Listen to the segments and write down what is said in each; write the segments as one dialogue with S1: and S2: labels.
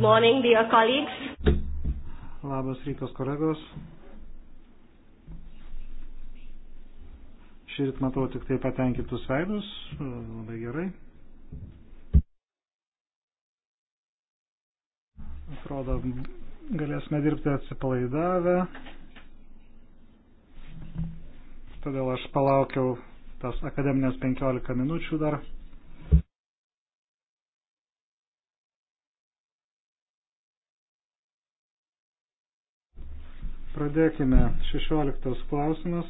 S1: Good morning, dear colleagues.
S2: Labas rytas, kolegos. Šįryt matau tik tai patenkintus veidus. Labai gerai. Atrodo, galėsime dirbti atsipalaidavę. Todėl aš palaukiau tas akademinės 15 minučių dar. Pradėkime. 16 klausimas.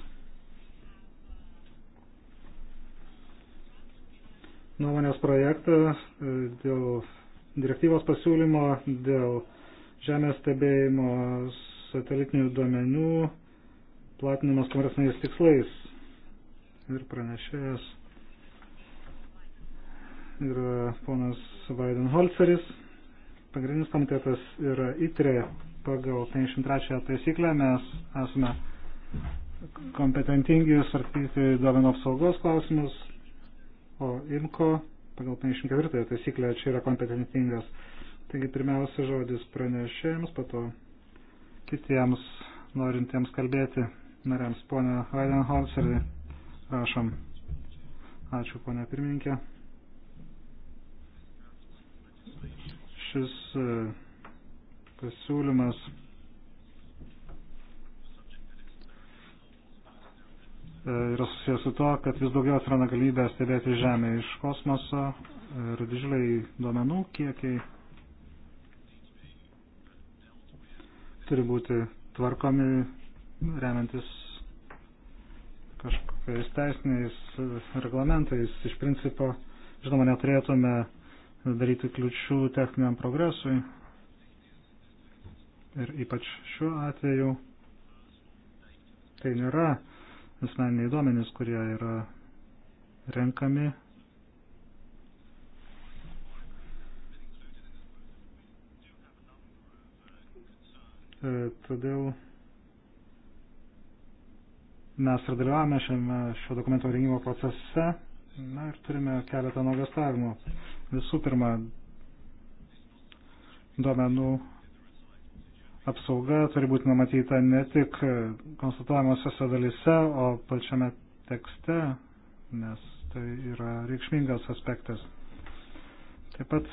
S2: Nuomonės projektas e, dėl direktyvos pasiūlymo dėl žemės stebėjimo satelitinių duomenų platinimas komerciniais tikslais. Ir pranešėjas yra ponas Vaidenholceris. Pagrindinis komitetas yra ITRE pagal 53 taisyklę mes esame kompetentingi svarstyti duomenų apsaugos klausimus, o IMCO pagal 54 taisyklę čia yra kompetentingas. Taigi pirmiausia žodis pranešėjams, pato kitiems norintiems kalbėti nariams. Pone Weidenholzerį, prašom. Ačiū, pone pirmininkė. Šis uh, pasiūlymas e, yra susijęs su to, kad vis daugiau atsiranda galimybė stebėti Žemę iš kosmoso ir didžiuliai duomenų kiekiai turi būti tvarkomi remiantis kažkokiais teisiniais reglamentais. Iš principo, žinoma, neturėtume daryti kliučių techniniam progresui, Ir ypač šiuo atveju tai nėra asmeniniai duomenys, kurie yra renkami. E, todėl mes ir dalyvavome šiame šio dokumento rengimo procese. Na ir turime keletą nuogastavimų. Visų pirma, duomenų apsauga turi būti numatyta ne tik konstatuojamosiose dalise, o pačiame tekste, nes tai yra reikšmingas aspektas. Taip pat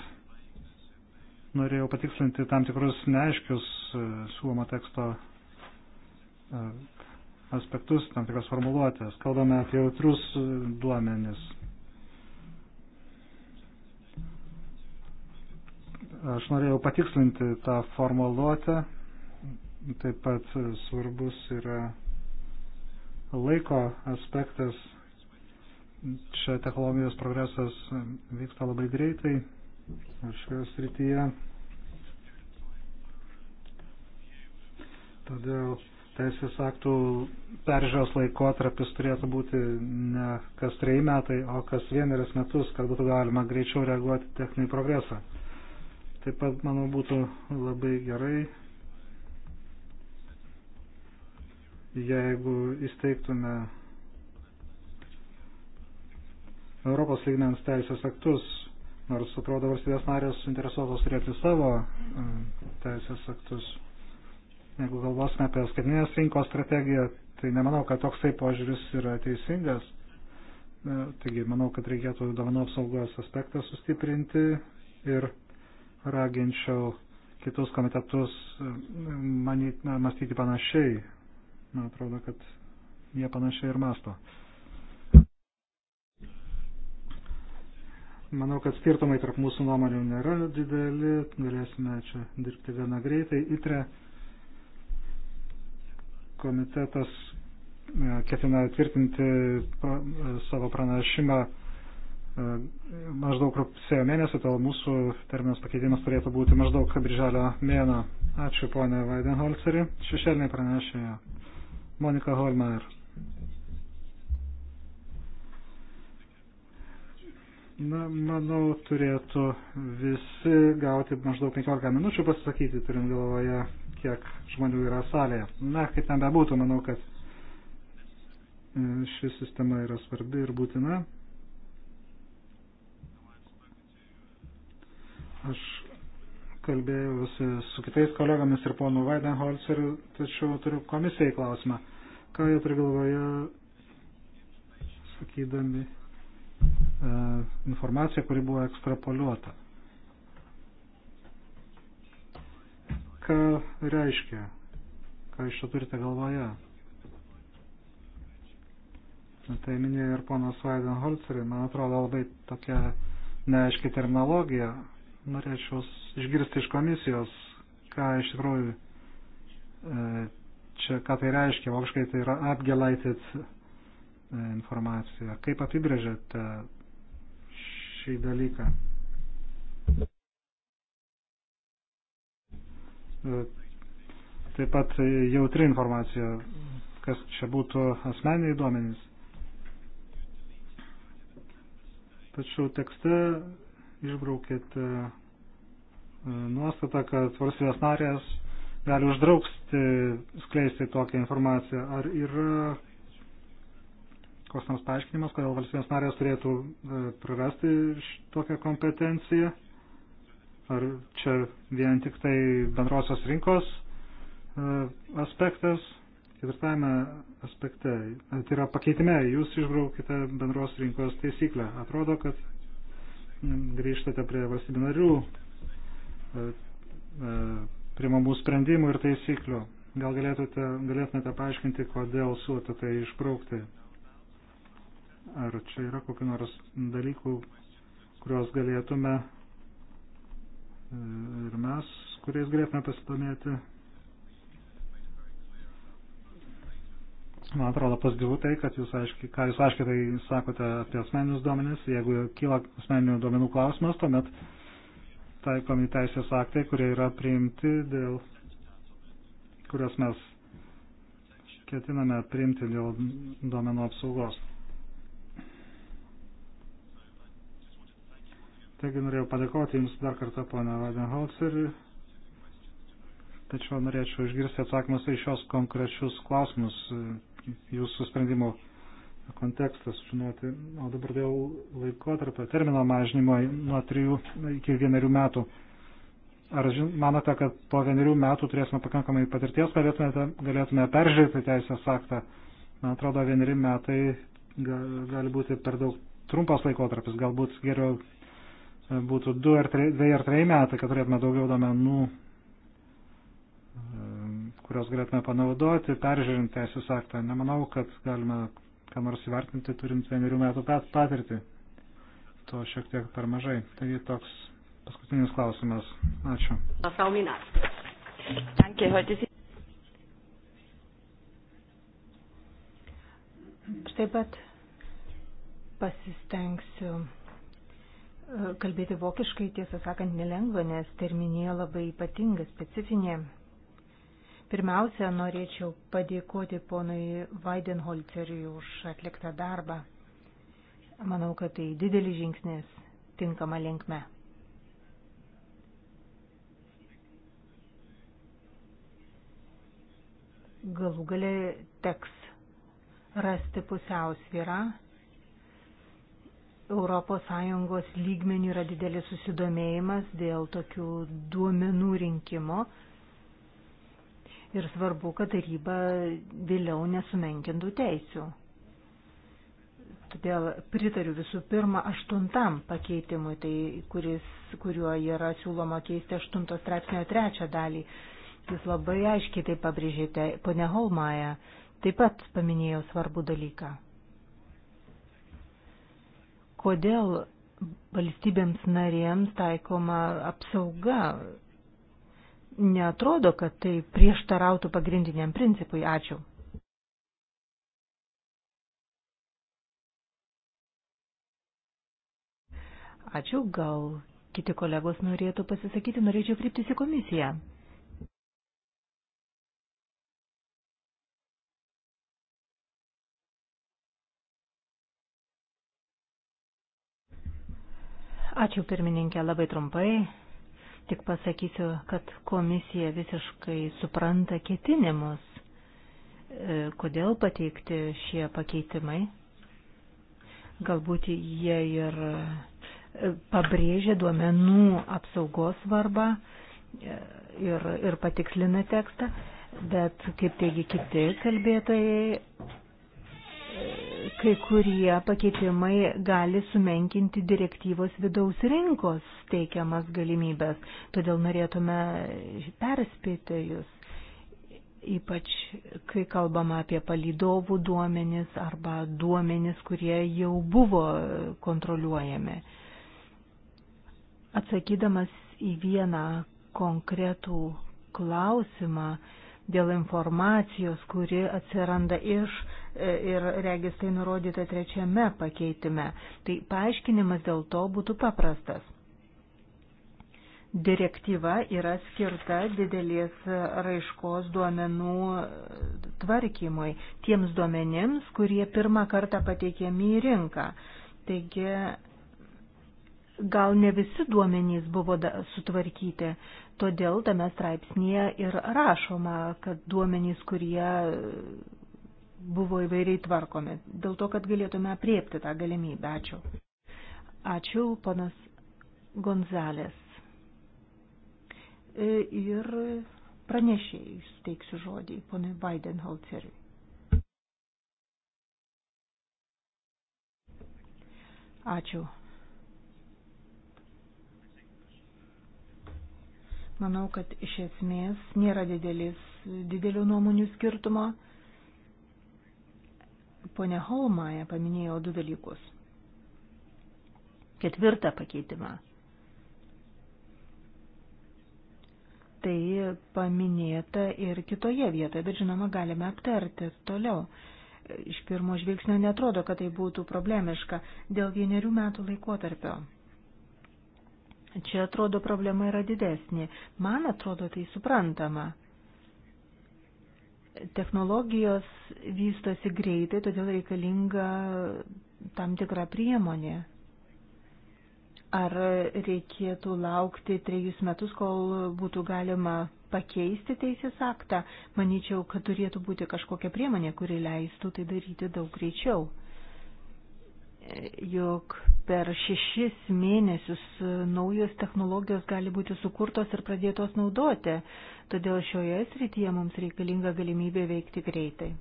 S2: norėjau patikslinti tam tikrus neaiškius e, siūlomo teksto e, aspektus, tam tikras formuluotės. Kalbame apie jautrus duomenis. Aš norėjau patikslinti tą formuluotę Taip pat svarbus yra laiko aspektas. Čia technologijos progresas vyksta labai greitai šioje srityje. Todėl teisės aktų peržiūros laikotarpis turėtų būti ne kas trejai metai, o kas vieneris metus, kad būtų galima greičiau reaguoti techninį progresą. Taip pat, manau, būtų labai gerai jeigu įsteigtume Europos lygmens teisės aktus, nors atrodo valstybės narės suinteresuotos turėti savo e, teisės aktus. Jeigu galvosime apie skaitinės rinkos strategiją, tai nemanau, kad toksai požiūris yra teisingas. E, taigi, manau, kad reikėtų duomenų apsaugos aspektą sustiprinti ir raginčiau kitus komitetus e, mąstyti panašiai Man atrodo, kad jie panašiai ir masto. Manau, kad skirtumai tarp mūsų nuomonių nėra dideli, galėsime čia dirbti gana greitai. ITRE komitetas e, ketina tvirtinti e, savo pranešimą e, maždaug rugsėjo mėnesį, tol mūsų terminas pakeitimas turėtų būti maždaug birželio mėno. Ačiū ponė Vaidenholzeri, šešėlinė pranešėja. Monika Holmar. Na, manau, turėtų visi gauti maždaug 15 minučių pasisakyti, turint galvoje, kiek žmonių yra salėje. Na, kaip ten bebūtų, manau, kad e, ši sistema yra svarbi ir būtina. Aš kalbėjusi su kitais kolegomis ir ponu Weidenholzeriu, tačiau turiu komisijai klausimą. Ką jie turi galvoje, sakydami e, informaciją, kuri buvo ekstrapoliuota? Ką reiškia? Ką iš to turite galvoje? Tai minėjo ir ponas Weidenholzeriu, man atrodo labai tokia neaiški terminologija norėčiau išgirsti iš komisijos, ką iš tikrųjų e, čia, ką tai reiškia, vokiškai tai yra apgelaitit e, informacija. Kaip apibrėžiate šį dalyką? E, taip pat jautri informacija, kas čia būtų asmeniai duomenys. Tačiau tekste išbraukėte e, nuostatą, kad valstybės narės gali uždrausti skleisti tokią informaciją. Ar yra koks nors paaiškinimas, kodėl valstybės narės turėtų e, prarasti tokią kompetenciją? Ar čia vien tik tai bendrosios rinkos e, aspektas? Ketvirtame aspekte, tai yra pakeitime, jūs išbraukite bendros rinkos taisyklę. Atrodo, kad grįžtate prie valstybių narių e, e, primamų sprendimų ir taisyklių. Gal galėtumėte, galėtumėte paaiškinti, kodėl suote tai išbraukti? Ar čia yra kokiu nors dalykų, kuriuos galėtume e, ir mes, kuriais galėtume pasidomėti? Man atrodo pozityvu tai, kad jūs aiškiai, ką jūs aiškiai tai sakote apie asmeninius duomenis. Jeigu kyla asmeninių duomenų klausimas, tuomet taikomi teisės aktai, kurie yra priimti, dėl kurios mes ketiname priimti dėl duomenų apsaugos. Taigi norėjau padėkoti Jums dar kartą, ponia Vadenholzeriui tačiau norėčiau išgirsti atsakymus į šios konkrečius klausimus, jūsų sprendimų kontekstas žinoti. O dabar dėl laikotarpio termino mažinimo nuo 3 iki 1 metų. Ar žin, manote, kad po vienerių metų turėsime pakankamai patirties, galėtume, galėtume peržiūrėti teisės aktą? Man atrodo, vieneri metai gali būti per daug trumpas laikotarpis, galbūt geriau būtų 2 ar 3 metai, kad turėtume daugiau domenų kurios galėtume panaudoti, peržiūrint teisės aktą. Nemanau, kad galime ką nors įvertinti, turint vienerių metų patirtį. To šiek tiek per mažai. Taigi toks paskutinis klausimas. Ačiū.
S1: Aš taip pat pasistengsiu e, kalbėti vokiškai, tiesą sakant, nelengva, nes terminija labai ypatinga, specifinė. Pirmiausia, norėčiau padėkoti ponui Vaidenholceriui už atliktą darbą. Manau, kad tai didelis žingsnis tinkama linkme. Galų gale teks rasti pusiausvyrą. ES lygmenių yra didelis susidomėjimas dėl tokių duomenų rinkimo ir svarbu, kad taryba vėliau nesumenkintų teisių. Todėl pritariu visų pirma aštuntam pakeitimui, tai kuris, kuriuo yra siūloma keisti aštunto straipsnio trečią dalį. Jūs labai aiškiai tai pabrėžėte, ponia Holmaja, taip pat paminėjo svarbų dalyką. Kodėl valstybėms narėms taikoma apsauga netrodo, kad tai prieštarautų pagrindiniam principui. Ačiū. Ačiū, gal kiti kolegos norėtų pasisakyti, norėčiau kryptis į komisiją. Ačiū pirmininkė, labai trumpai. Tik pasakysiu, kad komisija visiškai supranta ketinimus, e, kodėl pateikti šie pakeitimai. Galbūt jie ir e, pabrėžia duomenų apsaugos svarbą e, ir, ir patikslina tekstą, bet kaip teigia kiti kalbėtojai, kai kurie pakeitimai gali sumenkinti direktyvos vidaus rinkos teikiamas galimybės. Todėl norėtume perspėti jūs, ypač kai kalbama apie palydovų duomenis arba duomenis, kurie jau buvo kontroliuojami. Atsakydamas į vieną konkretų klausimą dėl informacijos, kuri atsiranda iš E, ir regis tai nurodyta trečiame pakeitime. Tai paaiškinimas dėl to būtų paprastas. Direktyva yra skirta didelės raiškos duomenų tvarkymui, tiems duomenims, kurie pirmą kartą pateikiami į rinką. Taigi gal ne visi duomenys buvo da, sutvarkyti, todėl tame straipsnėje ir rašoma, kad duomenys, kurie buvo įvairiai tvarkomi, dėl to, kad galėtume apriepti tą galimybę. Ačiū. Ačiū, ponas Gonzalės. E, ir pranešėjai suteiksiu žodį, ponui Bidenholzeriui. Ačiū. Manau, kad iš esmės nėra didelis, didelių nuomonių skirtumo Pone Holmaja paminėjo du dalykus. Ketvirtą pakeitimą. Tai paminėta ir kitoje vietoje, bet žinoma, galime aptarti toliau. Iš pirmo žvilgsnio netrodo, kad tai būtų problemiška dėl vienerių metų laikotarpio. Čia atrodo problema yra didesnė. Man atrodo tai suprantama Technologijos vystosi greitai, todėl reikalinga tam tikra priemonė. Ar reikėtų laukti trejus metus, kol būtų galima pakeisti teisės aktą? Manyčiau, kad turėtų būti kažkokia priemonė, kuri leistų tai daryti daug greičiau jog per šešis mėnesius naujos technologijos gali būti sukurtos ir pradėtos naudoti, todėl šioje srityje mums reikalinga galimybė veikti greitai.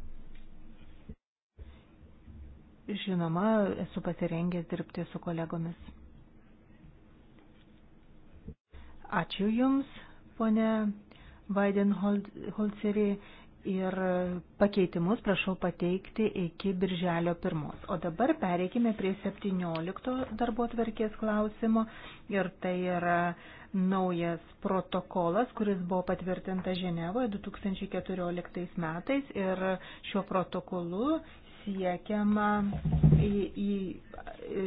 S1: Žinoma, esu pasirengęs dirbti su kolegomis. Ačiū Jums, ponė Biden Holzerį ir pakeitimus prašau pateikti iki birželio pirmos. O dabar pereikime prie 17 darbo tvarkės klausimo ir tai yra naujas protokolas, kuris buvo patvirtintas Ženevoje 2014 metais ir šiuo protokolu siekiama į, į,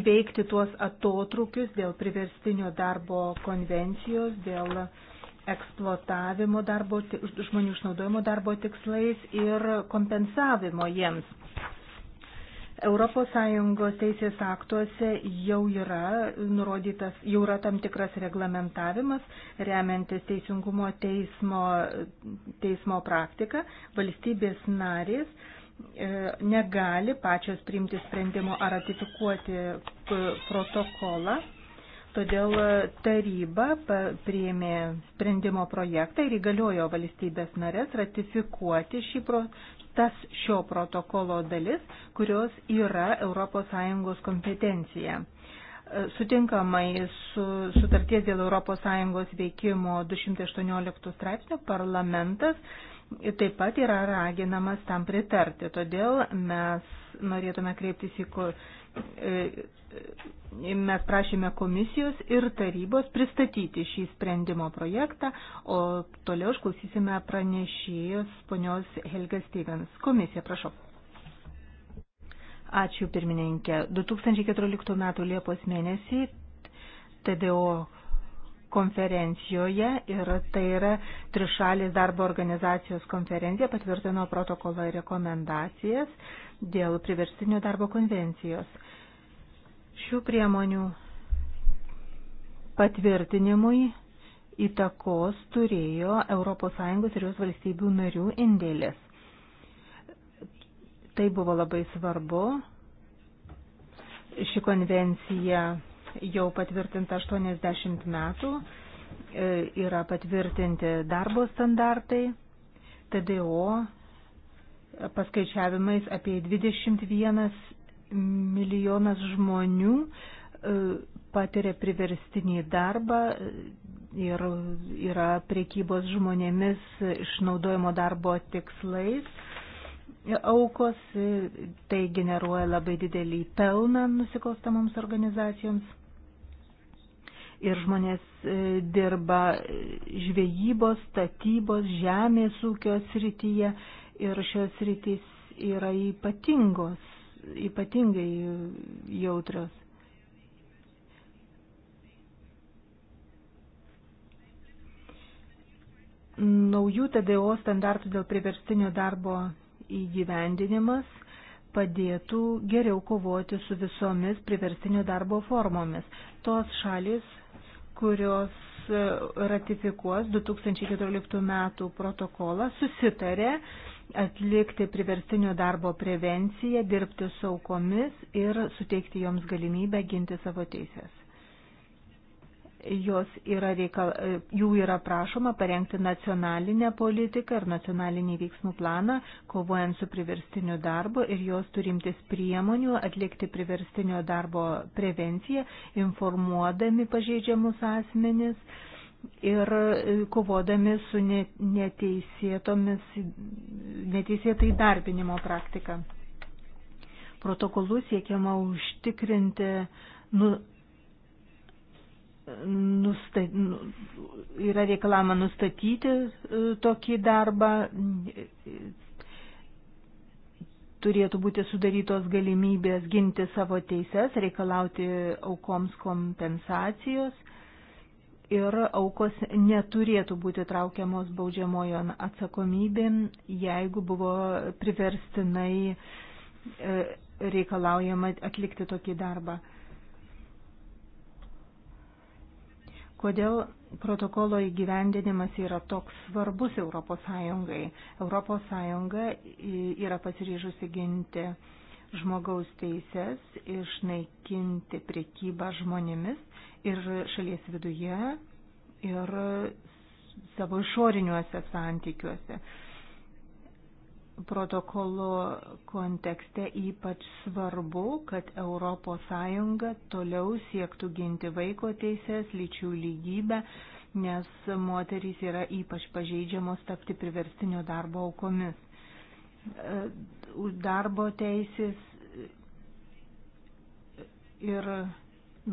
S1: įveikti tuos atotrukius dėl priverstinio darbo konvencijos, dėl eksploatavimo darbo, žmonių išnaudojimo darbo tikslais ir kompensavimo jiems. ES teisės aktuose jau yra nurodytas, jau yra tam tikras reglamentavimas, remiantis teisingumo teismo, teismo praktiką, valstybės narės e, negali pačios priimti sprendimo ar ratifikuoti protokolą Todėl e, taryba priėmė sprendimo projektą ir įgaliojo valstybės narės ratifikuoti šį pro, tas šio protokolo dalis, kurios yra ES kompetencija. E, sutinkamai su sutarties dėl ES veikimo 218 straipsnio parlamentas taip pat yra raginamas tam pritarti. Todėl mes norėtume kreiptis į e, mes prašėme komisijos ir tarybos pristatyti šį sprendimo projektą, o toliau išklausysime pranešėjos ponios Helgas Stevens. Komisija, prašau. Ačiū pirmininkė. 2014 m. Liepos mėnesį TDO konferencijoje ir tai yra trišalės darbo organizacijos konferencija patvirtino protokolą ir rekomendacijas dėl priverstinio darbo konvencijos. Šių priemonių patvirtinimui įtakos turėjo ES ir jos valstybių narių indėlis. Tai buvo labai svarbu. Ši konvencija jau patvirtinta 80 metų, e, yra patvirtinti darbo standartai, TDO paskaičiavimais apie 21 milijonas žmonių e, patiria priverstinį darbą e, ir yra priekybos žmonėmis išnaudojimo darbo tikslais aukos, e, tai generuoja labai didelį pelną nusikalstamoms organizacijoms. Ir žmonės dirba žvejybos, statybos, žemės ūkio srityje ir šios sritys yra ypatingos ypatingai jautrios. Naujų TDO standartų dėl priverstinio darbo įgyvendinimas padėtų geriau kovoti su visomis priverstinio darbo formomis. Tos šalis, kurios e, ratifikuos 2014 metų protokolą, susitarė atlikti priverstinio darbo prevenciją, dirbti su aukomis ir suteikti joms galimybę ginti savo teisės. Jos yra reikal, jų yra prašoma parengti nacionalinę politiką ir nacionalinį veiksmų planą, kovojant su priverstiniu darbu ir jos turimtis priemonių atlikti priverstinio darbo prevenciją, informuodami pažeidžiamus asmenis ir e, kovodami su neteisėtai darbinimo praktika. Protokolu siekiama užtikrinti nu, nusta, nu, yra reikalama nustatyti e, tokį darbą, turėtų būti sudarytos galimybės ginti savo teises, reikalauti aukoms kompensacijos ir aukos neturėtų būti traukiamos baudžiamojo atsakomybėm, jeigu buvo priverstinai e, reikalaujama atlikti tokį darbą. Kodėl protokolo įgyvendinimas yra toks svarbus ES? ES yra pasiryžusi ginti žmogaus teises, išnaikinti priekybą žmonėmis ir šalies viduje, ir savo išoriniuose santykiuose. Protokolo kontekste ypač svarbu, kad ES toliau siektų ginti vaiko teises, lyčių lygybę, nes moterys yra ypač pažeidžiamos tapti priverstinio darbo aukomis darbo teisės ir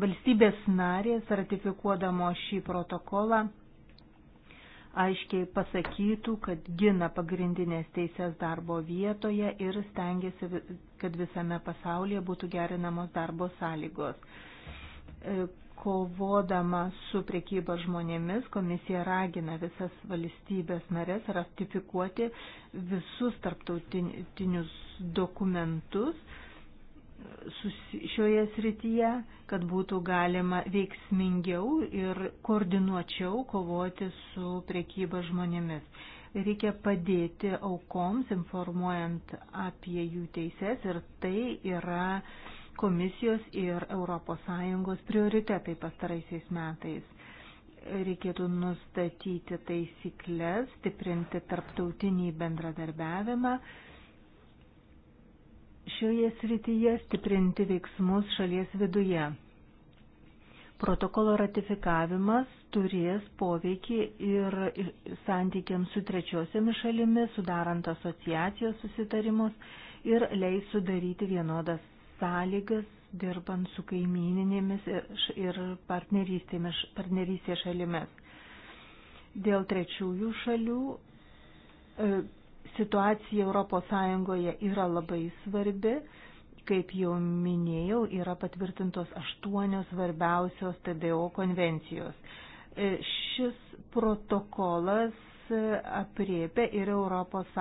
S1: valstybės narės ratifikuodamo šį protokolą aiškiai pasakytų, kad gina pagrindinės teisės darbo vietoje ir stengiasi, kad visame pasaulyje būtų gerinamos darbo sąlygos. E, Kovodama su priekyba žmonėmis, komisija ragina visas valstybės narės ratifikuoti visus tarptautinius dokumentus šioje srityje, kad būtų galima veiksmingiau ir koordinuočiau kovoti su priekyba žmonėmis. Reikia padėti aukoms, informuojant apie jų teises ir tai yra uh, komisijos ir ES prioritetai pastaraisiais metais. Reikėtų nustatyti taisyklės, stiprinti tarptautinį bendradarbiavimą, šioje srityje stiprinti veiksmus šalies viduje. Protokolo ratifikavimas turės poveikį ir santykiams su trečiosiamis šalimis, sudarant asociacijos susitarimus ir leis sudaryti vienodas sąlygas, dirbant su kaimininėmis ir partnerystė šalimis. Dėl trečiųjų šalių e, situacija ES yra labai svarbi. Kaip jau minėjau, yra patvirtintos aštuonios svarbiausios TDO konvencijos. E, šis protokolas e, apriepia ir ES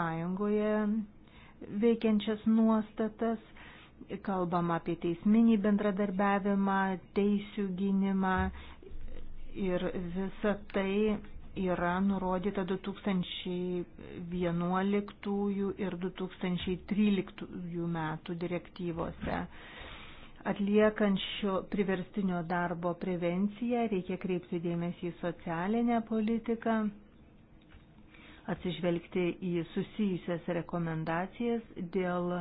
S1: veikiančias nuostatas kalbam apie teisminį bendradarbiavimą, teisių gynimą ir visa tai yra nurodyta 2011 ir 2013 metų direktyvose. Atliekant šio priverstinio darbo prevenciją reikia kreipti dėmesį į socialinę politiką, atsižvelgti į susijusias rekomendacijas dėl e,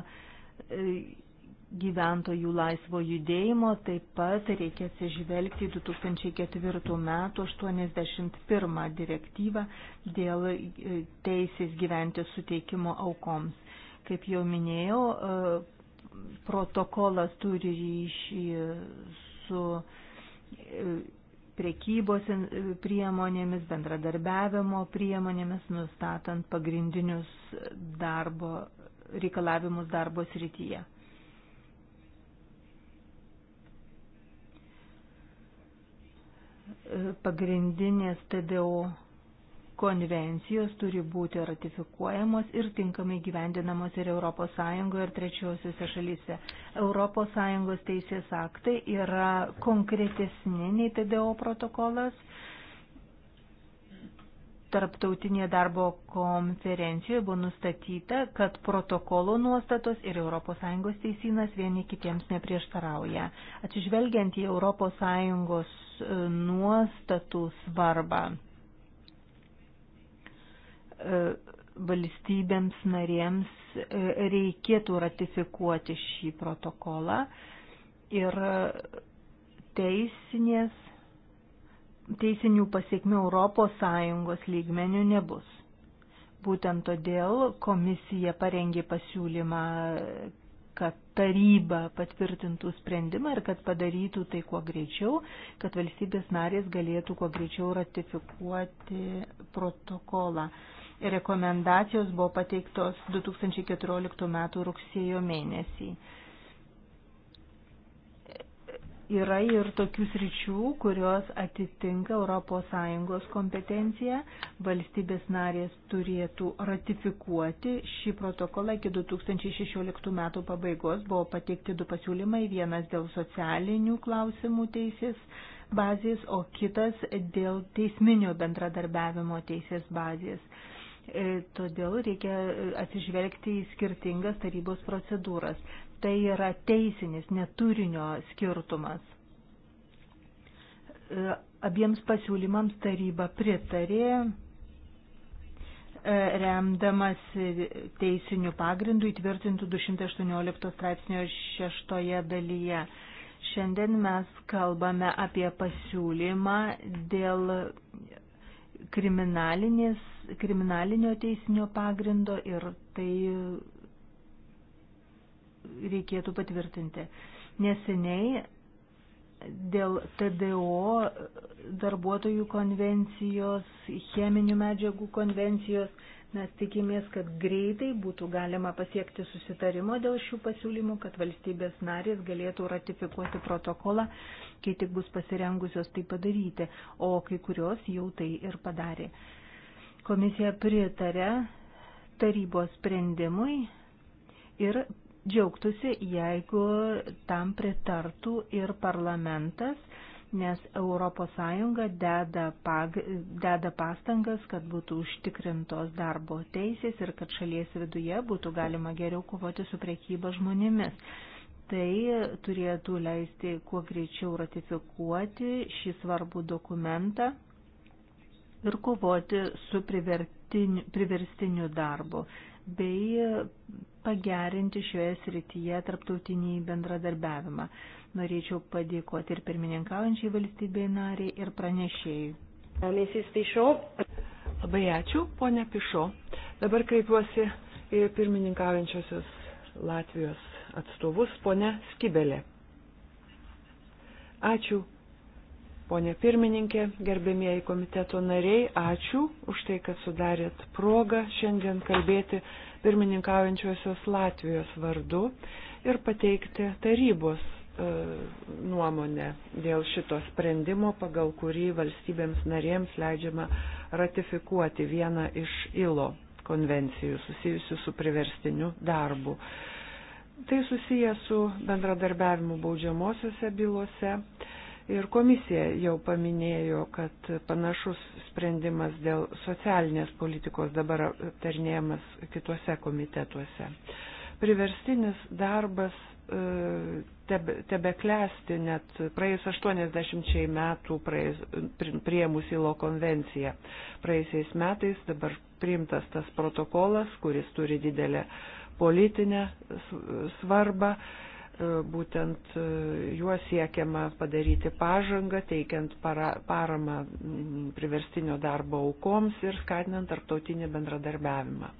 S1: gyventojų laisvo judėjimo, taip pat reikia atsižvelgti 2004 m. 81 direktyvą dėl e, teisės gyventi suteikimo aukoms. Kaip jau minėjau, e, protokolas turi ryšį su e, priekybos priemonėmis, bendradarbiavimo priemonėmis, nustatant pagrindinius darbo reikalavimus darbo srityje. pagrindinės TDO konvencijos turi būti ratifikuojamos ir tinkamai gyvendinamos ir ES ir trečiosiuose šalyse. ES teisės aktai yra konkretesni nei TDO protokolas. Tarptautinėje darbo konferencijoje buvo nustatyta, kad protokolo nuostatos ir ES teisynas vieni kitiems neprieštarauja. Atsižvelgiant į ES nuostatų svarbą e, valstybėms narėms e, reikėtų ratifikuoti šį protokolą ir teisinės, teisinių pasiekmių ES lygmenių nebus. Būtent todėl komisija parengė pasiūlymą kad taryba patvirtintų sprendimą ir kad padarytų tai kuo greičiau, kad valstybės narės galėtų kuo greičiau ratifikuoti protokolą. Rekomendacijos buvo pateiktos 2014 m. rugsėjo mėnesį yra ir tokių sričių, kurios atitinka ES kompetenciją. Valstybės narės turėtų ratifikuoti šį protokolą iki 2016 metų pabaigos. Buvo pateikti du pasiūlymai, vienas dėl socialinių klausimų teisės bazės, o kitas dėl teisminio bendradarbiavimo teisės bazės. E, todėl reikia atsižvelgti į skirtingas tarybos procedūras. Tai yra teisinis, neturinio skirtumas. E, abiems pasiūlymams taryba pritarė, e, remdamas teisinių pagrindų įtvirtintų 218 straipsnio šeštoje dalyje. Šiandien mes kalbame apie pasiūlymą dėl kriminalinio teisinio pagrindo ir tai reikėtų patvirtinti. Neseniai dėl TDO darbuotojų konvencijos, cheminių medžiagų konvencijos mes tikimės, kad greitai būtų galima pasiekti susitarimo dėl šių pasiūlymų, kad valstybės narės galėtų ratifikuoti protokolą, kai tik bus pasirengusios tai padaryti, o kai kurios jau tai ir padarė. Komisija pritarė tarybos sprendimui ir džiaugtųsi, jeigu tam pritartų ir parlamentas, nes ES deda, pag, deda pastangas, kad būtų užtikrintos darbo teisės ir kad šalies viduje būtų galima geriau kovoti su priekyba žmonėmis. Tai turėtų leisti kuo greičiau ratifikuoti šį svarbų dokumentą ir kovoti su priverstiniu darbu bei pagerinti šioje srityje tarptautinį bendradarbiavimą. Norėčiau padėkoti ir pirmininkaujančiai valstybei nariai ir pranešėjai. Labai ačiū, ponia Pišo.
S3: Dabar kreipiuosi į pirmininkaujančiosios Latvijos atstovus, ponia Skibelė. Ačiū, Pone pirmininkė, gerbėmieji komiteto nariai, ačiū už tai, kad sudarėt progą šiandien kalbėti pirmininkaujančiosios Latvijos vardu ir pateikti tarybos e, nuomonę dėl šito sprendimo, pagal kurį valstybėms narėms leidžiama ratifikuoti vieną iš ILO konvencijų susijusių su priverstiniu darbu. Tai susiję su bendradarbiavimu baudžiamosiose bylose Ir komisija jau paminėjo, kad panašus sprendimas dėl socialinės politikos dabar aptarnėjamas kituose komitetuose. Priverstinis darbas e, tebe, tebe klesti net praėjus 80 metų praėjus, prieimus įlo konvenciją. Praėjusiais metais dabar priimtas tas protokolas, kuris turi didelę politinę svarbą būtent e, juo siekiama padaryti pažangą, teikiant para, paramą priverstinio darbo aukoms ir skatinant tarptautinį bendradarbiavimą.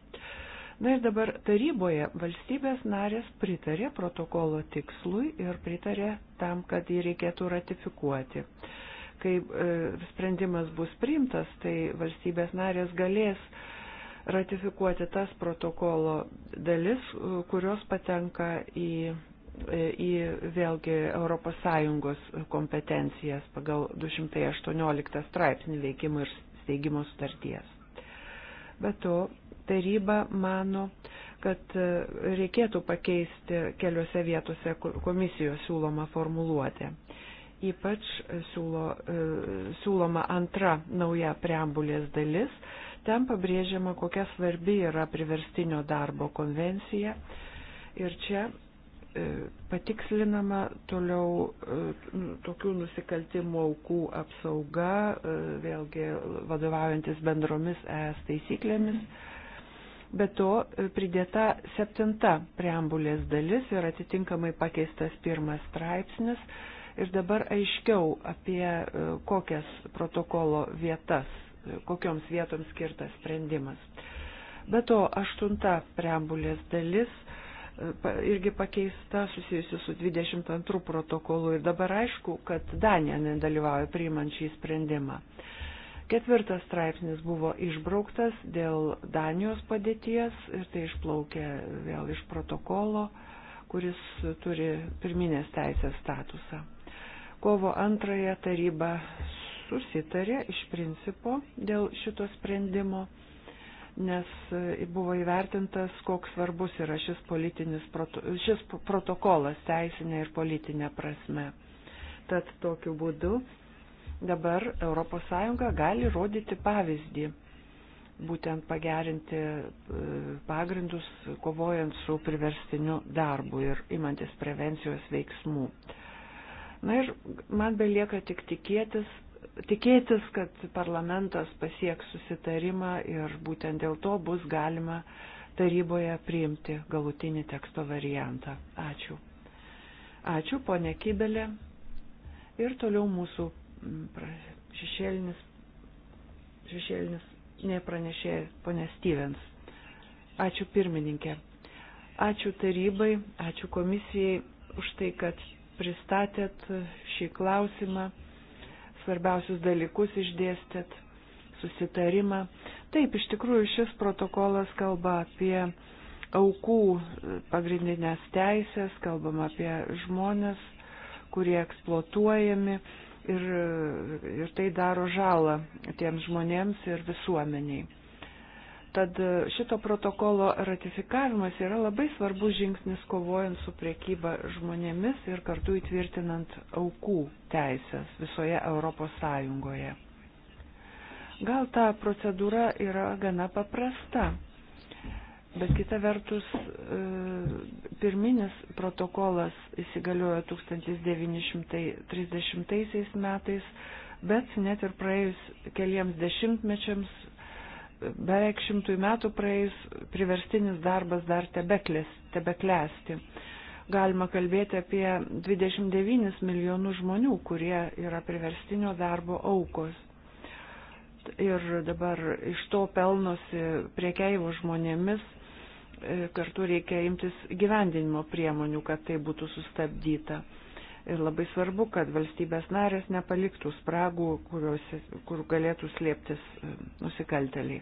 S3: Na ir dabar taryboje valstybės narės pritarė protokolo tikslui ir pritarė tam, kad jį reikėtų ratifikuoti. Kai e, sprendimas bus priimtas, tai valstybės narės galės ratifikuoti tas protokolo dalis, e, kurios patenka į E, į vėlgi ES kompetencijas pagal 218 straipsnį veikimo ir steigimo sutarties. Be to, taryba mano, kad e, reikėtų pakeisti keliose vietose komisijos siūlomą formuluotę. Ypač siūlo, e, siūloma antra nauja preambulės dalis, ten pabrėžiama, kokia svarbi yra priverstinio darbo konvencija. Ir čia E, patikslinama toliau e, tokių nusikaltimų aukų apsauga, e, vėlgi vadovaujantis bendromis ES taisyklėmis. Be to pridėta septinta preambulės dalis ir atitinkamai pakeistas pirmas straipsnis. Ir dabar aiškiau apie kokias protokolo vietas, kokioms vietoms skirtas sprendimas. Be to aštunta preambulės dalis irgi pakeista susijusi su 22 protokolu ir dabar aišku, kad Danija nedalyvauja priimant šį sprendimą. Ketvirtas straipsnis buvo išbrauktas dėl Danijos padėties ir tai išplaukė vėl iš protokolo, kuris turi pirminės teisės statusą. Kovo antrąją taryba susitarė iš principo dėl šito sprendimo nes e, buvo įvertintas, koks svarbus yra šis, proto, šis protokolas teisinė ir politinė prasme. Tad tokiu būdu dabar ES gali rodyti pavyzdį, būtent pagerinti e, pagrindus, kovojant su priverstiniu darbu ir imantis prevencijos veiksmų. Na ir man belieka tik tikėtis, tikėtis, kad parlamentas pasieks susitarimą ir būtent dėl to bus galima taryboje priimti galutinį teksto variantą. Ačiū. Ačiū, ponė Kybelė. Ir toliau mūsų šešėlinis, šešėlinis nepranešėjas, ponė Stevens. Ačiū pirmininkė. Ačiū tarybai, ačiū komisijai už tai, kad pristatėt šį klausimą svarbiausius dalykus išdėstėt, susitarimą. Taip, iš tikrųjų šis protokolas kalba apie aukų e, pagrindinės teisės, kalbam apie žmonės, kurie eksploatuojami ir, e, ir tai daro žalą tiems žmonėms ir visuomeniai. Tad šito protokolo ratifikavimas yra labai svarbus žingsnis kovojant su priekyba žmonėmis ir kartu įtvirtinant aukų teisės visoje Europos Sąjungoje. Gal ta procedūra yra gana paprasta, bet kita vertus e, pirminis protokolas įsigaliojo 1930 metais, bet net ir praėjus keliems dešimtmečiams beveik šimtui metų praėjus priverstinis darbas dar tebeklės, tebeklesti. Galima kalbėti apie 29 milijonus žmonių, kurie yra priverstinio darbo aukos. Ir dabar iš to pelnosi priekeivo žmonėmis, e, kartu reikia imtis gyvendinimo priemonių, kad tai būtų sustabdyta. Ir labai svarbu, kad valstybės narės nepaliktų spragų, kurios, kur galėtų slėptis e, nusikalteliai.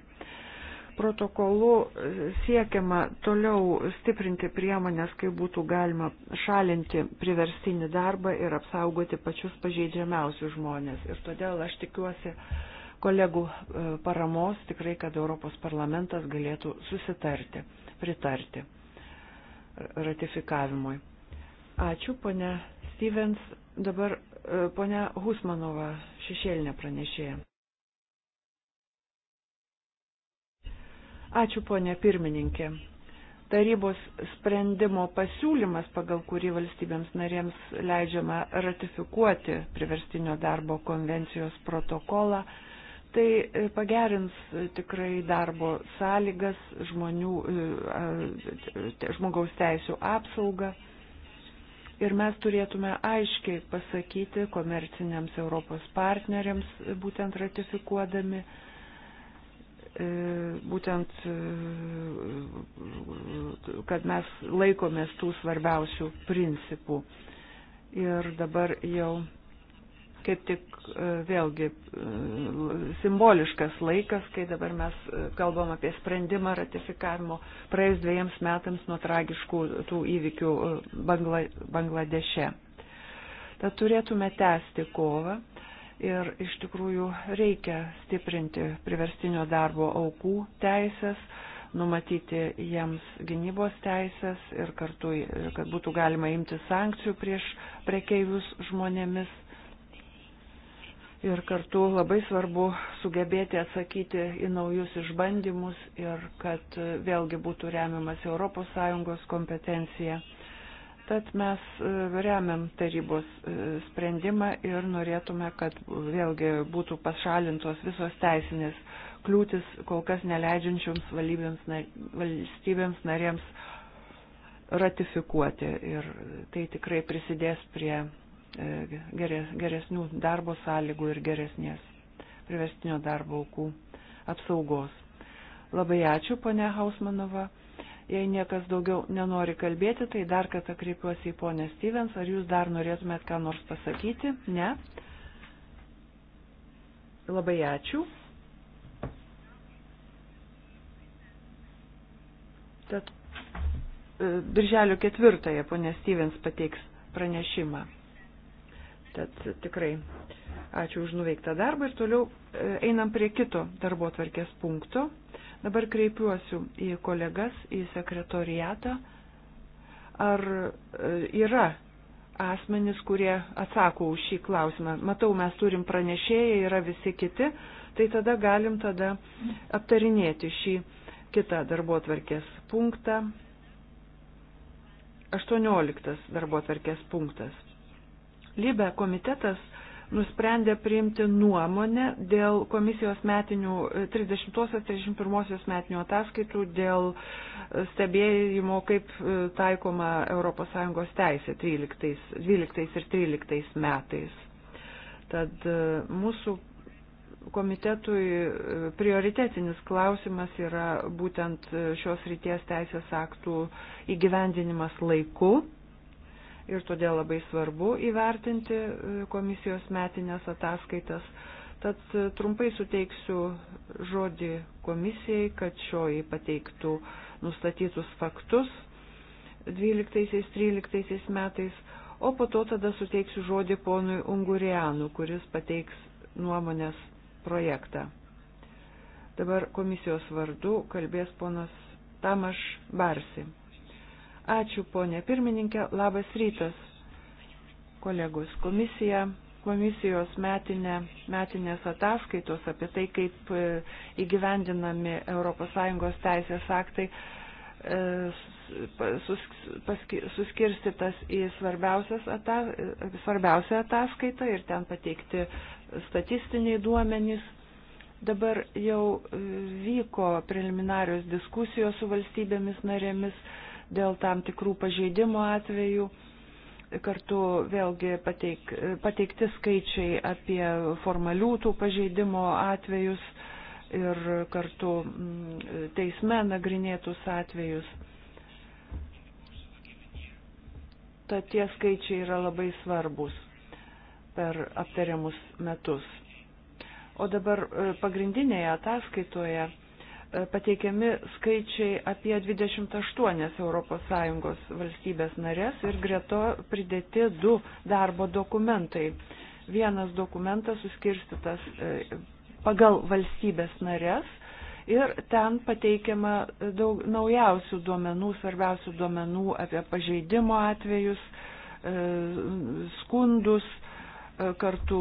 S3: Protokolu e, siekiama toliau stiprinti priemonės, kaip būtų galima šalinti priverstinį darbą ir apsaugoti pačius pažeidžiamiausius žmonės. Ir todėl aš tikiuosi kolegų e, paramos tikrai, kad Europos parlamentas galėtų susitarti, pritarti ratifikavimui. Ačiū, ponė Stevens, dabar e, ponia Husmanova, šešėlinė pranešėja. Ačiū ponė pirmininkė. Tarybos sprendimo pasiūlymas, pagal kurį valstybėms narėms leidžiama ratifikuoti priverstinio darbo konvencijos protokolą, tai e, pagerins e, tikrai darbo sąlygas, žmonių, žmogaus teisų apsaugą Ir mes turėtume aiškiai pasakyti komerciniams Europos partneriams, e, būtent ratifikuodami, e, būtent, e, kad mes laikomės tų svarbiausių principų. Ir dabar jau kaip tik e, vėlgi e, simboliškas laikas, kai dabar mes e, kalbam apie sprendimą ratifikavimo praėjus dviejams metams nuo tragiškų tų įvykių Bangla, Bangladeše. Tad turėtume tęsti kovą ir iš tikrųjų reikia stiprinti priverstinio darbo aukų teisės numatyti jiems gynybos teisės ir kartu, kad būtų galima imti sankcijų prieš prekeivius žmonėmis ir kartu labai svarbu sugebėti atsakyti į naujus išbandymus ir kad vėlgi būtų remiamas ES kompetencija. Tad mes e, remiam tarybos e, sprendimą ir norėtume, kad vėlgi būtų pašalintos visos teisinės kliūtis kol kas neleidžiančioms valstybėms narėms ratifikuoti. Ir tai tikrai prisidės prie E, geresnių darbo sąlygų ir geresnės privestinio darbo aukų apsaugos. Labai ačiū, ponė Hausmanova. Jei niekas daugiau nenori kalbėti, tai dar kartą kreipiuosi į ponę Stevens. Ar jūs dar norėtumėt ką nors pasakyti? Ne? Labai ačiū. Tad e, Birželio ketvirtąją ponė Stevens pateiks pranešimą. Tad tikrai ačiū už nuveiktą darbą ir toliau e, einam prie kito darbo tvarkės punkto. Dabar kreipiuosiu į kolegas, į sekretoriatą. Ar e, yra asmenys, kurie atsako už šį klausimą? Matau, mes turim pranešėją, yra visi kiti, tai tada galim tada aptarinėti šį kitą darbo tvarkės punktą. 18 darbo tvarkės punktas. Libe komitetas nusprendė priimti nuomonę dėl komisijos metinių 30-31 metinių ataskaitų dėl stebėjimo, kaip e, taikoma ES teisė 13, 12 ir 13 metais. Tad e, mūsų komitetui e, prioritetinis klausimas yra būtent šios ryties teisės aktų įgyvendinimas laiku ir todėl labai svarbu įvertinti e, komisijos metinės ataskaitas. Tad e, trumpai suteiksiu žodį komisijai, kad šioji pateiktų nustatytus faktus 12-13 metais, o po to tada suteiksiu žodį ponui Ungurianu, kuris pateiks nuomonės projektą. Dabar komisijos vardu kalbės ponas Tamaš Barsi. Ačiū, ponė pirmininkė. Labas rytas, kolegos. Komisija, komisijos metinė, metinės ataskaitos apie tai, kaip e, įgyvendinami ES teisės aktai e, suskirstytas į ata, e, svarbiausią ataskaitą ir ten pateikti statistiniai duomenys. Dabar jau vyko preliminarios diskusijos su valstybėmis narėmis dėl tam tikrų pažeidimo atvejų. Kartu vėlgi pateik, pateikti skaičiai apie formalių tų pažeidimo atvejus ir kartu mm, teisme nagrinėtus atvejus. Tad tie skaičiai yra labai svarbus per aptariamus metus. O dabar e, pagrindinėje ataskaitoje pateikiami skaičiai apie 28 ES valstybės narės ir greto pridėti du darbo dokumentai. Vienas dokumentas suskirstytas e, pagal valstybės narės ir ten pateikiama daug naujausių duomenų, svarbiausių duomenų apie pažeidimo atvejus, e, skundus, e, kartu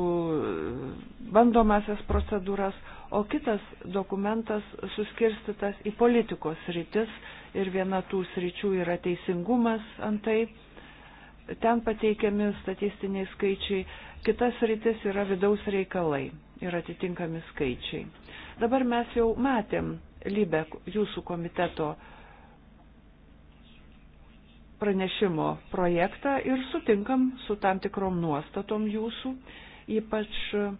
S3: bandomasias procedūras, o kitas dokumentas suskirstytas į politikos rytis ir viena tų sričių yra teisingumas antai. Ten pateikiami statistiniai skaičiai, kitas rytis yra vidaus reikalai ir atitinkami skaičiai. Dabar mes jau matėm Libe jūsų komiteto pranešimo projektą ir sutinkam su tam tikrom nuostatom jūsų, ypač uh,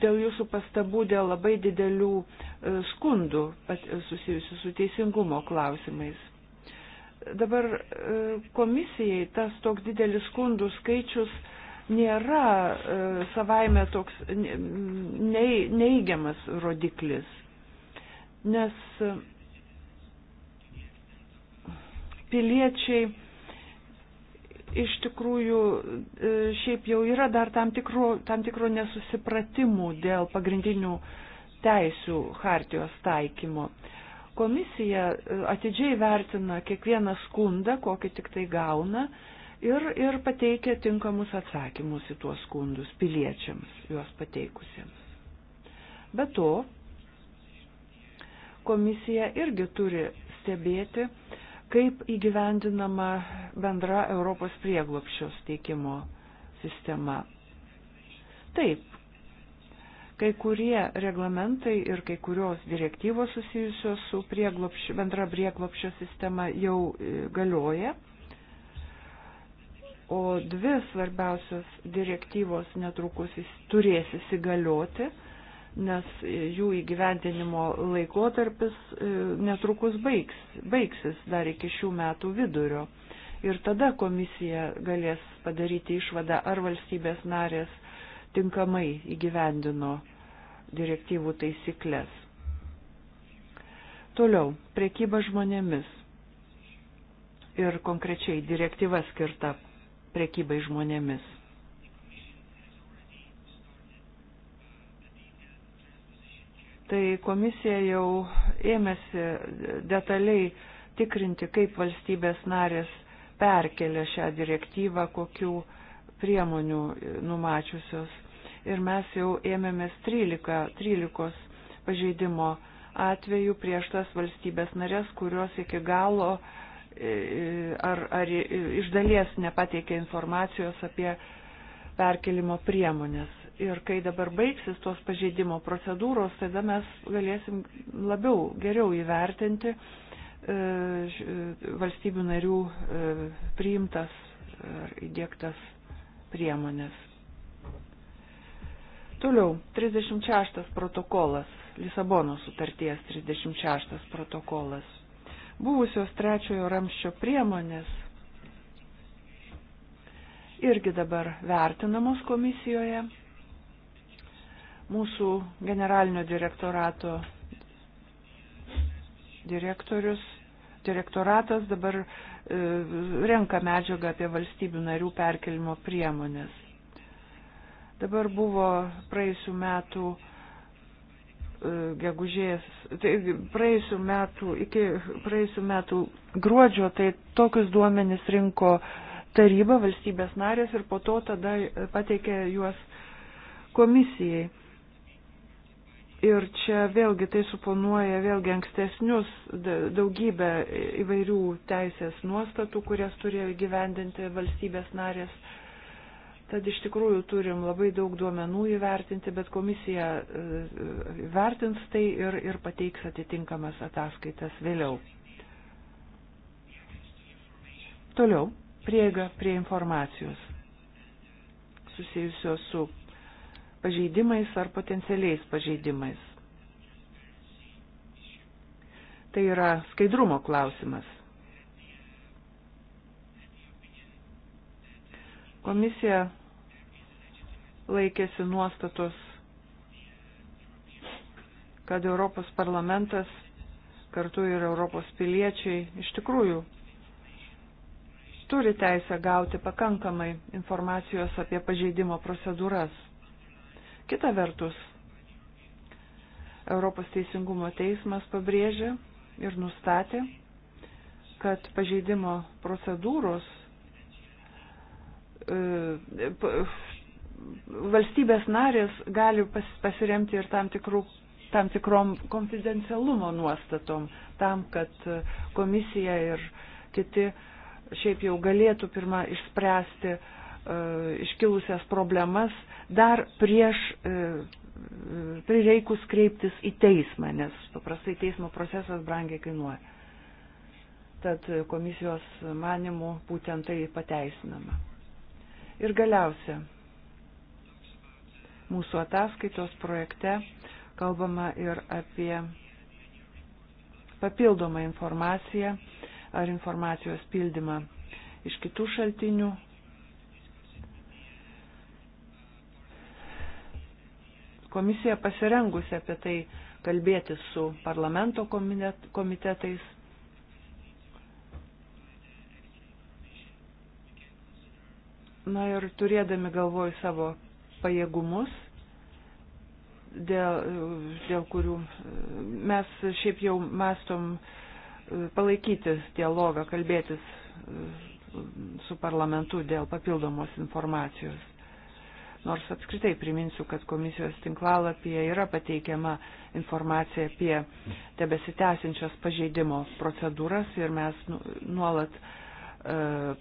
S3: dėl jūsų pastabų dėl labai didelių e, skundų e, susijusių su teisingumo klausimais. Dabar e, komisijai tas toks didelis skundų skaičius nėra savaime toks neįgiamas rodiklis, nes piliečiai iš tikrųjų e, šiaip jau yra dar tam tikro, tam tikro nesusipratimų dėl pagrindinių teisių hartijos taikymo. Komisija e, atidžiai vertina kiekvieną skundą, kokį tik tai gauna, ir, ir pateikia tinkamus atsakymus į tuos skundus piliečiams, juos pateikusiems. Be to, komisija irgi turi stebėti, kaip įgyvendinama bendra Europos prieglopščio steikimo sistema. Taip, kai kurie reglamentai ir kai kurios direktyvos susijusios su prieglopščio, bendra prieglopščio sistema jau e, galioja, o dvi svarbiausios direktyvos netrukus turės įsigalioti nes e, jų įgyvendinimo laikotarpis e, netrukus baigs, baigsis dar iki šių metų vidurio. Ir tada komisija galės padaryti išvadą, ar valstybės narės tinkamai įgyvendino direktyvų taisyklės. Toliau, priekyba žmonėmis ir konkrečiai direktyva skirta priekybai žmonėmis. tai komisija jau ėmėsi detaliai tikrinti, kaip valstybės narės perkelia šią direktyvą, kokių priemonių numačiusios. Ir mes jau ėmėmės 13, 13 pažeidimo atvejų prieš tas valstybės narės, kurios iki galo e, ar, ar iš dalies nepateikė informacijos apie perkelimo priemonės ir kai dabar baigsis tos pažeidimo procedūros, tada mes galėsim labiau, geriau įvertinti e, e, valstybių narių e, priimtas ar įdėktas priemonės. Toliau, 36 protokolas, Lisabono sutarties 36 protokolas. Buvusios trečiojo ramščio priemonės irgi dabar vertinamos komisijoje Mūsų generalinio direktorato direktorius, direktoratas dabar e, renka medžiagą apie valstybių narių perkelimo priemonės. Dabar buvo praėjusių metų e, gegužės, tai praėjusių metų, iki praėjusių metų gruodžio, tai tokius duomenis rinko taryba valstybės narės ir po to tada pateikė juos komisijai. Ir čia vėlgi tai suponuoja vėlgi ankstesnius daugybę įvairių teisės nuostatų, kurias turėjo įgyvendinti valstybės narės. Tad iš tikrųjų turim labai daug duomenų įvertinti, bet komisija e, vertins tai ir, ir pateiks atitinkamas ataskaitas vėliau. Toliau prieiga prie informacijos susijusios su pažeidimais ar potencialiais pažeidimais. Tai yra skaidrumo klausimas. Komisija laikėsi nuostatos, kad Europos parlamentas kartu ir Europos piliečiai iš tikrųjų turi teisę gauti pakankamai informacijos apie pažeidimo procedūras. Kita vertus, Europos teisingumo teismas pabrėžė ir nustatė, kad pažeidimo procedūros e, valstybės narės gali pasiremti ir tam, tikrų, tam tikrom konfidencialumo nuostatom, tam, kad e, komisija ir kiti šiaip jau galėtų pirmą išspręsti uh, E, iškilusias problemas dar prieš e, prireikus kreiptis į teismą, nes paprastai teismo procesas brangiai kainuoja. Tad komisijos manimų būtent tai pateisinama. Ir galiausia, mūsų ataskaitos projekte kalbama ir apie papildomą informaciją ar informacijos pildymą iš kitų šaltinių, komisija pasirengusi apie tai kalbėti su parlamento komitetais. Na ir turėdami galvoj savo pajėgumus, dėl, dėl kurių mes šiaip jau mastom palaikyti dialogą, kalbėtis su parlamentu dėl papildomos informacijos. Nors apskritai priminsiu, kad komisijos tinklalapyje yra pateikiama informacija apie tebesitęsinčias pažeidimo procedūras ir mes nu, nuolat uh,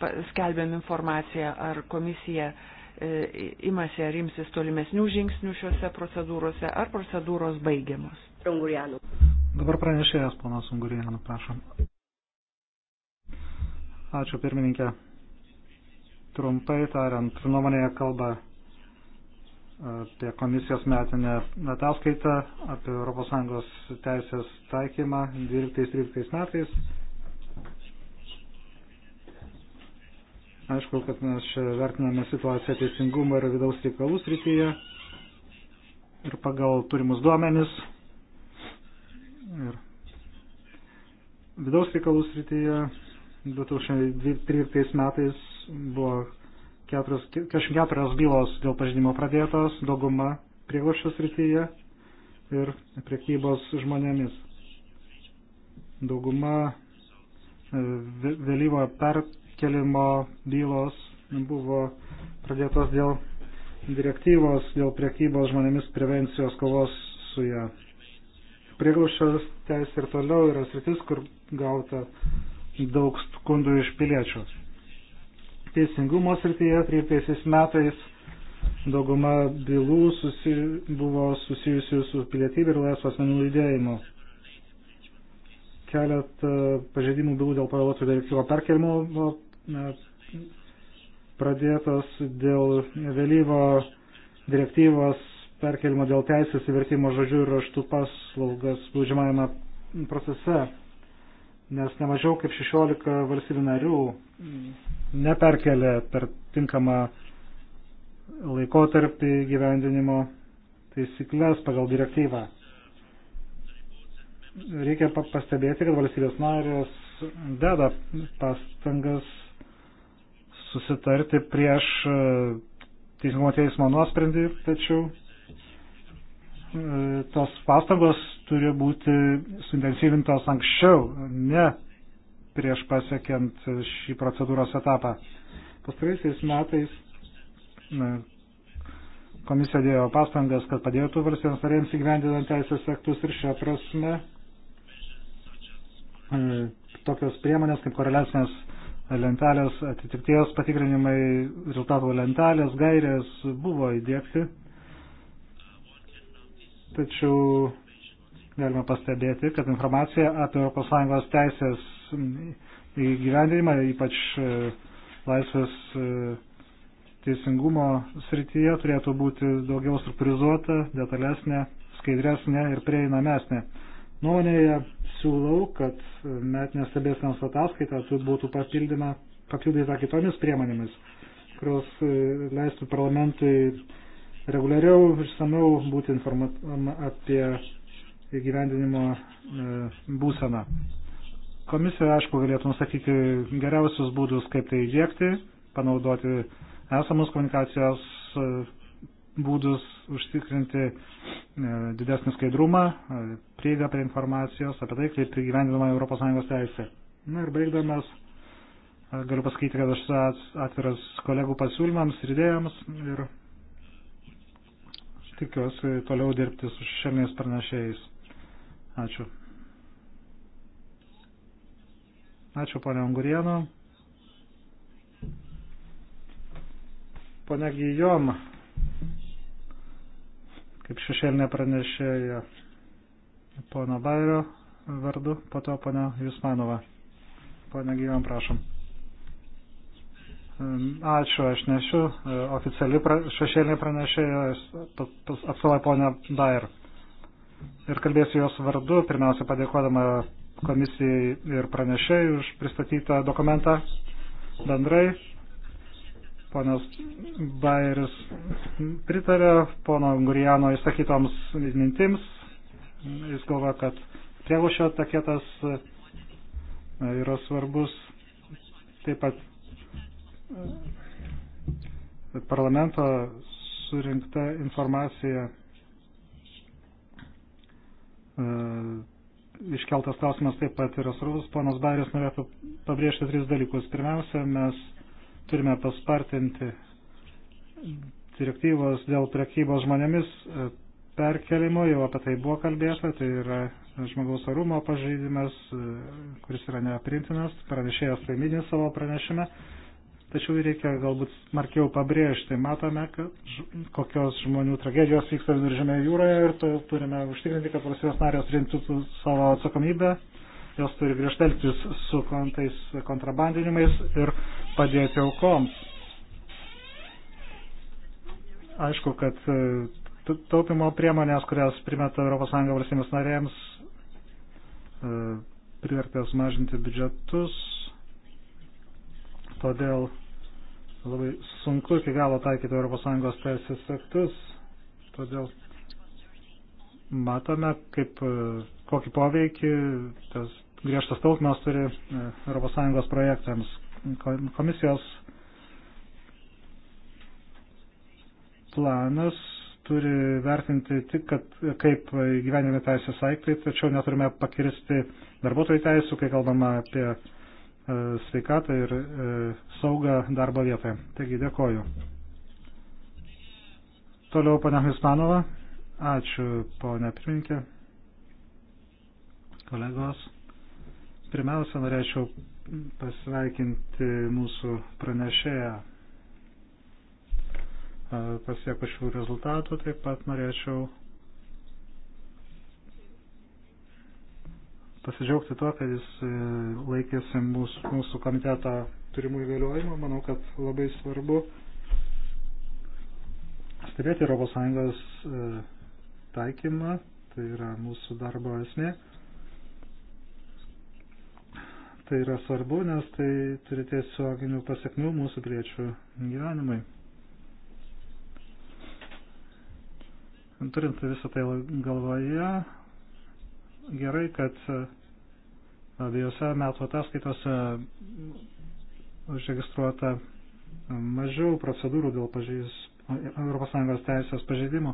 S3: e, skelbėm informaciją, ar komisija uh, imasi ar imsis tolimesnių žingsnių šiuose procedūrose, ar
S2: procedūros baigiamos. Ungurianų. Dabar pranešėjas, ponas Ungurianų, prašom. Ačiū pirmininkė. Trumpai tariant, nuomonėje kalba apie komisijos metinę ataskaitą apie ES teisės taikymą 12-13 metais. Aišku, kad mes čia vertiname situaciją teisingumo ir vidaus reikalų srityje ir pagal turimus duomenis. Ir vidaus reikalų srityje 2013 metais buvo 44 bylos dėl pažydimo pradėtos, dauguma prieglošio srityje ir priekybos žmonėmis. Dauguma e, vėlyvo perkelimo bylos buvo pradėtos dėl direktyvos, dėl priekybos žmonėmis prevencijos kovos su ją. Prieglošio teisė ir toliau yra sritis, kur gauta daug skundų iš piliečios teisingumo srityje 13 metais dauguma bylų susi, buvo susijusių su pilietybė ir laisvas asmenų judėjimu. Kelet pažeidimų bylų dėl pavėluotų direktyvo perkelimo pradėtos dėl vėlyvo direktyvos perkelimo dėl teisės įvertimo žodžių ir raštų paslaugas baudžiamajame procese nes nemažiau kaip 16 valstybių narių neperkelia per tinkamą laikotarpį gyvendinimo taisyklės pagal direktyvą. Reikia pastebėti, kad valstybės narės deda pastangas susitarti prieš e, teisingumo teismo nuosprendį, tačiau E, tos pastangos turi būti suintensyvintos anksčiau, ne prieš pasiekiant šį procedūros etapą. Pastaraisiais metais komisija dėjo pastangas, kad padėtų valstybėms narėms įgyvendinant teisės aktus ir šią prasme e, tokios priemonės kaip koreliacinės lentelės, atitikties patikrinimai, rezultatų lentelės, gairės buvo įdėkti tačiau galime pastebėti, kad informacija apie ES teisės įgyvendinimą, ypač e, laisvės e, teisingumo srityje, turėtų būti daugiau struktūrizuota, detalesnė, skaidresnė ir prieinamesnė. Nuomonėje siūlau, kad metinės stebėsienos ataskaita būtų papildyta kitomis priemonėmis, kurios e, leistų parlamentui reguliariau ir samiau būti informuojama apie įgyvendinimo e, būseną. Komisija, aišku, galėtų nusakyti geriausius būdus, kaip tai įdėkti, panaudoti esamus komunikacijos e, būdus, užtikrinti e, didesnį skaidrumą, prieigą prie informacijos apie tai, kaip įgyvendinama ES teisė. Na ir baigdamas, galiu pasakyti, kad aš atviras kolegų pasiūlymams ir idėjams ir tikiuosi toliau dirbti su šešėliniais pranešėjais. Ačiū. Ačiū ponia Ungurieno. Pone Gijom, kaip šešėlinė pranešėja pono Bairio vardu, po to ponia Jusmanova. Pone Gijom, prašom. Ačiū, aš nešiu e, oficiali pra, šešėlinė pranešėja, atstovauja ponia Dair. Ir kalbėsiu jos vardu, pirmiausia padėkodama komisijai ir pranešėjai už pristatytą dokumentą bendrai. Ponas Bairis pritarė pono Gurijano išsakytoms mintims. Jis galvoja, kad prielušio taketas e, yra svarbus. Taip pat parlamento surinkta informacija e, iškeltas klausimas taip pat yra svarbus. Ponas Bairis norėtų pabrėžti tris dalykus. Pirmiausia, mes turime paspartinti direktyvos dėl prekybos žmonėmis e, perkelimo, jau apie tai buvo kalbėta, tai yra žmogaus orumo pažeidimas, e, kuris yra neaprintinas, pranešėjas tai mini savo pranešime. Tačiau jį reikia galbūt smarkiau pabrėžti. Matome, kad kokios žmonių tragedijos vyksta viduržėme jūroje ir to turime užtikrinti, kad valstybės narės rimtų savo atsakomybę, jos turi griežteltis su kontais kontrabandinimais ir padėti aukoms. Aišku, kad e, taupimo priemonės, kurias primeta ES valstybės narėms, e, privertė sumažinti biudžetus Todėl labai sunku iki galo taikyti ES teisės aktus. Todėl matome, kaip, e, kokį poveikį tas griežtas taupymas turi e, ES projektams. Komisijos planas turi vertinti tik, kad kaip gyvenime teisės aiktai, tačiau neturime pakirsti darbuotojų teisų, kai kalbama apie E, sveikatą ir e, saugą darbo vietoje. Taigi dėkoju. Toliau pana Hispanova. Ačiū, ponė pirminkė. Kolegos. Pirmiausia, norėčiau pasveikinti mūsų pranešėją e, pasiekus šių rezultatų. Taip pat norėčiau pasidžiaugti tuo, kad jis e, laikėsi mūsų, mūsų komiteto turimų įgaliojimų. Manau, kad labai svarbu stebėti ES e, taikymą, tai yra mūsų darbo esmė. Tai yra svarbu, nes tai turi tiesioginių pasiekmių mūsų priečių gyvenimai. Turint visą tai galvoje, gerai, kad e, abiejose metų ataskaitose užregistruota e, mažiau procedūrų dėl pažeis, ES teisės pažeidimo.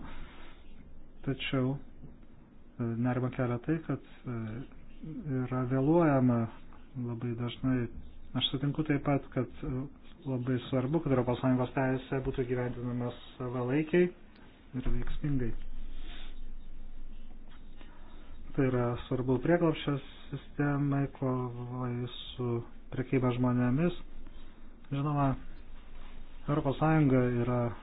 S2: Tačiau e, nerima kelia tai, kad yra vėluojama labai dažnai. Aš sutinku taip pat, kad labai svarbu, kad ES teisė būtų gyvendinama savalaikiai ir veiksmingai. Tai yra svarbu prieglapščio sistemai, kovai su prekyba žmonėmis. Žinoma, ES yra e,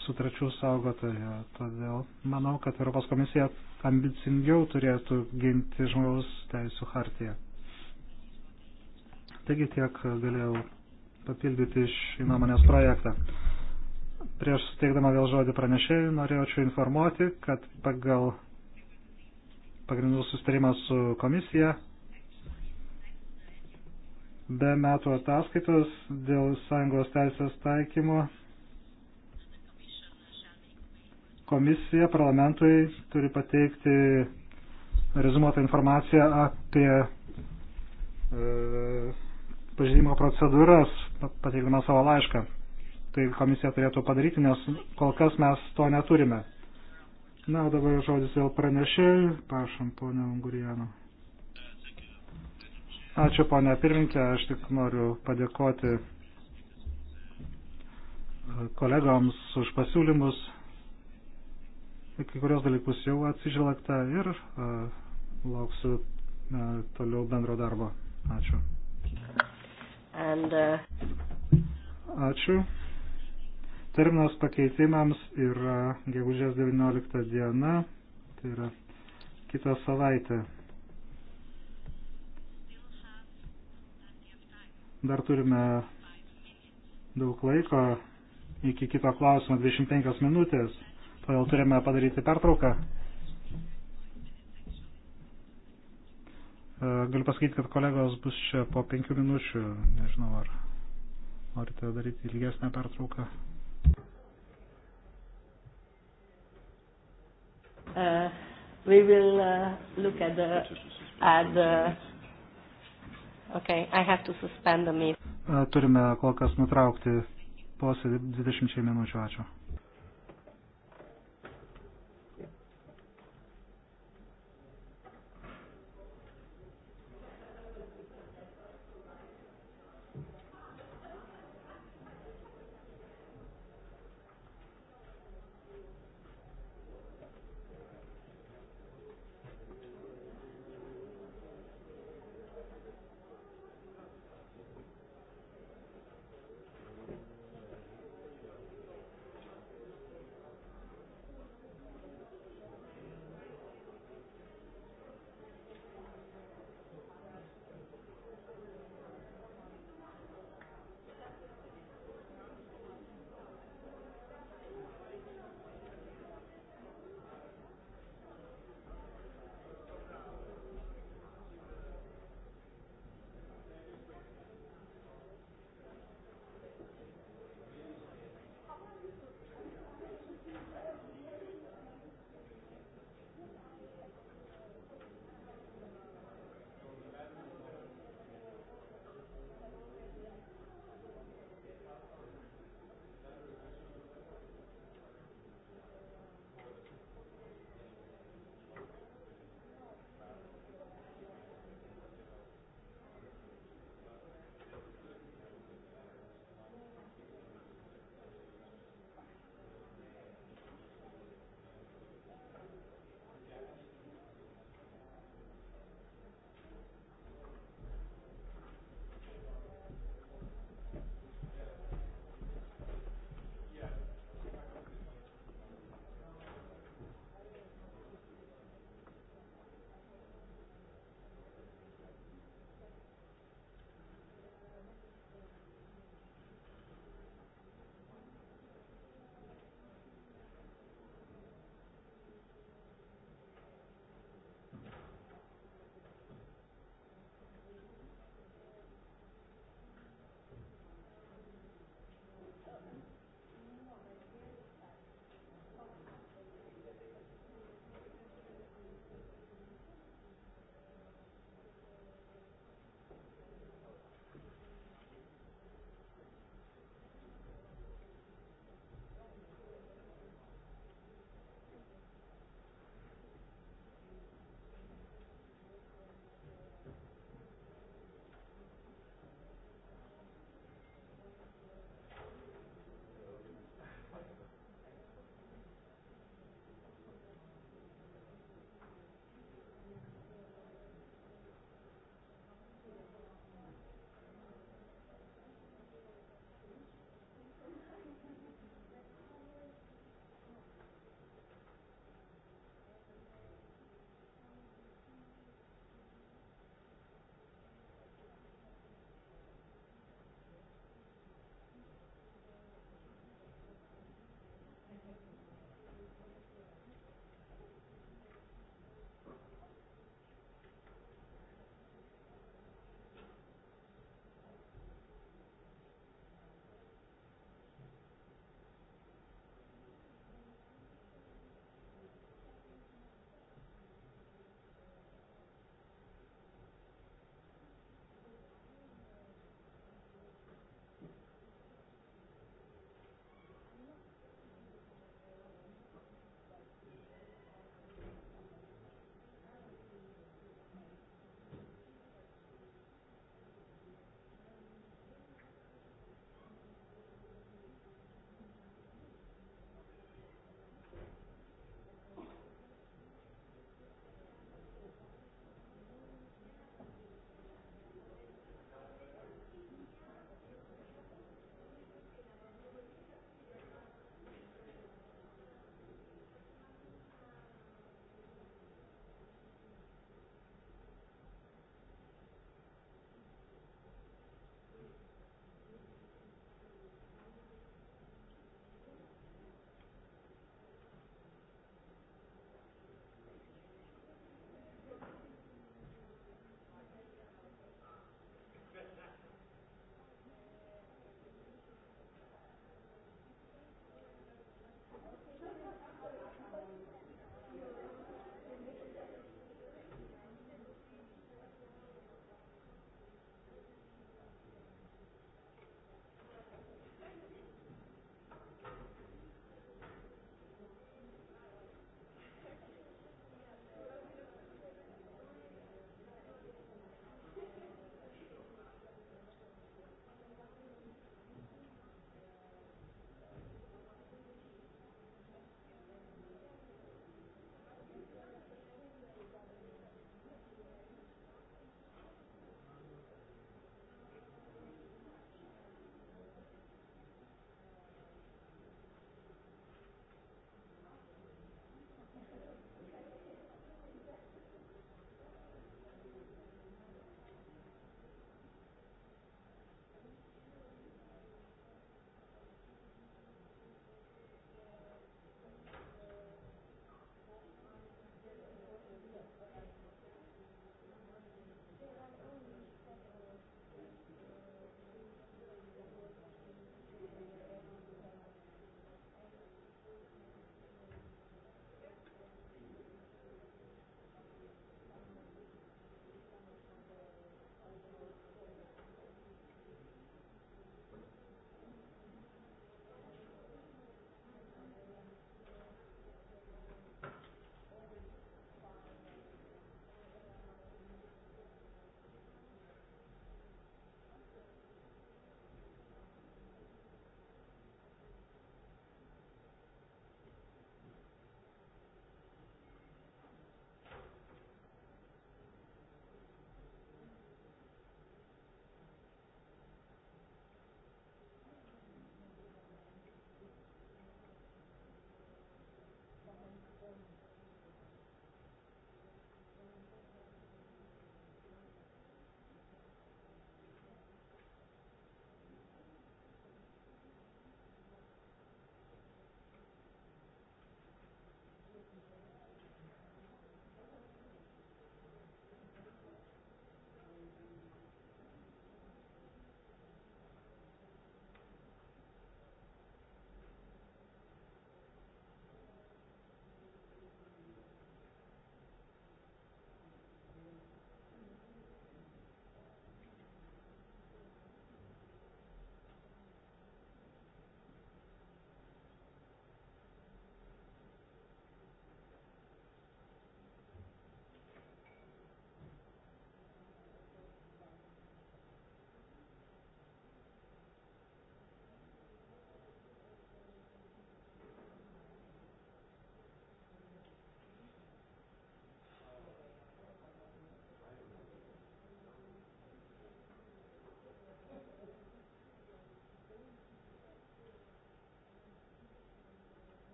S2: sutračių saugotoja, todėl manau, kad Europos komisija ambicingiau turėtų ginti žmogaus teisų hartiją. Taigi tiek galėjau papildyti iš įmonės projektą. Prieš steigdama vėl žodį pranešėjų norėjau čia informuoti, kad pagal pagrindų sustarimas su komisija. Be metų ataskaitos dėl sąjungos teisės taikymo komisija parlamentui turi pateikti rezumuotą informaciją apie e, pažydimo procedūras, pateikdama savo laišką. Tai komisija turėtų padaryti, nes kol kas mes to neturime. Na, dabar žodis vėl pranešėjai. Prašom, ponia Ungurijano. Ačiū, ponia pirminkė. Aš tik noriu padėkoti e, kolegoms už pasiūlymus. Kai kurios dalykus jau atsižvelgta ir uh, lauksiu uh, toliau bendro darbo. Ačiū.
S1: And, uh...
S2: Ačiū. Terminas pakeitimams yra gegužės 19 diena, tai yra kitą savaitę. Dar turime daug laiko iki kito klausimo 25 minutės, todėl turime padaryti pertrauką. E, galiu pasakyti, kad kolegos bus čia po penkių minučių, nežinau ar norite daryti ilgesnę pertrauką.
S1: uh, we will uh, look at the at the. Okay, I have to suspend the meeting.
S2: Uh, turime kol kas nutraukti posėdį 20 minučių. Ačiū.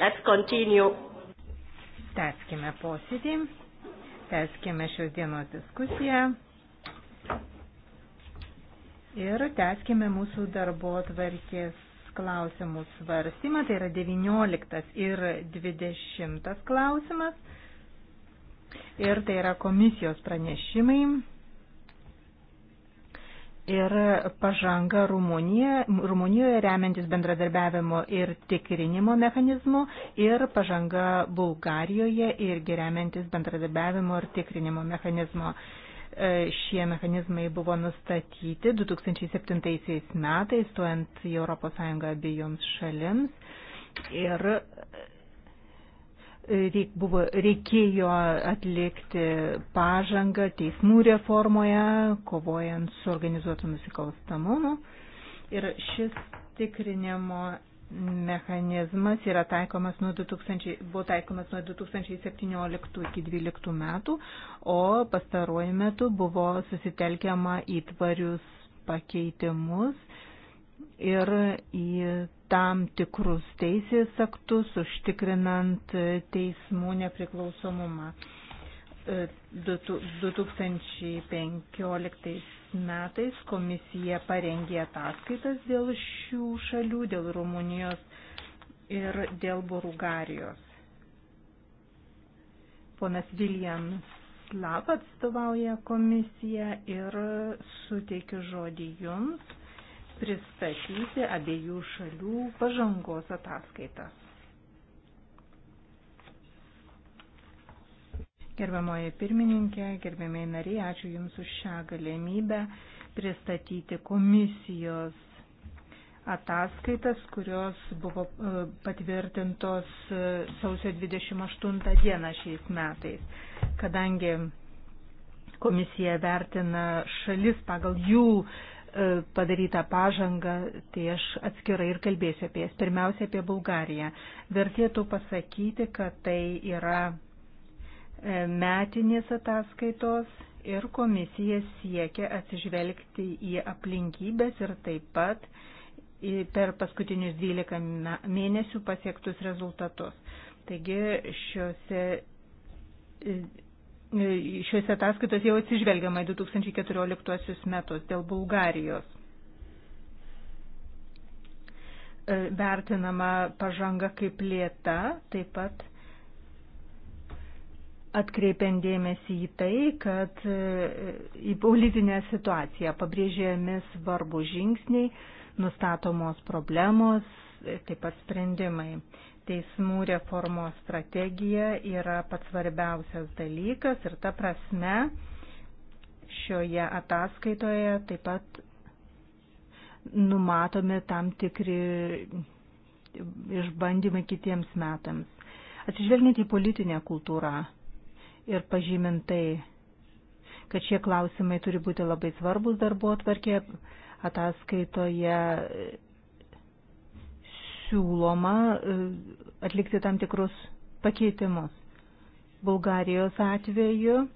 S1: Let's continue. Teskime posėdį, teskime šios dienos diskusiją ir teskime mūsų darbo tvarkės klausimų svarstymą, tai yra 19 ir 20 klausimas ir tai yra komisijos pranešimai ir pažanga Rumunija, Rumunijoje remiantis bendradarbiavimo ir tikrinimo mechanizmu ir pažanga Bulgarijoje irgi remiantis bendradarbiavimo ir tikrinimo mechanizmo. E, šie mechanizmai buvo nustatyti 2007 metais, stojant į ES abiejoms šalims ir reik, buvo, reikėjo atlikti pažangą teismų reformoje, kovojant su organizuotu nusikalstamumu. Ir šis tikrinimo mechanizmas yra taikomas nuo 2000, buvo taikomas nuo 2017 iki 2012 metų, o pastaruoju metu buvo susitelkiama į tvarius pakeitimus ir į tam tikrus teisės aktus, užtikrinant teismų nepriklausomumą. 2015 e, metais komisija parengė ataskaitas dėl šių šalių, dėl Rumunijos ir dėl Bulgarijos. Ponas Viljan Slav atstovauja komisiją ir suteikiu žodį jums pristatyti abiejų šalių pažangos ataskaitas. Gerbiamoji pirmininkė, gerbiamiai nariai, ačiū Jums už šią galimybę pristatyti komisijos ataskaitas, kurios buvo e, patvirtintos e, sausio 28 dieną šiais metais. Kadangi komisija vertina šalis pagal jų E, padarytą pažangą, tai aš atskirai ir kalbėsiu apie jas. Pirmiausia, apie Bulgariją. Vertėtų pasakyti, kad tai yra e, metinės ataskaitos ir komisija siekia atsižvelgti į aplinkybės ir taip pat per paskutinius 12 mėnesių pasiektus rezultatus. Taigi šiuose e, šiuose ataskaitos jau atsižvelgiama į 2014 metus dėl Bulgarijos. E, vertinama pažanga kaip lėta, taip pat atkreipiant dėmesį į tai, kad e, į politinę situaciją pabrėžėjami svarbu žingsniai, nustatomos problemos, e, taip pat sprendimai teismų reformos strategija yra pats svarbiausias dalykas ir ta prasme šioje ataskaitoje taip pat numatomi tam tikri išbandymai kitiems metams. Atsižvelgiant į politinę kultūrą ir pažymintai, kad šie klausimai turi būti labai svarbus darbo atvarkė, ataskaitoje siūloma e, atlikti tam tikrus pakeitimus. Bulgarijos atveju e,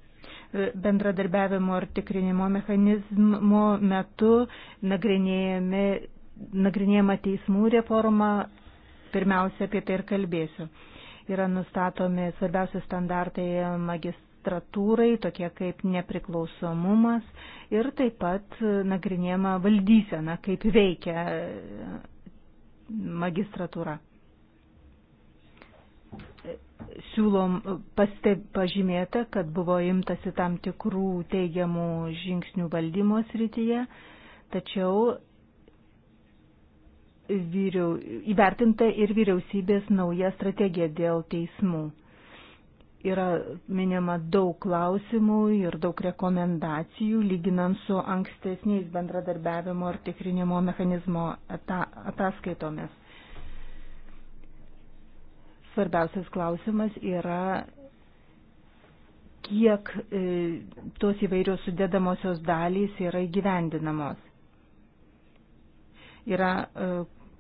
S1: bendradarbiavimo ir tikrinimo mechanizmo metu nagrinėjama teismų reforma, pirmiausia apie tai ir kalbėsiu. Yra nustatomi svarbiausi standartai magistratūrai, tokie kaip nepriklausomumas ir taip pat e, nagrinėjama valdysena, kaip veikia magistratūra. Siūlom paste, pažymėta, kad buvo imtasi tam tikrų teigiamų žingsnių valdymo srityje, tačiau vyriau, įvertinta ir vyriausybės nauja strategija dėl teismų yra minima daug klausimų ir daug rekomendacijų, lyginant su ankstesniais bendradarbiavimo ir tikrinimo mechanizmo ataskaitomis. Svarbiausias klausimas yra, kiek e, tos įvairios sudėdamosios dalys yra įgyvendinamos. Yra e,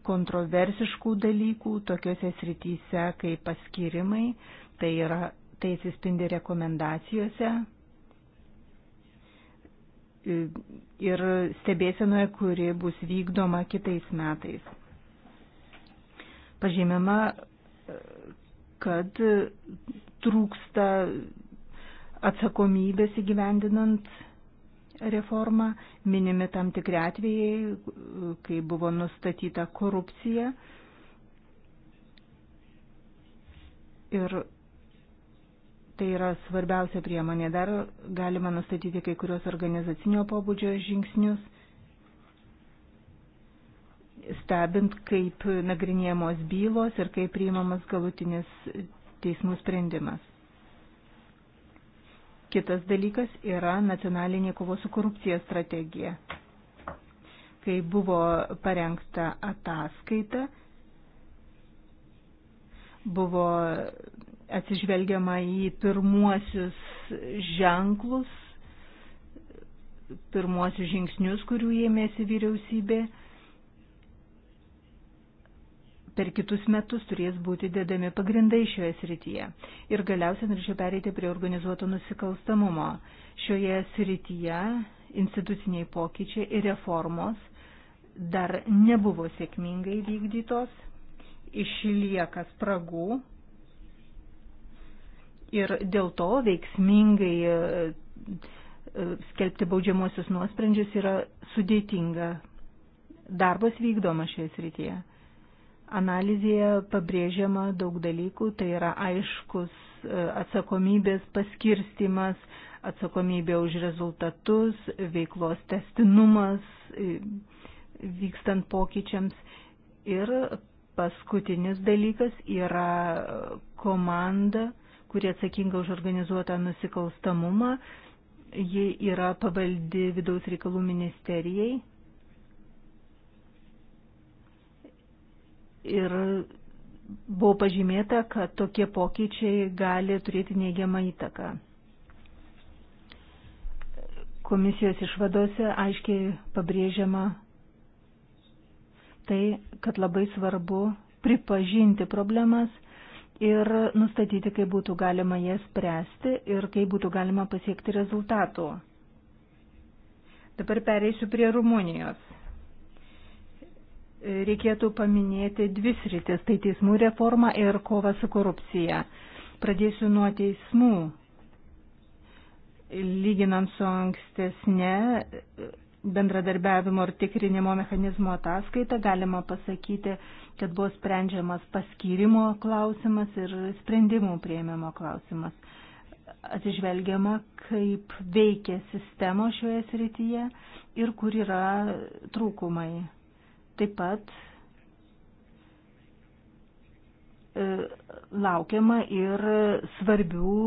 S1: kontroversiškų dalykų tokiuose srityse kaip paskirimai, tai yra tai atsispindi rekomendacijose ir stebėsenoje, kuri bus vykdoma kitais metais. Pažymima, kad trūksta atsakomybės įgyvendinant reformą, minimi tam tikri atvejai, kai buvo nustatyta korupcija. Ir Tai yra svarbiausia priemonė. Dar galima nustatyti kai kurios organizacinio pobūdžio žingsnius, stebint, kaip nagrinėjamos bylos ir kaip priimamas galutinis teismų sprendimas. Kitas dalykas yra nacionalinė kovos su korupcija strategija. Kai buvo parengta ataskaita, buvo atsižvelgiama į pirmuosius ženklus, pirmuosius žingsnius, kurių ėmėsi vyriausybė. Per kitus metus turės būti dedami pagrindai šioje srityje. Ir galiausiai norėčiau pereiti prie organizuoto nusikalstamumo. Šioje srityje instituciniai pokyčiai ir reformos dar nebuvo sėkmingai vykdytos, išlieka spragų ir dėl to veiksmingai e, e, skelbti baudžiamuosius nuosprendžius yra sudėtinga. Darbas vykdoma šioje srityje. Analizėje pabrėžiama daug dalykų, tai yra aiškus e, atsakomybės paskirstimas, atsakomybė už rezultatus, veiklos testinumas vykstant pokyčiams ir paskutinis dalykas yra komanda kuri atsakinga už organizuotą nusikalstamumą. Ji yra pavaldi vidaus reikalų ministerijai. Ir buvo pažymėta, kad tokie pokyčiai gali turėti neigiamą įtaką. Komisijos išvadose aiškiai pabrėžiama tai, kad labai svarbu pripažinti problemas ir nustatyti, kaip būtų galima jas spręsti ir kaip būtų galima pasiekti rezultatų. Dabar pereisiu prie Rumunijos. Reikėtų paminėti dvi sritis - tai teismų reforma ir kova su korupcija. Pradėsiu nuo teismų. Lyginant su ankstesne bendradarbiavimo ir tikrinimo mechanizmo ataskaita, galima pasakyti, kad buvo sprendžiamas paskyrimo klausimas ir sprendimų prieimimo klausimas. Atsižvelgiama, kaip veikia sistemo šioje srityje ir kur yra trūkumai. Taip pat e, laukiama ir svarbių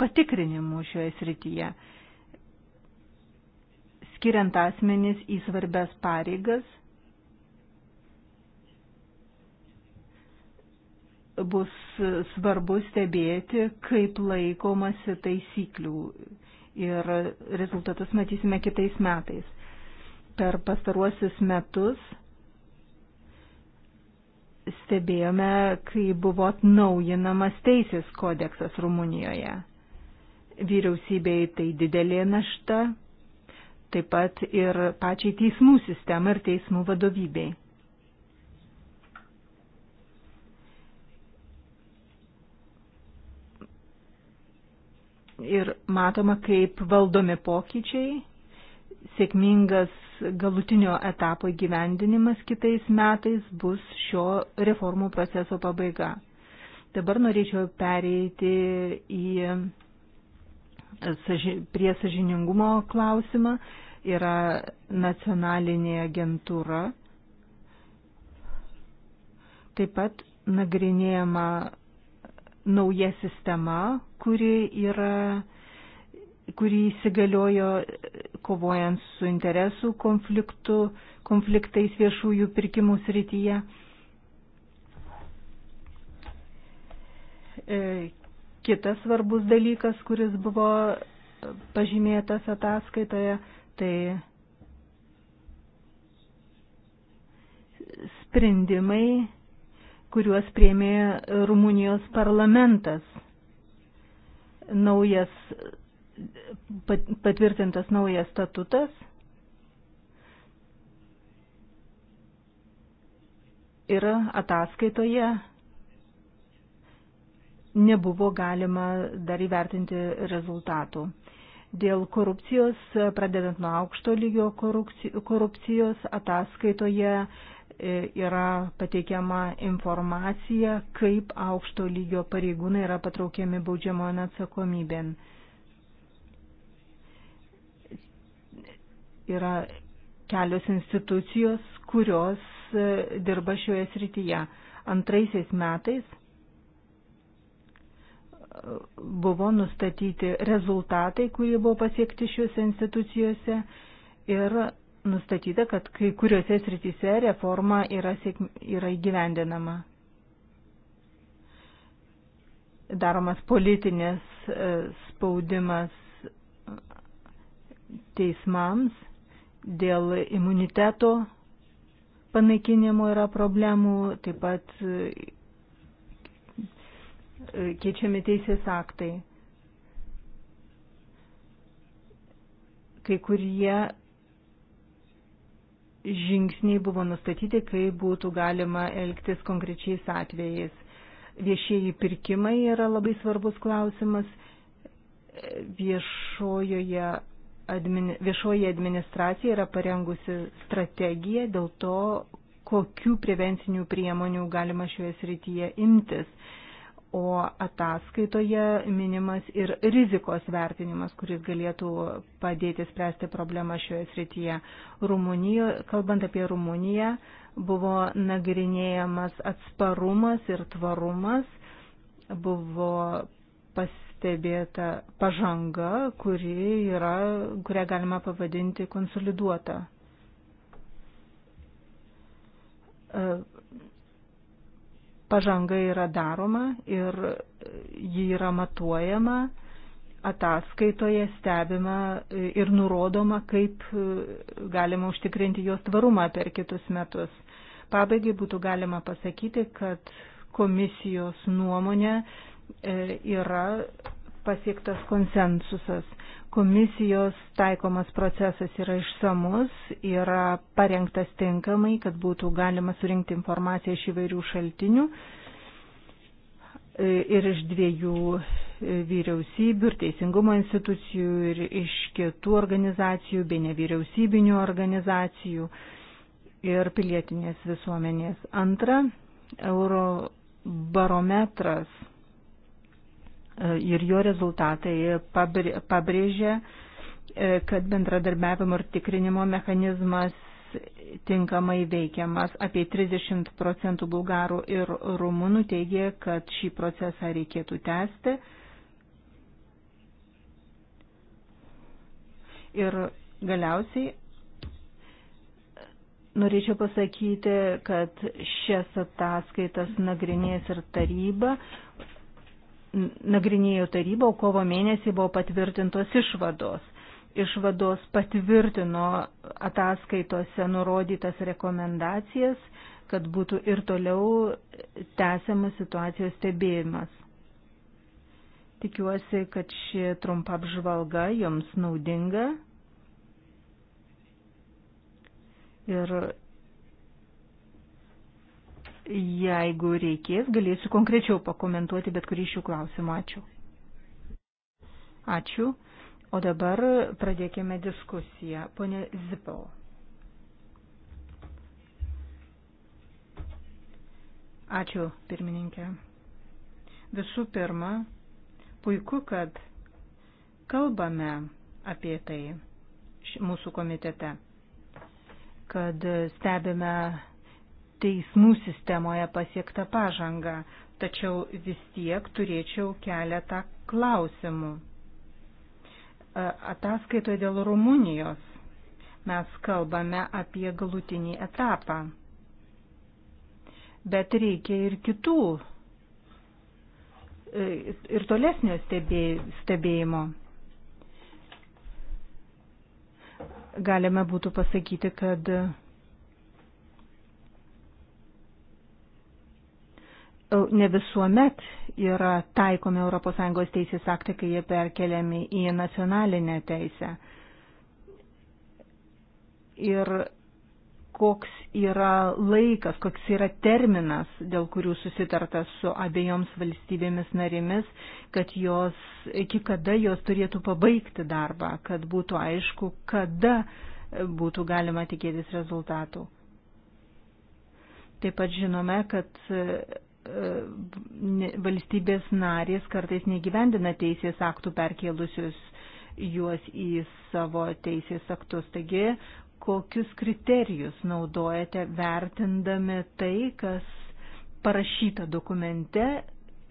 S1: patikrinimų šioje srityje. Skiriant asmenys į svarbias pareigas, bus svarbu stebėti, kaip laikomasi taisyklių ir rezultatus matysime kitais metais. Per pastaruosius metus stebėjome, kai buvo atnaujinamas teisės kodeksas Rumunijoje. Vyriausybei tai didelė našta, taip pat ir pačiai teismų sistemai ir teismų vadovybei. ir matoma, kaip valdomi pokyčiai, sėkmingas galutinio etapo įgyvendinimas kitais metais bus šio reformų proceso pabaiga. Dabar norėčiau pereiti į e, prie sažiningumo klausimą. Yra nacionalinė agentūra. Taip pat nagrinėjama nauja sistema, kuri yra kurį įsigaliojo e, kovojant su interesų konfliktu, konfliktais viešųjų pirkimų srityje. E, kitas svarbus dalykas, kuris buvo e, pažymėtas ataskaitoje, tai sprendimai kuriuos prieimė Rumunijos parlamentas. Naujas, patvirtintas naujas statutas. Ir ataskaitoje nebuvo galima dar įvertinti rezultatų. Dėl korupcijos, pradedant nuo aukšto lygio korupcijos, ataskaitoje E, yra pateikiama informacija, kaip aukšto lygio pareigūnai yra patraukiami baudžiamojo atsakomybėn. Yra kelios institucijos, kurios e, dirba šioje srityje. Antraisiais metais e, buvo nustatyti rezultatai, kurie buvo pasiekti šiuose institucijose ir nustatyta, kad kai kuriuose srityse reforma yra, sėkm, yra įgyvendinama. Daromas politinės e, spaudimas teismams dėl imuniteto panaikinimo yra problemų, taip pat e, keičiami teisės aktai. Kai kurie žingsniai buvo nustatyti, kaip būtų galima elgtis konkrečiais atvejais. Viešieji pirkimai yra labai svarbus klausimas. Viešojoje admini, viešoji administracija yra parengusi strategiją dėl to, kokių prevencinių priemonių galima šioje srityje imtis o ataskaitoje minimas ir rizikos vertinimas, kuris galėtų padėti spręsti problemą šioje srityje. Rumunijo, kalbant apie Rumuniją, buvo nagrinėjamas atsparumas ir tvarumas, buvo pastebėta pažanga, kuri yra, kurią galima pavadinti konsoliduota pažanga yra daroma ir ji yra matuojama, ataskaitoje stebima ir nurodoma, kaip galima užtikrinti jos tvarumą per kitus metus. Pabaigai būtų galima pasakyti, kad komisijos nuomonė e, yra pasiektas konsensusas Komisijos taikomas procesas yra išsamus, yra parengtas tinkamai, kad būtų galima surinkti informaciją iš įvairių šaltinių e, ir iš dviejų e, vyriausybių ir teisingumo institucijų ir iš kitų organizacijų bei nevyriausybinių organizacijų ir pilietinės visuomenės. Antra, eurobarometras ir jo rezultatai pabrėžia, e, kad bendradarbiavimo ir tikrinimo mechanizmas tinkamai veikiamas. Apie 30 procentų bulgarų ir rumunų teigia, kad šį procesą reikėtų tęsti. Ir galiausiai norėčiau pasakyti, kad šias ataskaitas nagrinės ir taryba, nagrinėjo taryba, o kovo mėnesį buvo patvirtintos išvados. Išvados patvirtino ataskaitose nurodytas rekomendacijas, kad būtų ir toliau tęsiamas situacijos stebėjimas. Tikiuosi, kad ši trumpa apžvalga jums naudinga ir Jeigu reikės, galėsiu konkrečiau pakomentuoti bet kurį šių klausimų. Ačiū. Ačiū. O dabar pradėkime diskusiją. Pone Zipau. Ačiū, pirmininkė. Visų pirma, puiku, kad kalbame apie tai mūsų komitete, kad stebime teismų sistemoje pasiektą pažangą, tačiau vis tiek turėčiau keletą klausimų. E, ataskaitoje dėl Rumunijos mes kalbame apie galutinį etapą, bet reikia ir kitų e, ir tolesnio stebėjimo. Galime būtų pasakyti, kad ne visuomet yra taikomi ES teisės aktai, kai jie perkeliami į nacionalinę teisę. Ir koks yra laikas, koks yra terminas, dėl kurių susitarta su abiejoms valstybėmis narimis, kad jos, iki kada jos turėtų pabaigti darbą, kad būtų aišku, kada būtų galima tikėtis rezultatų. Taip pat žinome, kad E, valstybės narės kartais negyvendina teisės aktų perkėlusius juos į savo teisės aktus. Taigi, kokius kriterijus naudojate vertindami tai, kas parašyta dokumente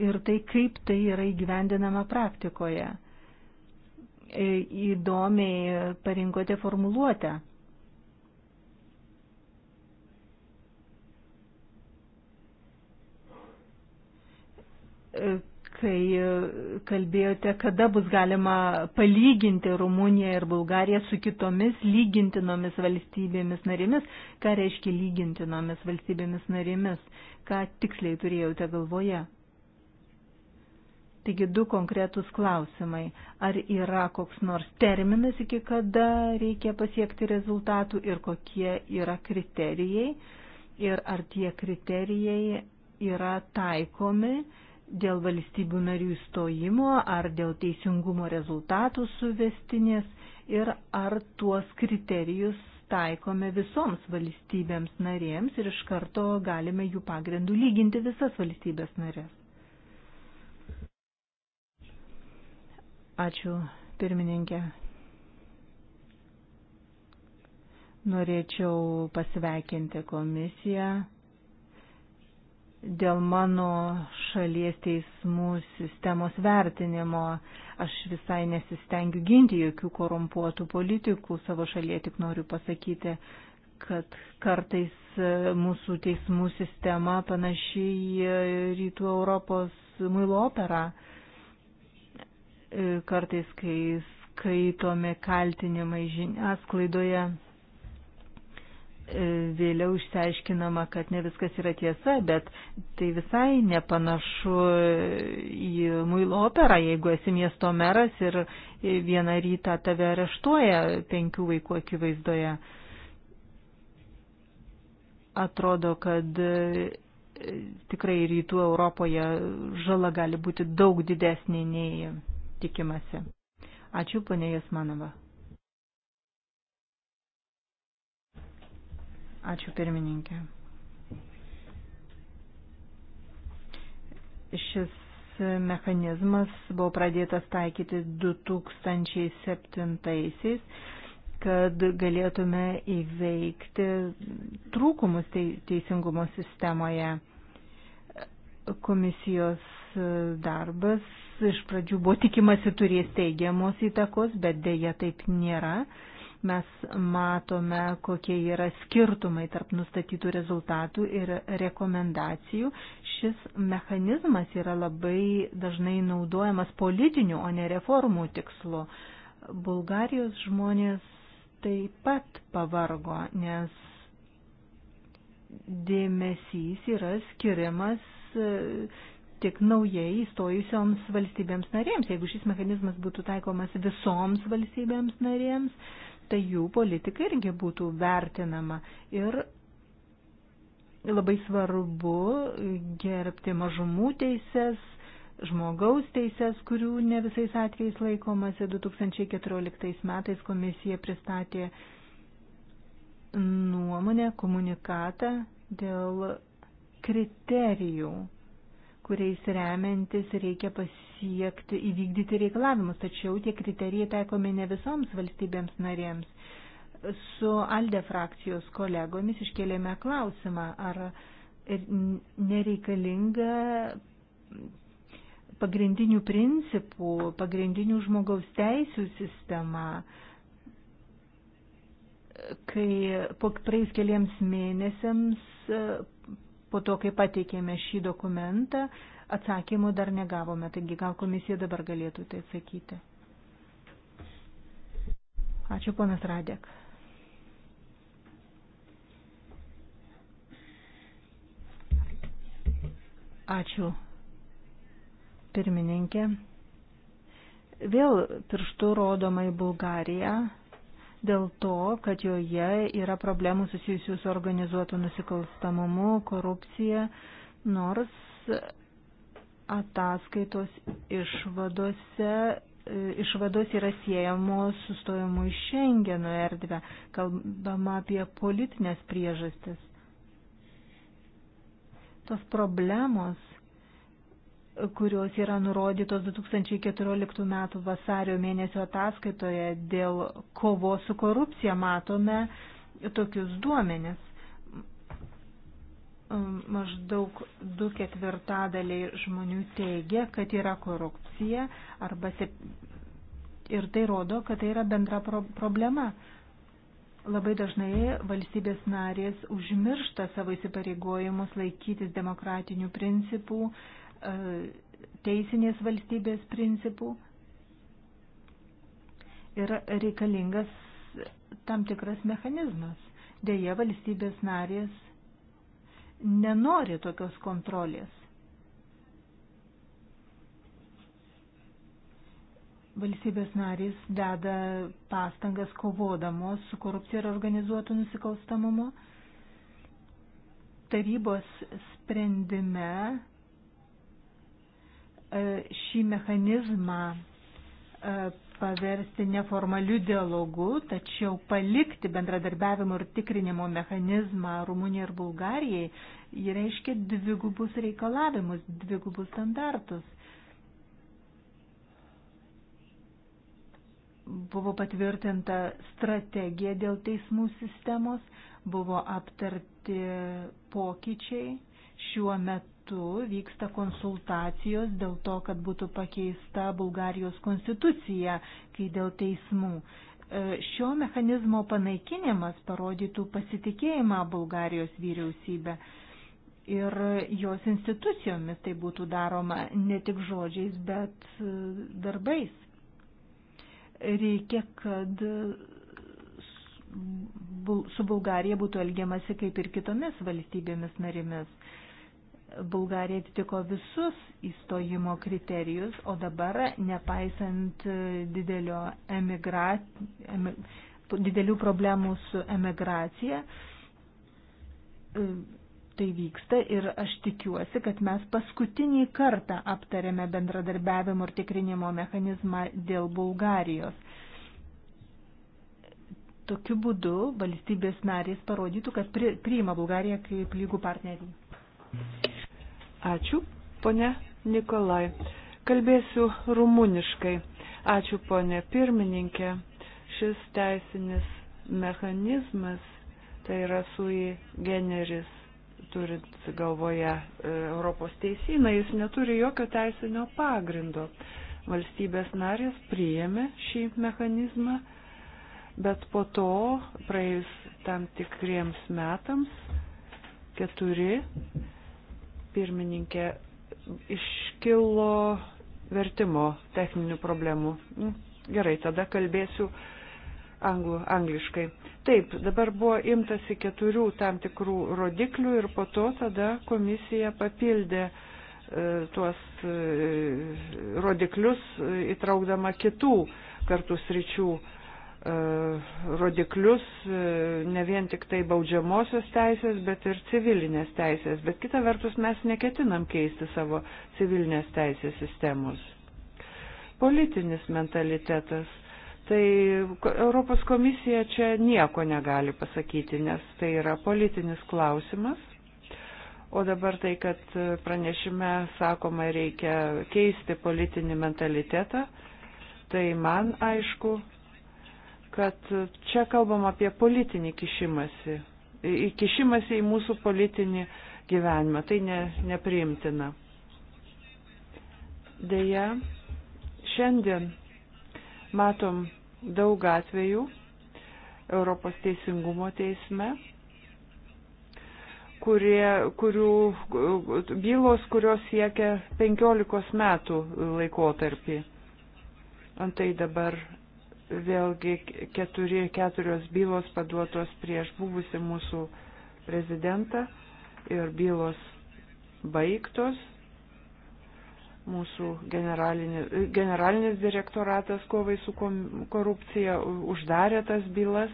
S1: ir tai, kaip tai yra įgyvendinama praktikoje. E, įdomiai parinkote formuluotę. kai e, kalbėjote, kada bus galima palyginti Rumuniją ir Bulgariją su kitomis lygintinomis valstybėmis narėmis. Ką reiškia lygintinomis valstybėmis narėmis? Ką tiksliai turėjote galvoje? Taigi du konkretūs klausimai. Ar yra koks nors terminas, iki kada reikia pasiekti rezultatų ir kokie yra kriterijai? Ir ar tie kriterijai yra taikomi? dėl valstybių narių įstojimo, ar dėl teisingumo rezultatų suvestinės ir ar tuos kriterijus taikome visoms valstybėms narėms ir iš karto galime jų pagrindų lyginti visas valstybės narės. Ačiū, pirmininkė. Norėčiau pasveikinti komisiją dėl mano šalies teismų sistemos vertinimo. Aš visai nesistengiu ginti jokių korumpuotų politikų savo šalyje, tik noriu pasakyti, kad kartais e, mūsų teismų sistema panaši į e, rytų Europos muilo operą. E, kartais, kai skaitome kaltinimai žiniasklaidoje, E, vėliau išsiaiškinama, kad ne viskas yra tiesa, bet tai visai nepanašu į muilo operą, jeigu esi miesto meras ir vieną rytą tave areštuoja penkių vaikų akivaizdoje. Atrodo, kad e, tikrai rytų Europoje žala gali būti daug didesnė nei tikimasi. Ačiū, ponė Jasmanova. Ačiū pirmininkė. Šis mechanizmas buvo pradėtas taikyti 2007-aisiais, kad galėtume įveikti trūkumus teisingumo sistemoje. Komisijos darbas iš pradžių buvo tikimasi turės teigiamos įtakos, bet dėja taip nėra mes matome, kokie yra skirtumai tarp nustatytų rezultatų ir rekomendacijų. Šis mechanizmas yra labai dažnai naudojamas politiniu, o ne reformų tikslu. Bulgarijos žmonės taip pat pavargo, nes dėmesys yra skiriamas e, tik naujai įstojusioms valstybėms narėms. Jeigu šis mechanizmas būtų taikomas visoms valstybėms narėms, tai jų politika irgi būtų vertinama. Ir labai svarbu gerbti mažumų teises, žmogaus teises, kurių ne visais atvejais laikomasi. 2014 metais komisija pristatė nuomonę, komunikatą dėl kriterijų kuriais remiantis reikia pasiekti įvykdyti reikalavimus, tačiau tie kriterijai taikomi ne visoms valstybėms narėms. Su Alde frakcijos kolegomis iškėlėme klausimą, ar nereikalinga pagrindinių principų, pagrindinių žmogaus teisių sistema, kai po praeis keliams mėnesiams po to, kai pateikėme šį dokumentą, atsakymų dar negavome, taigi gal komisija dabar galėtų tai atsakyti. Ačiū, ponas Radek. Ačiū, pirmininkė. Vėl pirštų rodoma į Bulgariją dėl to, kad joje yra problemų susijusių su organizuotu nusikalstamumu, korupcija, nors ataskaitos išvadose, išvados yra siejamos su stojimu į Šengeno erdvę, kalbama apie politinės priežastis. Tos problemos kurios yra nurodytos 2014 m. vasario mėnesio ataskaitoje dėl kovos su korupcija, matome tokius duomenis. Maždaug du ketvirtadaliai žmonių teigia, kad yra korupcija arba sep... ir tai rodo, kad tai yra bendra pro problema. Labai dažnai valstybės narės užmiršta savo įsipareigojimus laikytis demokratinių principų, uh, E, teisinės valstybės principų yra reikalingas tam tikras mechanizmas. Deja, valstybės narės nenori tokios kontrolės. Valstybės narys deda pastangas kovodamos su korupcija ir organizuotu nusikalstamumu. Tarybos sprendime E, šį mechanizmą e, paversti neformaliu dialogu, tačiau palikti bendradarbiavimo ir tikrinimo mechanizmą Rumunijai ir Bulgarijai, jį reiškia dvigubus reikalavimus, dvigubus standartus. Buvo patvirtinta strategija dėl teismų sistemos, buvo aptarti pokyčiai. Šiuo metu metu vyksta konsultacijos dėl to, kad būtų pakeista Bulgarijos konstitucija, kai dėl teismų. E, šio mechanizmo panaikinimas parodytų pasitikėjimą Bulgarijos vyriausybę ir jos institucijomis tai būtų daroma ne tik žodžiais, bet e, darbais. Reikia, kad su Bulgarija būtų elgiamasi kaip ir kitomis valstybėmis narimis. Bulgarija atitiko visus įstojimo kriterijus, o dabar, nepaisant e, didelio emigrat, emi, didelių problemų su emigracija, e, tai vyksta ir aš tikiuosi, kad mes paskutinį kartą aptarėme bendradarbiavimo ir tikrinimo mechanizmą dėl Bulgarijos. Tokiu būdu valstybės narės parodytų, kad priima Bulgariją kaip lygų partnerį. Ačiū, ponė Nikolai.
S3: Kalbėsiu rumuniškai. Ačiū, ponė pirmininkė. Šis teisinis mechanizmas, tai yra sui generis, turint galvoje e, Europos teisiną, jis neturi jokio teisinio pagrindo. Valstybės narės priėmė šį mechanizmą, bet po to, praėjus tam tikriems metams, keturi pirmininkė, iškilo vertimo techninių problemų. Mm, gerai, tada kalbėsiu anglų, angliškai. Taip, dabar buvo imtasi keturių tam tikrų rodiklių ir po to tada komisija papildė e, tuos e, rodiklius e, įtraukdama kitų kartų sričių E, rodiklius e, ne vien tik tai baudžiamosios teisės, bet ir civilinės teisės. Bet kita vertus mes neketinam keisti savo civilinės teisės sistemos. Politinis mentalitetas. Tai Europos komisija čia nieko negali pasakyti, nes tai yra politinis klausimas. O dabar tai, kad pranešime sakoma reikia keisti politinį mentalitetą, tai man aišku kad čia kalbam apie politinį kišimąsi, kišimąsi į mūsų politinį gyvenimą. Tai ne, nepriimtina. Deja, šiandien matom daug atvejų Europos teisingumo teisme, kurie, kurių bylos, kurios siekia 15 metų laikotarpį. Antai dabar vėlgi keturi, keturios bylos paduotos prieš buvusi mūsų prezidentą ir bylos baigtos. Mūsų generalinis, generalinis direktoratas kovai su korupcija uždarė tas bylas.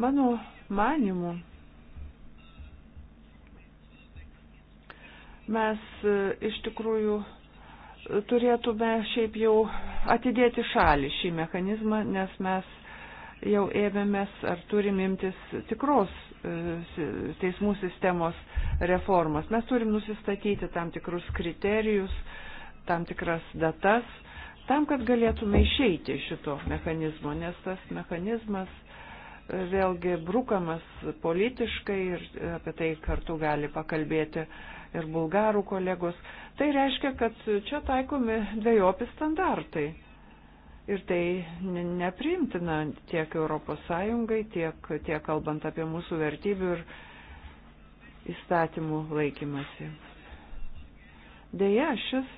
S3: Mano manimu, mes e, iš tikrųjų turėtume šiaip jau atidėti šalį šį mechanizmą, nes mes jau ėmėmės ar turim imtis tikros e, teismų sistemos reformos. Mes turim nusistatyti tam tikrus kriterijus, tam tikras datas, tam, kad galėtume išeiti iš šito mechanizmo, nes tas mechanizmas e, vėlgi brukamas politiškai ir e, apie tai kartu gali pakalbėti ir bulgarų kolegos. Tai reiškia, kad čia taikomi dviejopi standartai. Ir tai nepriimtina tiek ES, tiek, tiek kalbant apie mūsų vertybių ir įstatymų laikymasi. Deja, šis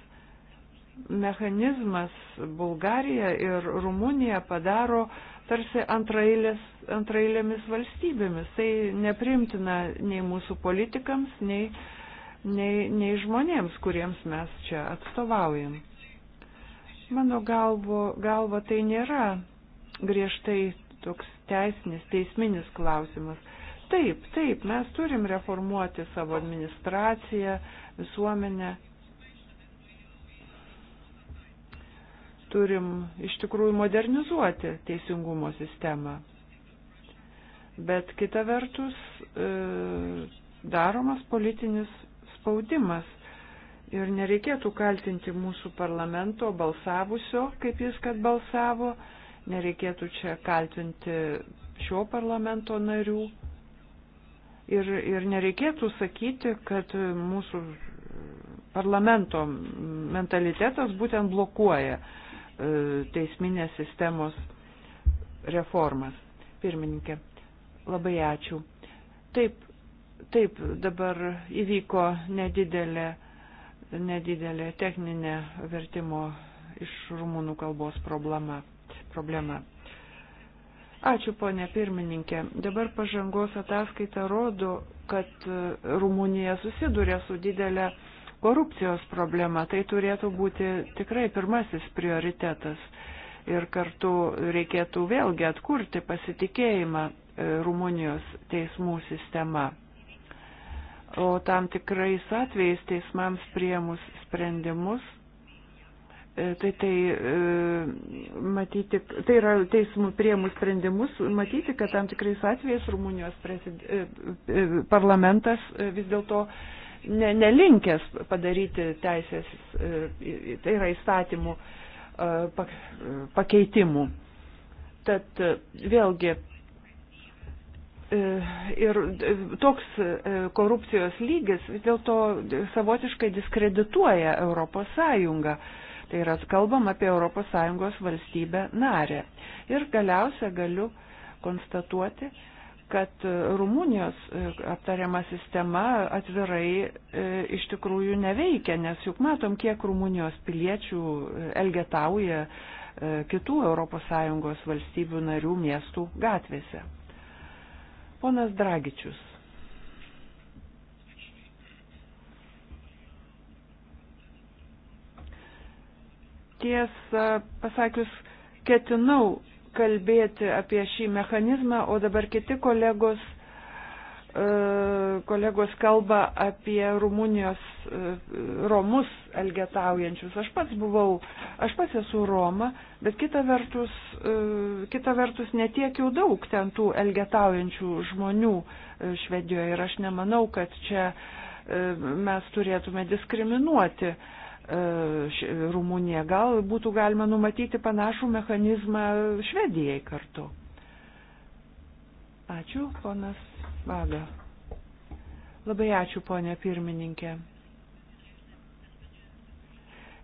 S3: mechanizmas Bulgariją ir Rumuniją padaro tarsi antrailės, antrailėmis valstybėmis. Tai neprimtina nei mūsų politikams, nei nei, nei žmonėms, kuriems mes čia atstovaujam. Mano galvo, galva tai nėra griežtai toks teisinis, teisminis klausimas. Taip, taip, mes turim reformuoti savo administraciją, visuomenę. Turim iš tikrųjų modernizuoti teisingumo sistemą. Bet kita vertus, e, daromas politinis spaudimas. Ir nereikėtų kaltinti mūsų parlamento balsavusio, kaip jis kad balsavo, nereikėtų čia kaltinti šio parlamento narių. Ir, ir nereikėtų sakyti, kad mūsų parlamento mentalitetas būtent blokuoja e, teisminės sistemos reformas. Pirmininkė, labai ačiū. Taip, Taip, dabar įvyko nedidelė, nedidelė techninė vertimo iš rumunų kalbos problema. problema. Ačiū, ponė pirmininkė. Dabar pažangos ataskaita rodo, kad e, Rumunija susiduria su didelė korupcijos problema. Tai turėtų būti tikrai pirmasis prioritetas. Ir kartu reikėtų vėlgi atkurti pasitikėjimą e, Rumunijos teismų sistema o tam tikrais atvejais teismams priemus sprendimus, e, tai tai e, matyti, tai yra teismų priemus sprendimus, matyti, kad tam tikrais atvejais Rumunijos e, parlamentas vis dėlto ne, nelinkęs padaryti teisės, tai yra įstatymų pakeitimų. Tad vėlgi E, ir e, toks e, korupcijos lygis vis dėlto savotiškai diskredituoja Europos Sąjungą. Tai yra, kalbam apie Europos Sąjungos valstybę narę. Ir galiausia galiu konstatuoti, kad Rumunijos aptariama sistema atvirai iš tikrųjų neveikia, nes juk matom, kiek Rumunijos piliečių elgetauja kitų ES valstybių narių miestų gatvėse. Ponas Dragičius. Tiesą pasakius, ketinau kalbėti apie šį mechanizmą, o dabar kiti kolegos E, kolegos kalba apie Rumunijos e, romus elgetaujančius. Aš pats buvau, aš pats esu Roma, bet kita vertus, e, kita vertus netiek jau daug ten tų elgetaujančių žmonių Švedijoje ir aš nemanau, kad čia mes turėtume diskriminuoti Rumuniją. Gal būtų galima numatyti panašų mechanizmą Švedijai kartu. Ačiū, ponas Vaga. Labai ačiū, ponė pirmininkė.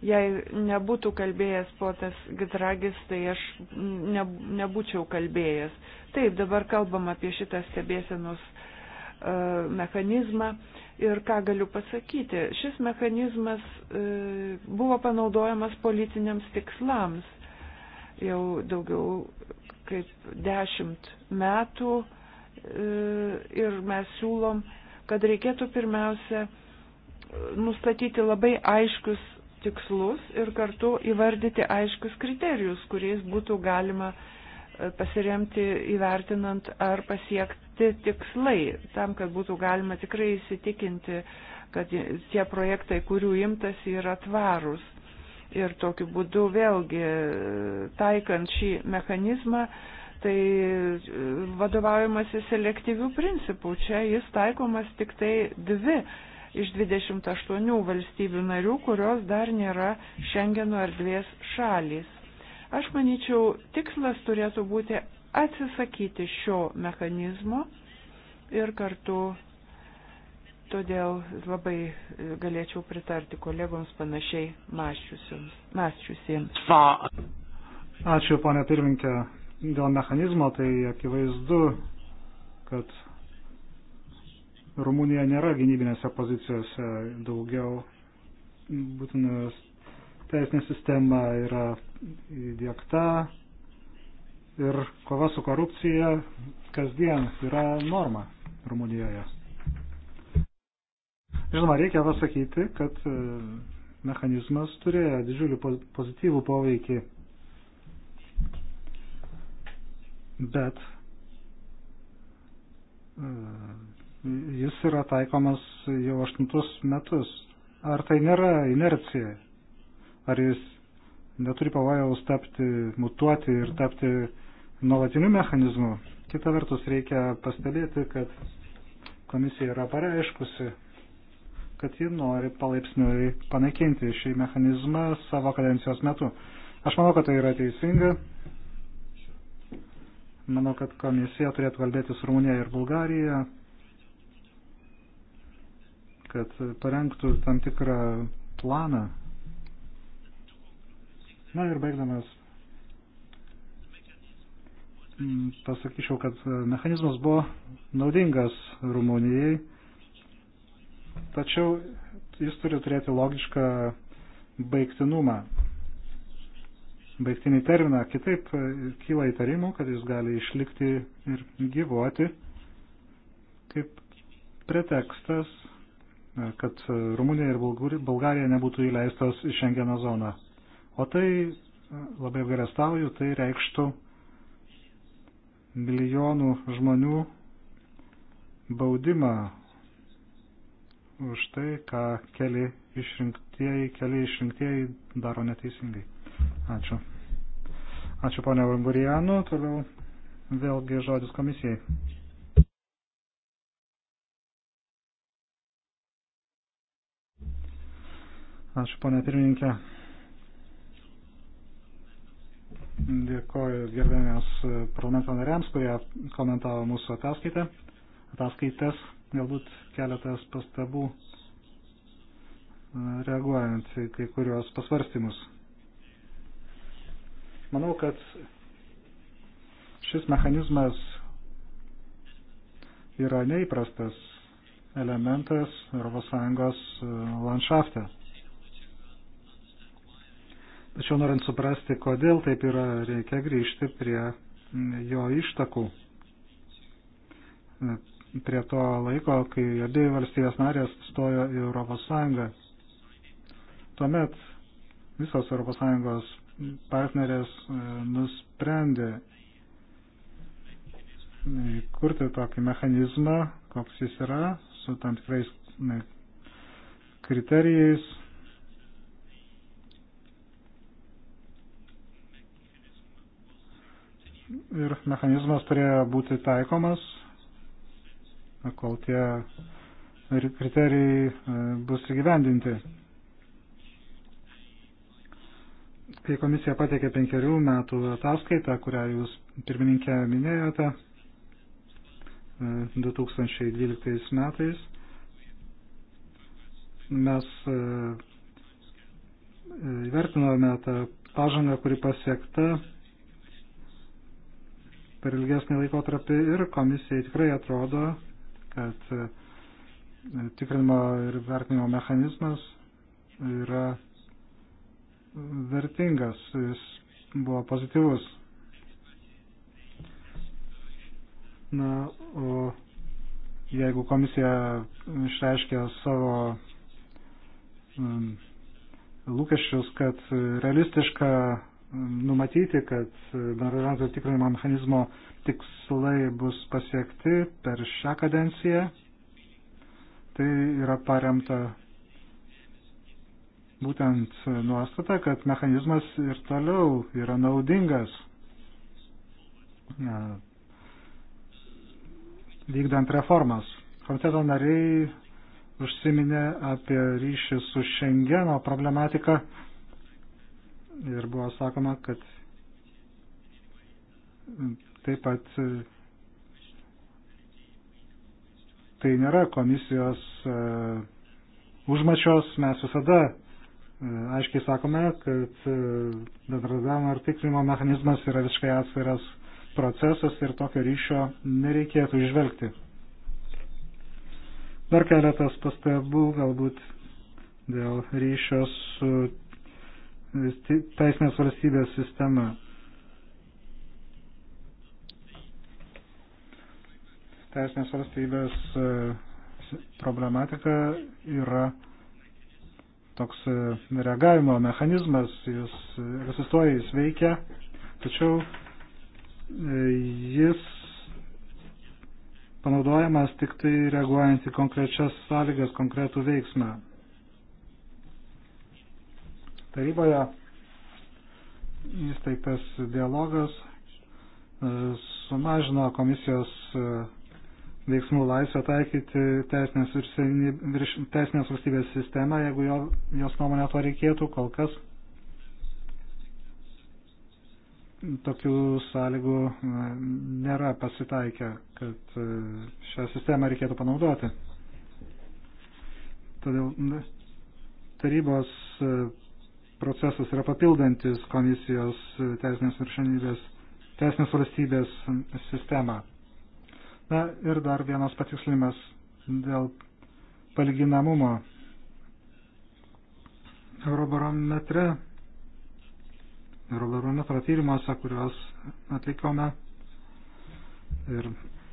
S3: Jei nebūtų kalbėjęs potas Gitragis, tai aš ne, nebūčiau kalbėjęs. Taip, dabar kalbam apie šitą stebėsenos uh, mechanizmą ir ką galiu pasakyti. Šis mechanizmas uh, buvo panaudojamas politiniams tikslams jau daugiau kaip dešimt metų. Uh, E, ir mes siūlom, kad reikėtų pirmiausia e, nustatyti labai aiškius tikslus ir kartu įvardyti aiškius kriterijus, kuriais būtų galima e, pasiremti įvertinant ar pasiekti tikslai, tam, kad būtų galima tikrai įsitikinti, kad tie projektai, kurių imtas, yra tvarūs. Ir tokiu būdu vėlgi taikant šį mechanizmą tai e, vadovaujamasi selektyvių principų. Čia jis taikomas tik tai dvi iš 28 valstybių narių, kurios dar nėra Šengeno erdvės šalys. Aš manyčiau, tikslas turėtų būti atsisakyti šio mechanizmo ir kartu todėl labai e, galėčiau pritarti kolegoms panašiai
S2: mąščiusiems. Ačiū, ponė pirminkė dėl mechanizmo, tai akivaizdu, kad Rumunija nėra gynybinėse pozicijose daugiau būtinas teisinė sistema yra įdėkta ir kova su korupcija kasdien yra norma Rumunijoje. Žinoma, reikia pasakyti, kad e, mechanizmas turėjo didžiulį pozityvų poveikį bet e, jis yra taikomas jau aštuntus metus. Ar tai nėra inercija? Ar jis neturi pavojaus tapti, mutuoti ir tapti nuolatiniu mechanizmu? Kita vertus, reikia pastebėti, kad komisija yra pareiškusi, kad ji nori palaipsniui panaikinti šį mechanizmą savo kadencijos metu. Aš manau, kad tai yra teisinga. Manau, kad komisija turėtų kalbėti su Rumunija ir Bulgarija, kad parengtų tam tikrą planą. Na ir baigdamas, pasakyčiau, kad mechanizmas buvo naudingas Rumunijai, tačiau jis turi turėti logišką baigtinumą baigtinį terminą. Kitaip e, kyla įtarimų, kad jis gali išlikti ir gyvuoti kaip pretekstas, e, kad e, Rumunija ir Bulgarija nebūtų įleistos į Schengeno zoną. O tai, labai apgarestauju, tai reikštų milijonų žmonių baudimą už tai, ką keli išrinktieji, keli išrinktieji daro neteisingai. Ačiū. Ačiū ponia Vangurianu. Toliau vėlgi žodis komisijai. Ačiū ponia pirmininkė. Dėkoju gerbėmės parlamento nariams, kurie komentavo mūsų ataskaitę. Ataskaitas galbūt keletas pastabų reaguojant į kai kurios pasvarstymus. Manau, kad šis mechanizmas yra neįprastas elementas ES e, landšafte. Tačiau norint suprasti, kodėl taip yra, reikia grįžti prie jo ištakų. E, prie to laiko, kai abi valstybės narės stojo į ES. Tuomet visos ES partnerės e, nusprendė e, kurti tokį mechanizmą, koks jis yra, su tam tikrais ne, kriterijais. Ir mechanizmas turėjo būti taikomas, kol tie kriterijai e, bus įgyvendinti. kai komisija pateikė penkerių metų ataskaitą, kurią jūs pirmininkė minėjote 2012 e, metais, mes e, e, įvertinome tą pažangą, kuri pasiekta per ilgesnį laikotarpį ir komisijai tikrai atrodo, kad tikrinimo ir vertinimo mechanizmas yra vertingas, jis buvo pozityvus. Na, o jeigu komisija išreiškia savo um, lūkesčius, kad realistiška um, numatyti, kad bendražantų tikrinimo mechanizmo tikslai bus pasiekti per šią kadenciją, tai yra paremta būtent nuostata, kad mechanizmas ir toliau yra naudingas na, vykdant reformas. Komiteto nariai užsiminė apie ryšį su Šengeno problematika ir buvo sakoma, kad taip pat tai nėra komisijos e, užmačios, mes visada E, aiškiai sakome, kad e, bendradavimo ir tikrinimo mechanizmas yra visiškai atskiras procesas ir tokio ryšio nereikėtų išvelgti. Dar keletas pastabų galbūt dėl ryšio su teisinės valstybės sistema. Teisinės valstybės e, problematika yra toks e, reagavimo mechanizmas, jis e, egzistuoja, jis veikia, tačiau e, jis panaudojamas tik tai reaguojant į konkrečias sąlygas, konkretų veiksmą. Taryboje įsteigtas dialogas sumažino komisijos veiksmų laisvę taikyti teisinės, virš, teisinės valstybės sistemą, jeigu jo, jos nuomonė to reikėtų, kol kas tokių sąlygų nėra pasitaikę, kad e, šią sistemą reikėtų panaudoti. Todėl tarybos e, procesas yra papildantis komisijos e, teisinės viršenybės, teisinės valstybės sistemą. Na ir dar vienas patikslimas dėl palyginamumo. Eurobarometre, Eurobarometro tyrimuose, kuriuos atlikome ir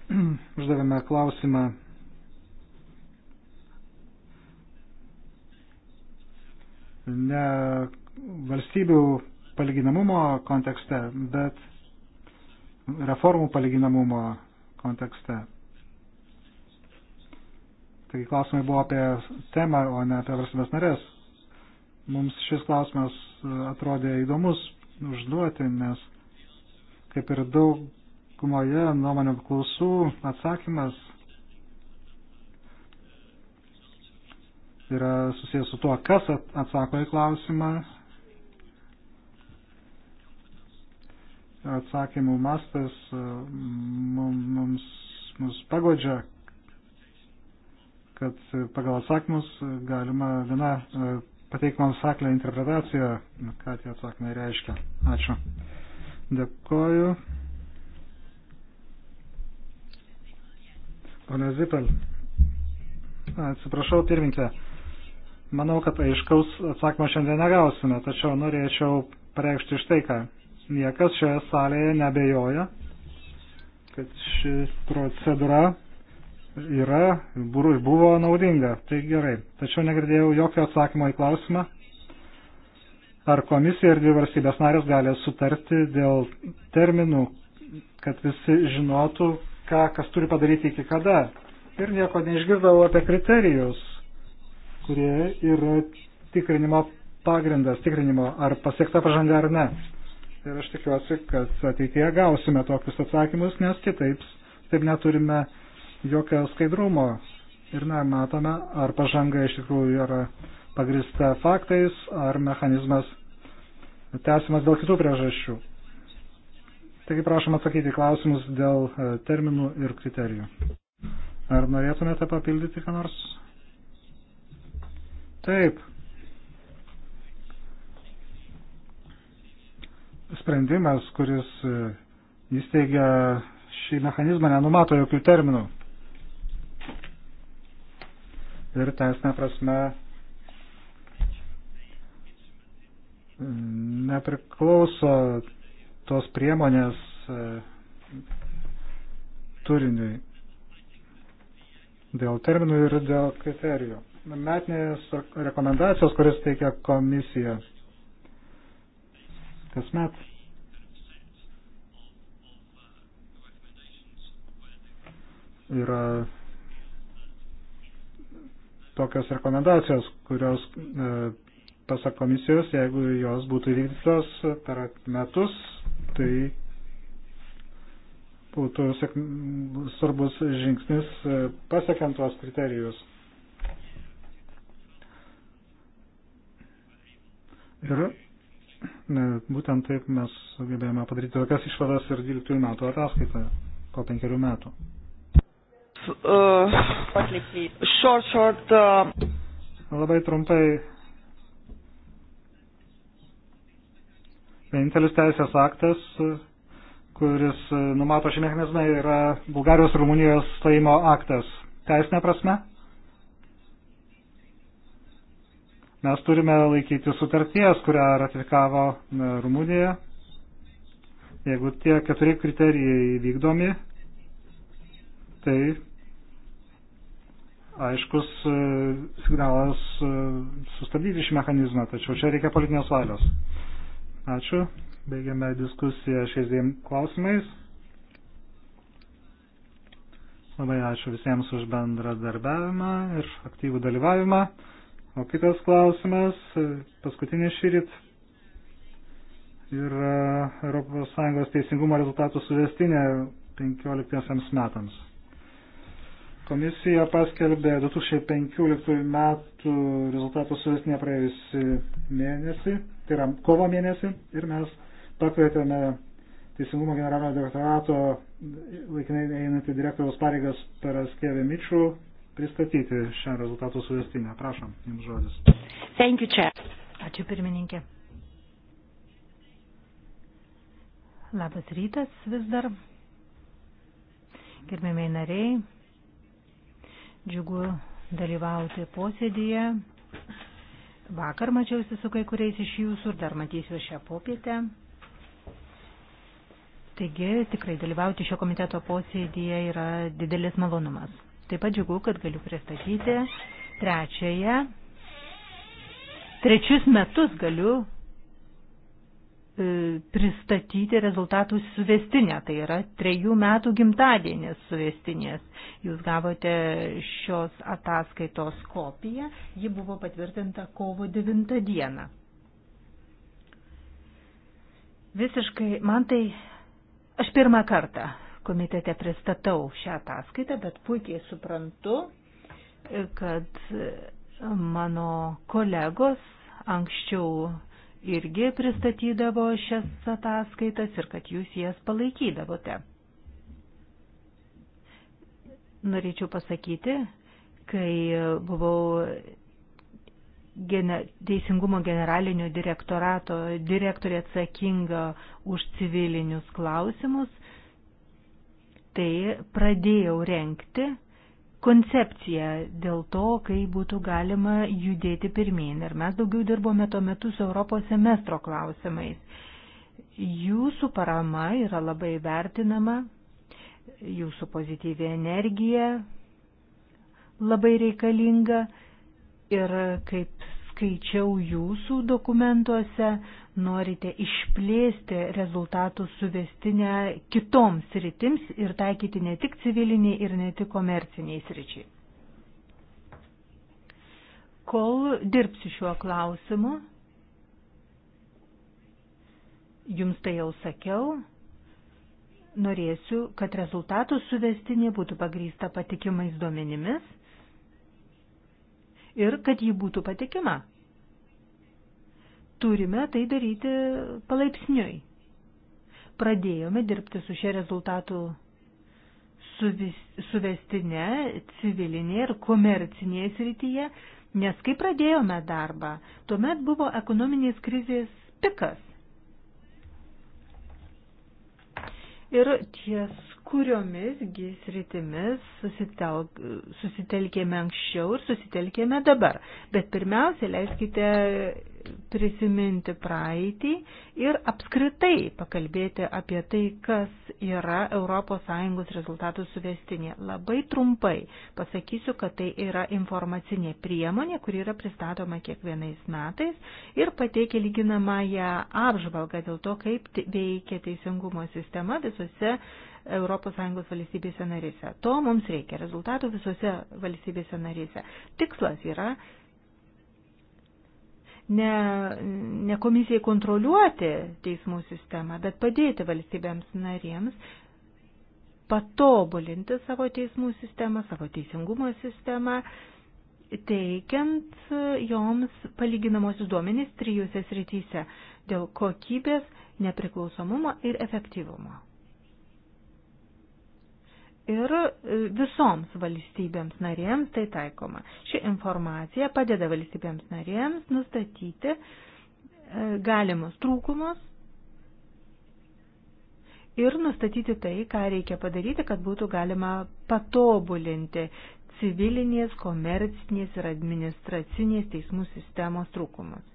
S2: uždavėme klausimą ne valstybių palyginamumo kontekste, bet reformų palyginamumo kontekste. Taigi klausimai buvo apie temą, o ne apie valstybės narės. Mums šis klausimas e, atrodė įdomus užduoti, nes kaip ir daugumoje nuomonių klausų atsakymas yra susijęs su tuo, kas atsako į klausimą atsakymų mastas e, mums, mums pagodžia, kad pagal atsakymus galima viena e, pateikimą nusaklę interpretaciją, ką tie atsakymai reiškia. Ačiū. Dėkoju. Pane Zipel. Atsiprašau, pirminkė. Manau, kad aiškaus atsakymo šiandien negausime, tačiau norėčiau pareikšti štai ką niekas šioje salėje nebejoja, kad ši procedūra yra, būrų buvo naudinga. Tai gerai. Tačiau negirdėjau jokio atsakymo į klausimą, ar komisija ir dvi valstybės narės gali sutarti dėl terminų, kad visi žinotų, ką kas turi padaryti iki kada. Ir nieko neišgirdau apie kriterijus, kurie yra tikrinimo pagrindas, tikrinimo, ar pasiekta pažanga ar ne. Ir aš tikiuosi, kad ateityje gausime tokius atsakymus, nes kitaip taip neturime jokio skaidrumo. Ir nematome, ar pažanga iš tikrųjų yra pagrista faktais, ar mechanizmas tęsimas dėl kitų priežasčių. Taigi prašom atsakyti klausimus dėl e, terminų ir kriterijų. Ar norėtumėte papildyti ką nors? Taip, sprendimas, kuris e, įsteigia šį mechanizmą, nenumato jokių terminų. Ir teisinė prasme nepriklauso tos priemonės e, turiniui dėl terminų ir dėl kriterijų. Metinės rekomendacijos, kuris teikia komisija kasmet. Yra tokios rekomendacijos, kurios e, pasak komisijos, jeigu jos būtų įvykdytos per metus, tai būtų svarbus žingsnis e, pasiekiant tuos kriterijus. Ir Būtent taip mes sugebėjome padaryti tokias išvadas ir 12 metų ataskaitoje po penkerių metų. Uh, short, short, uh... Labai trumpai. Vienintelis teisės aktas, kuris numato šį mechanizmą, yra Bulgarijos Rumunijos stojimo aktas. Teisinė prasme? Mes turime laikyti sutarties, kurią ratifikavo e, Rumunija. Jeigu tie keturi kriterijai įvykdomi, tai aiškus e, signalas e, sustabdyti šį mechanizmą, tačiau čia reikia politinės valios. Ačiū. Baigiame diskusiją šiais dviem klausimais. Labai ačiū visiems už bendradarbiavimą ir aktyvų dalyvavimą. O kitas klausimas, paskutinis šyrit, yra ES teisingumo rezultatų suvestinė 15 metams. Komisija paskelbė 2015 metų rezultatų suvestinę praėjusį mėnesį, tai yra kovo mėnesį, ir mes pakvietėme Teisingumo generalinio direktorato laikinai einantį direktoriaus pareigas Paraskevę Mičių pristatyti šią rezultatų suvestinę. Prašom, jums žodis.
S1: Thank you, Chair. Ačiū pirmininkė. Labas rytas vis dar. Gerbėmiai nariai, džiugu dalyvauti posėdėje. Vakar mačiausi su kai kuriais iš jūsų ir dar matysiu šią popietę. Taigi tikrai dalyvauti šio komiteto posėdėje yra didelis malonumas. Taip pat džiugu, kad galiu pristatyti trečiąją. Trečius metus galiu e, pristatyti rezultatų suvestinę, tai yra trejų metų gimtadienis suvestinės. Jūs gavote šios ataskaitos kopiją, ji buvo patvirtinta kovo 9 dieną. Visiškai, man tai, aš pirmą kartą komitete pristatau šią ataskaitą, bet puikiai suprantu, kad mano kolegos anksčiau irgi pristatydavo šias ataskaitas ir kad jūs jas palaikydavote. Norėčiau pasakyti, kai buvau Teisingumo generalinio direktorato direktorė atsakinga už civilinius klausimus, tai pradėjau renkti koncepciją dėl to, kaip būtų galima judėti pirmyn. Ir mes daugiau dirbome tuo metu su Europos semestro klausimais. Jūsų parama yra labai vertinama, jūsų pozityvi energija labai reikalinga ir kaip skaičiau jūsų dokumentuose, norite išplėsti rezultatų suvestinę kitoms sritims ir taikyti ne tik civiliniai ir ne tik komerciniai sričiai. Kol dirbsiu šiuo klausimu, jums tai jau sakiau, norėsiu, kad rezultatų suvestinė būtų pagrįsta patikimais duomenimis ir kad ji būtų patikima turime tai daryti palaipsniui. Pradėjome dirbti su šia rezultatų suvestinė civilinėje ir komercinėje srityje, nes kai pradėjome darbą, tuomet buvo ekonominės krizės pikas. Ir ties kuriomisgi sritimis susitelk, susitelkėme anksčiau ir susitelkėme dabar. Bet pirmiausia, leiskite prisiminti praeitį ir apskritai pakalbėti apie tai, kas yra ES rezultatų suvestinė. Labai trumpai pasakysiu, kad tai yra informacinė priemonė, kuri yra pristatoma kiekvienais metais ir pateikia lyginamąją apžvalgą dėl to, kaip veikia teisingumo sistema visose ES valstybėse narėse. To mums reikia, rezultatų visose valstybėse narėse. Tikslas yra ne, ne komisijai kontroliuoti teismų sistemą, bet padėti valstybėms narėms patobulinti savo teismų sistemą, savo teisingumo sistemą, teikiant joms palyginamosius duomenys trijose srityse dėl kokybės, nepriklausomumo ir efektyvumo ir e, visoms valstybėms narėms tai taikoma. Ši informacija padeda valstybėms narėms nustatyti e, galimus trūkumus ir nustatyti tai, ką reikia padaryti, kad būtų galima patobulinti civilinės, komercinės ir administracinės teismų sistemos trūkumus.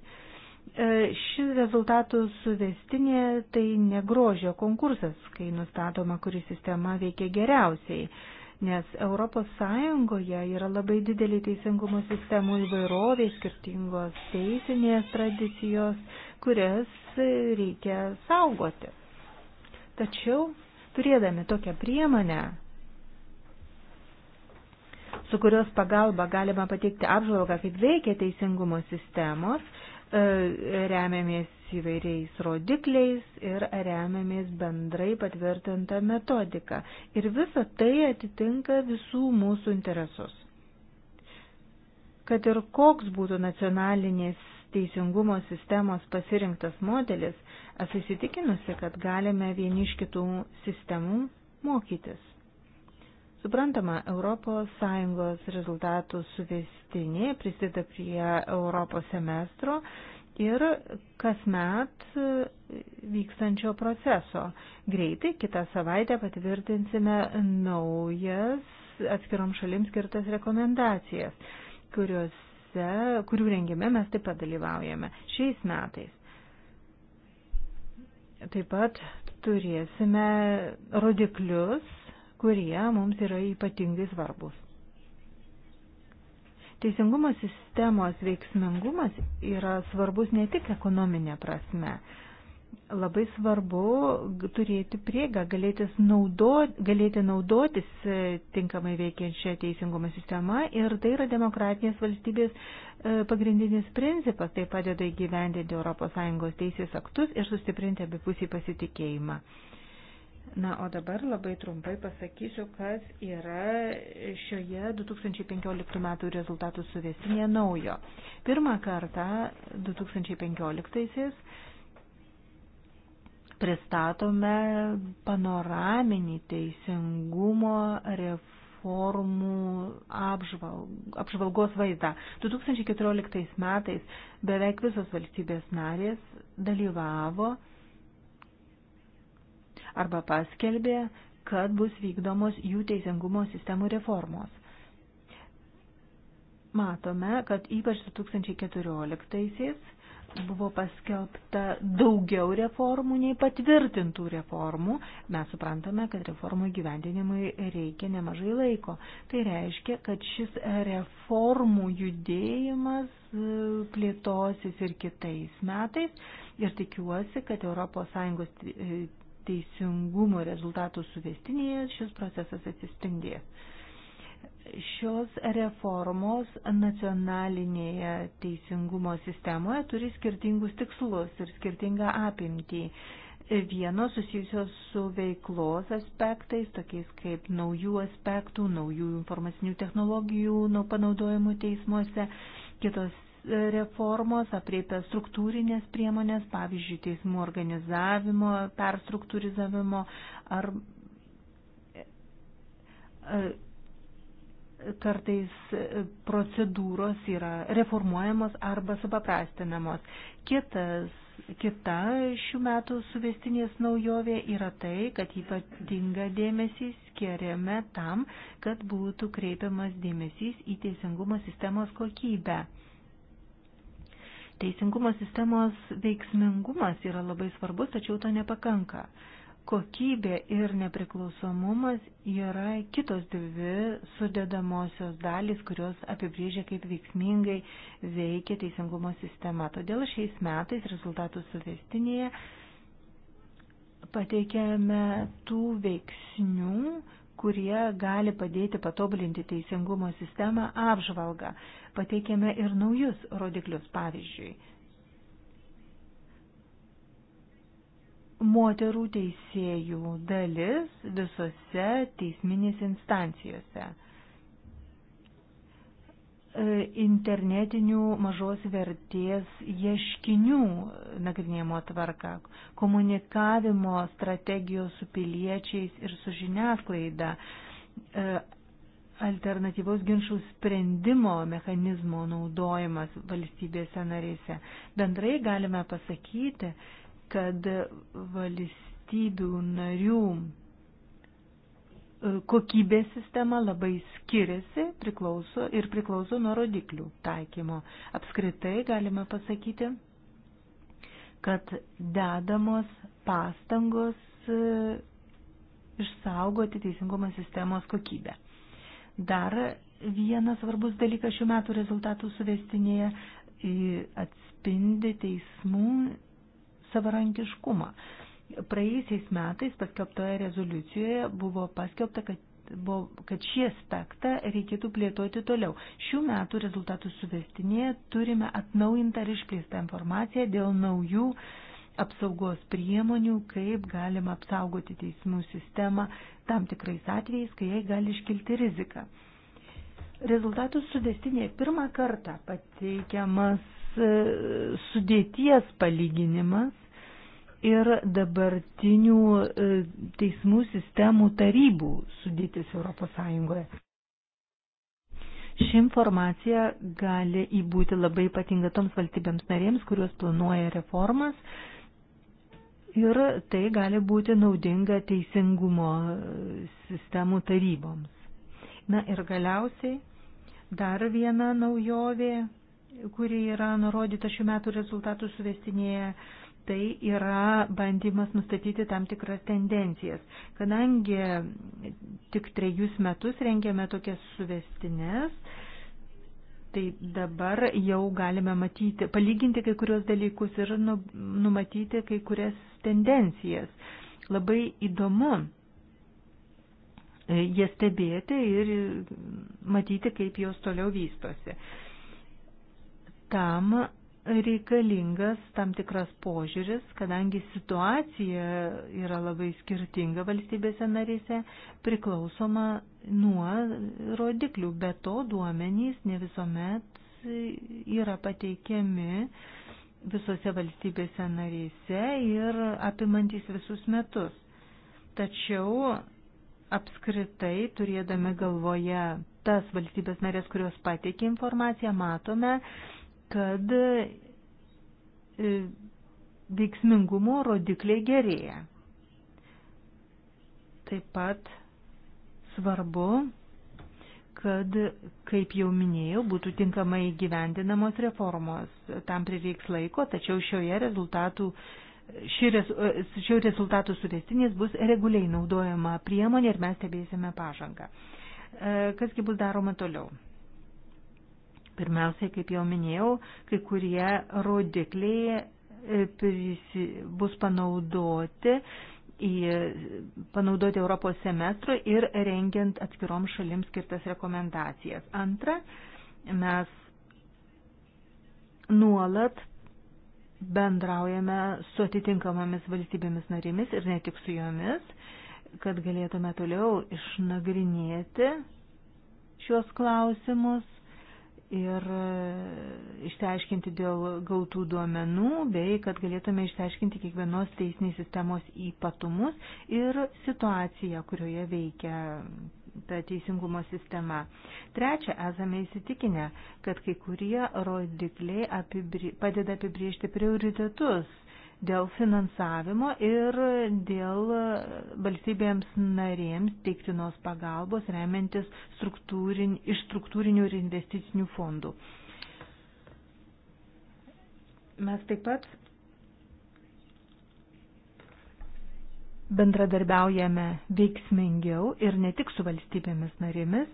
S1: E, šis rezultatų suvestinė tai negrožio konkursas, kai nustatoma, kuri sistema veikia geriausiai, nes ES yra labai didelį teisingumo sistemų įvairovė, skirtingos teisinės tradicijos, kurias reikia saugoti. Tačiau, turėdami tokią priemonę, su kurios pagalba galima pateikti apžvalgą, kaip veikia teisingumo sistemos, E, remiamės įvairiais rodikliais ir remiamės bendrai patvirtintą metodiką. Ir visa tai atitinka visų mūsų interesus. Kad ir koks būtų nacionalinės teisingumo sistemos pasirinktas modelis, esu įsitikinusi, kad galime vieni iš kitų sistemų mokytis. Suprantama, ES rezultatų suvestinė prisideda prie Europos semestro ir kasmet vykstančio proceso. Greitai kitą savaitę patvirtinsime naujas atskirom šalims skirtas rekomendacijas, kuriuose, kurių rengime mes taip pat dalyvaujame šiais metais. Taip pat turėsime rodiklius kurie mums yra ypatingai svarbus. Teisingumo sistemos veiksmingumas yra svarbus ne tik ekonominė prasme. Labai svarbu turėti priegą, naudot, galėti naudotis e, tinkamai veikiančią teisingumo sistemą ir tai yra demokratinės valstybės e, pagrindinis principas, tai padeda įgyvendinti ES teisės aktus ir sustiprinti abipusį pasitikėjimą. Na, o dabar labai trumpai pasakysiu, kas yra šioje 2015 metų rezultatų suvestinėje naujo. Pirmą kartą 2015-aisiais pristatome panoraminį teisingumo reformų apžvalg, apžvalgos vaizdą. 2014 metais beveik visos valstybės narės dalyvavo arba paskelbė, kad bus vykdomos jų teisingumo sistemų reformos. Matome, kad ypač 2014-aisiais buvo paskelbta daugiau reformų nei patvirtintų reformų. Mes suprantame, kad reformų gyvendinimui reikia nemažai laiko. Tai reiškia, kad šis reformų judėjimas e, plėtosis ir kitais metais ir tikiuosi, kad ES teisingumo rezultatų suvestinėje šis procesas atsispindės. Šios reformos nacionalinėje teisingumo sistemoje turi skirtingus tikslus ir skirtingą apimtį. Vienos susijusios su veiklos aspektais, tokiais kaip naujų aspektų, naujų informacinių technologijų panaudojimų teismuose, kitos reformos apreipia struktūrinės priemonės, pavyzdžiui, teismų organizavimo, perstruktūrizavimo ar e, e, kartais e, procedūros yra reformuojamos arba supaprastinamos. Kitas, kita šių metų suvestinės naujovė yra tai, kad ypatinga dėmesys skiriame tam, kad būtų kreipiamas dėmesys į teisingumo sistemos kokybę. Teisingumo sistemos veiksmingumas yra labai svarbus, tačiau to nepakanka. Kokybė ir nepriklausomumas yra kitos dvi sudėdamosios dalys, kurios apibrėžia, kaip veiksmingai veikia teisingumo sistema. Todėl šiais metais rezultatų suvestinėje pateikėme tų veiksnių, kurie gali padėti patobulinti teisingumo sistemą apžvalgą. Pateikėme ir naujus rodiklius, pavyzdžiui. Moterų teisėjų dalis visose teisminėse instancijose. E, internetinių mažos vertės ieškinių nagrinėjimo tvarką, komunikavimo strategijos su piliečiais ir su žiniasklaida, e, alternatyvaus ginčių sprendimo mechanizmo naudojimas valstybėse narėse. Bendrai galime pasakyti, kad valstybių narių kokybės sistema labai skiriasi priklauso ir priklauso nuo rodiklių taikymo. Apskritai galime pasakyti, kad dedamos pastangos e, išsaugoti teisingumo sistemos kokybę. Dar vienas svarbus dalykas šių metų rezultatų suvestinėje atspindi teismų savarankiškumą praėjusiais metais paskelbtoje rezoliucijoje buvo paskelbta, kad buvo, kad šį aspektą reikėtų plėtoti toliau. Šių metų rezultatų suvestinėje turime atnaujintą ir išplėstą informaciją dėl naujų apsaugos priemonių, kaip galima apsaugoti teismų sistemą tam tikrais atvejais, kai jai gali iškilti rizika. Rezultatų suvestinėje pirmą kartą pateikiamas e, sudėties palyginimas ir dabartinių e, teismų sistemų tarybų sudėtis ES. Ši informacija gali įbūti labai ypatinga toms valstybėms narėms, kurios planuoja reformas ir tai gali būti naudinga teisingumo e, sistemų taryboms. Na ir galiausiai dar viena naujovė, kuri yra nurodyta šių metų rezultatų suvestinėje tai yra bandymas nustatyti tam tikras tendencijas. Kadangi tik trejus metus rengėme tokias suvestinės, tai dabar jau galime matyti, palyginti kai kurios dalykus ir nu, numatyti kai kurias tendencijas. Labai įdomu jie stebėti ir matyti, kaip jos toliau vystosi. Tam reikalingas tam tikras požiūris, kadangi situacija yra labai skirtinga valstybėse narėse, priklausoma nuo rodiklių, bet to duomenys ne visuomet yra pateikiami visose valstybėse narėse ir apimantis visus metus. Tačiau apskritai, turėdami galvoje tas valstybės narės, kurios pateikia informaciją, matome, kad e, veiksmingumo rodikliai gerėja. Taip pat svarbu, kad, kaip jau minėjau, būtų tinkamai gyvendinamos reformos. Tam prireiks laiko, tačiau šioje rezultatų, ši, e, šio rezultatų suvestinės bus reguliai naudojama priemonė ir mes stebėsime pažangą. E, kasgi bus daroma toliau? Pirmiausiai, kaip jau minėjau, kai kurie rodikliai e, bus panaudoti, į, panaudoti Europos semestro ir rengiant atskirom šalims skirtas rekomendacijas. Antra, mes nuolat bendraujame su atitinkamomis valstybėmis narėmis ir ne tik su jomis, kad galėtume toliau išnagrinėti šios klausimus ir e, išsiaiškinti dėl gautų duomenų, bei kad galėtume išsiaiškinti kiekvienos teisinės sistemos ypatumus ir situaciją, kurioje veikia ta teisingumo sistema. Trečia, esame įsitikinę, kad kai kurie rodikliai apibri... padeda apibriežti prioritetus dėl finansavimo ir dėl valstybėms narėms teiktinos pagalbos remiantis struktūrin, iš struktūrinių ir investicinių fondų. Mes taip pat bendradarbiaujame veiksmingiau ir ne tik su valstybėmis narėmis,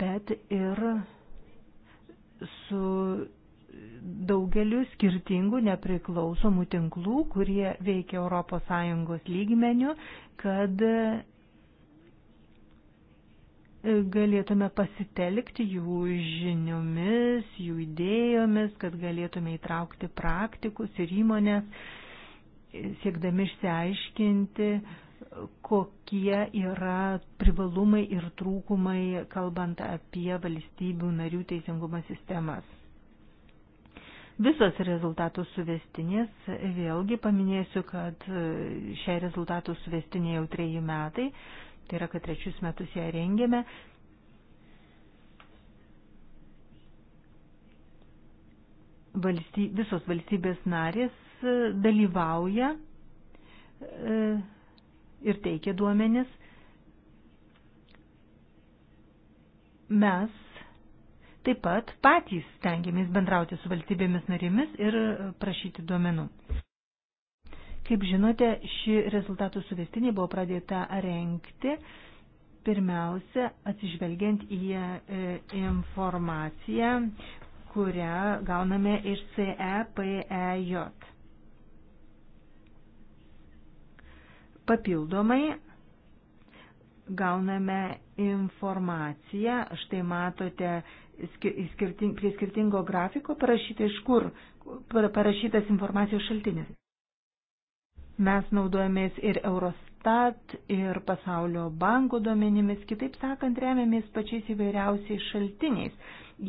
S1: bet ir su daugeliu skirtingų nepriklausomų tinklų, kurie veikia ES lygmenių, kad e, galėtume pasitelkti jų žiniomis, jų idėjomis, kad galėtume įtraukti praktikus ir įmonės, e, siekdami išsiaiškinti, kokie yra privalumai ir trūkumai, kalbant apie valstybių narių teisingumo sistemas visos rezultatų suvestinės. Vėlgi paminėsiu, kad e, šiai rezultatų suvestinė jau treji metai, tai yra, kad trečius metus ją rengėme. Valsty, visos valstybės narės e, dalyvauja e, ir teikia duomenis. Mes Taip pat patys stengiamės bendrauti su valstybėmis narėmis ir e, prašyti duomenų. Kaip žinote, ši rezultatų suvestinė buvo pradėta renkti pirmiausia atsižvelgiant į e, informaciją, kurią gauname iš CEPEJ. Papildomai gauname informaciją, štai matote skirting, prie skirtingo grafiko parašyta iš kur, parašytas informacijos šaltinis. Mes naudojamės ir Eurostat, ir pasaulio banko duomenimis, kitaip sakant, remiamės pačiais įvairiausiais šaltiniais.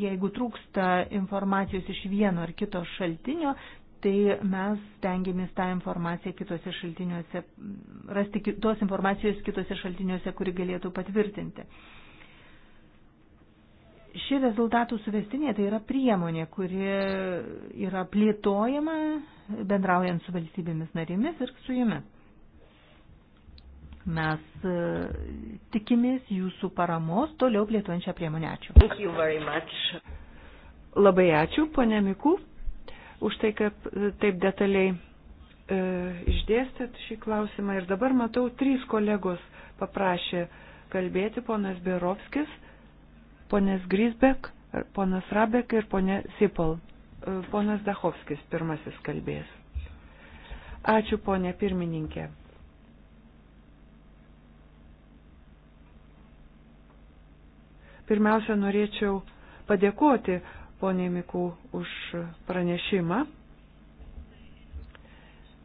S1: Jeigu trūksta informacijos iš vieno ar kito šaltinio, tai mes tengiamės tą informaciją kitose šaltiniuose, rasti tos informacijos kitose šaltiniuose, kuri galėtų patvirtinti. Ši rezultatų suvestinė tai yra priemonė, kuri yra plėtojama bendraujant su valstybėmis narėmis ir su jumis. Mes e, tikimės jūsų paramos toliau plėtojant šią priemonę. Ačiū. Labai ačiū,
S3: ponė Miku, už tai, kad e, taip detaliai e, išdėstėt šį klausimą. Ir dabar matau, trys kolegos paprašė kalbėti, ponas Birovskis ponės Grisbek, ponas Rabek ir ponė Sipol. E, ponas Dachovskis pirmasis kalbės. Ačiū, ponė pirmininkė. Pirmiausia, norėčiau padėkoti ponė Mikų už pranešimą.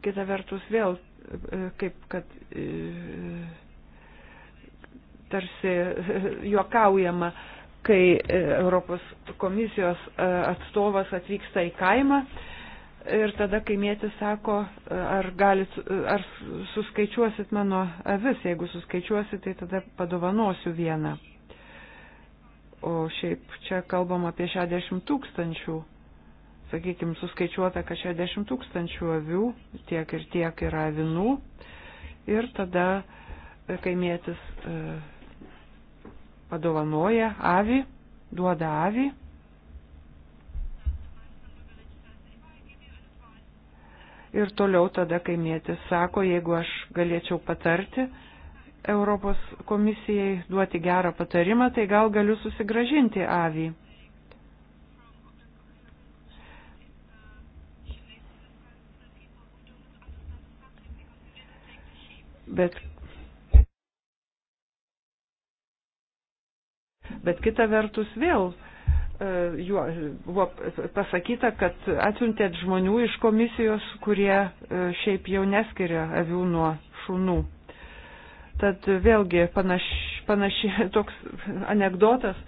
S3: Kita vertus vėl, e, kaip kad e, tarsi juokaujama, kai e, Europos komisijos e, atstovas atvyksta į kaimą ir tada kaimietis sako, e, ar, galit, ar suskaičiuosit mano avis, jeigu suskaičiuosit, tai tada padovanosiu vieną. O šiaip čia kalbam apie 60 tūkstančių, sakykime, suskaičiuota, kad 60 tūkstančių avių, tiek ir tiek yra avinų. Ir tada kaimietis padovanoja avį, duoda avį. Ir toliau tada kaimietis sako, jeigu aš galėčiau patarti Europos komisijai duoti gerą patarimą, tai gal galiu susigražinti avį. Bet Bet kita vertus vėl e, juo, buvo pasakyta, kad atsiuntėt žmonių iš komisijos, kurie e, šiaip jau neskiria avių nuo šunų. Tad vėlgi panaš, panašiai toks anegdotas, e,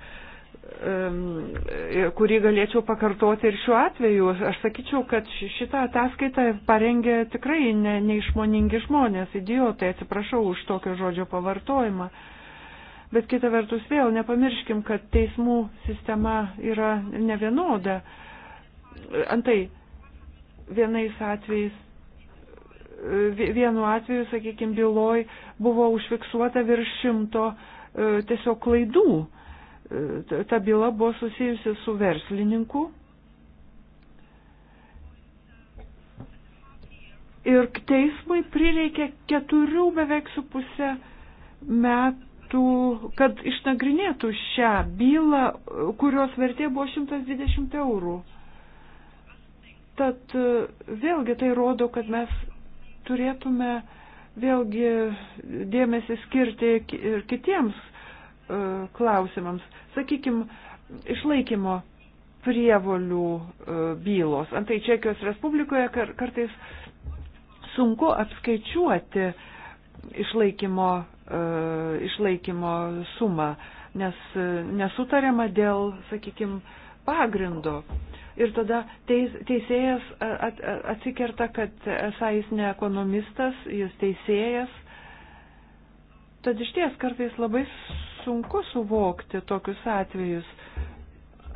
S3: kurį galėčiau pakartoti ir šiuo atveju. Aš sakyčiau, kad šitą ataskaitą parengė tikrai ne, neišmoningi žmonės, idiotai, atsiprašau už tokio žodžio pavartojimą. Uh, Bet kita vertus vėl nepamirškim, kad teismų sistema yra nevienoda. Antai, vienais atvejais, vienu atveju, sakykime, byloj buvo užfiksuota virš šimto e, tiesiog klaidų. E, ta byla buvo susijusi su verslininku. Ir teismui prireikė keturių beveik su pusę metų reikėtų, kad išnagrinėtų šią bylą, kurios vertė buvo 120 eurų. Tad e, vėlgi tai rodo, kad mes turėtume vėlgi dėmesį skirti ir kitiems e, klausimams. Sakykime, išlaikymo prievolių e, bylos. Antai Čekijos Respublikoje kartais sunku apskaičiuoti išlaikymo E, išlaikymo sumą, nes e, nesutariama dėl, sakykime, pagrindo. Ir tada teis, teisėjas at, atsikerta, kad esą jis ne ekonomistas, jis teisėjas. Tad iš ties kartais labai sunku suvokti tokius atvejus.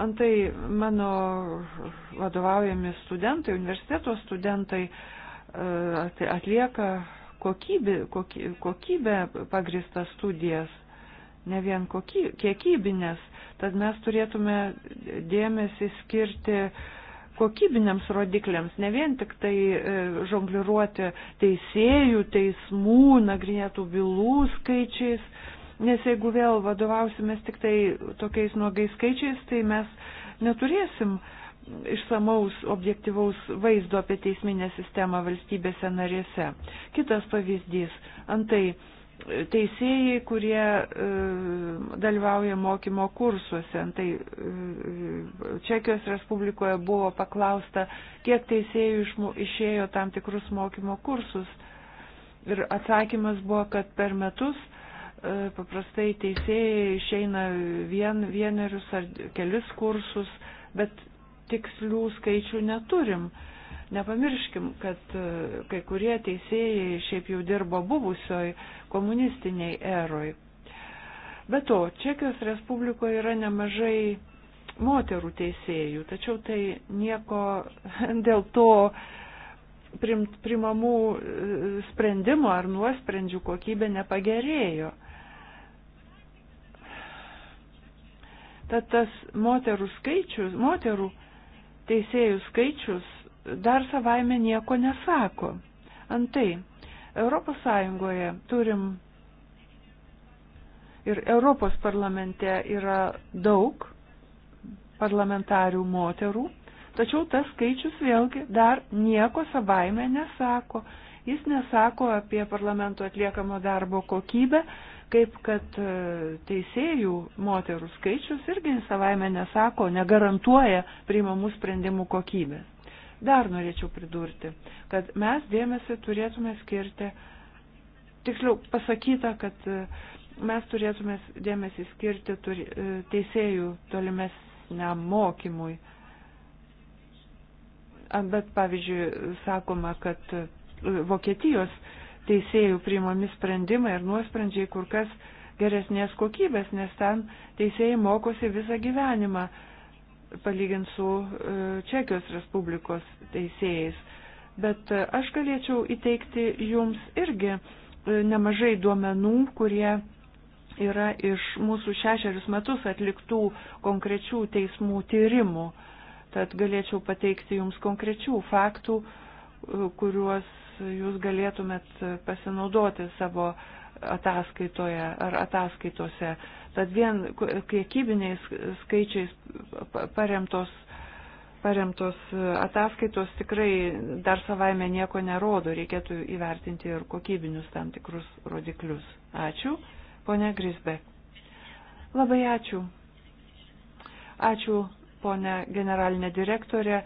S3: Antai mano vadovaujami studentai, universiteto studentai e, atlieka kokybę, kokybę pagristas studijas, ne vien koky, kiekybinės, tad mes turėtume dėmesį skirti kokybiniams rodikliams, ne vien tik tai e, žongliruoti teisėjų, teismų, nagrinėtų bylų skaičiais, nes jeigu vėl vadovausimės tik tai tokiais nuogais skaičiais, tai mes neturėsim uh, išsamaus objektivaus vaizdo apie teisminę sistemą valstybėse narėse. Kitas pavyzdys. Antai e, teisėjai, kurie e, dalyvauja mokymo kursuose. Antai e, Čekijos Respublikoje buvo paklausta, kiek teisėjų iš, išėjo tam tikrus mokymo kursus. Ir atsakymas buvo, kad per metus e, paprastai teisėjai išeina vien, vienerius ar kelius kursus, bet tikslių skaičių neturim. Nepamirškim, kad e, kai kurie teisėjai šiaip jau dirbo buvusioj komunistiniai eroj. Be to, Čekijos Respublikoje yra nemažai moterų teisėjų, tačiau tai nieko dėl to primamų e, sprendimų ar nuosprendžių kokybė nepagerėjo. Tad tas moterų skaičius, moterų teisėjų skaičius dar savaime nieko nesako. Antai, ES turim ir Europos parlamente yra daug parlamentarių moterų, tačiau tas skaičius vėlgi dar nieko savaime nesako. Jis nesako apie parlamento atliekamo darbo kokybę, kaip kad e, teisėjų moterų skaičius irgi savaime nesako, negarantuoja priimamų sprendimų kokybės. Dar norėčiau pridurti, kad mes dėmesį turėtume skirti, tiksliau pasakyta, kad e, mes turėtume dėmesį skirti turi, e, teisėjų tolimesniam mokymui. Bet pavyzdžiui, sakoma, kad Vokietijos teisėjų priimami sprendimai ir nuosprendžiai kur kas geresnės kokybės, nes ten teisėjai mokosi visą gyvenimą, palygint su e, Čekijos Respublikos teisėjais. Bet e, aš galėčiau įteikti jums irgi e, nemažai duomenų, kurie yra iš mūsų šešerius metus atliktų konkrečių teismų tyrimų. Tad galėčiau pateikti jums konkrečių faktų, kuriuos jūs galėtumėt pasinaudoti savo ataskaitoje ar ataskaitose. Tad vien kiekybiniais skaičiais paremtos, paremtos ataskaitos tikrai dar savaime nieko nerodo, reikėtų įvertinti ir kokybinius tam tikrus rodiklius. Ačiū, ponia Grisbek. Labai ačiū. Ačiū, ponia generalinė direktorė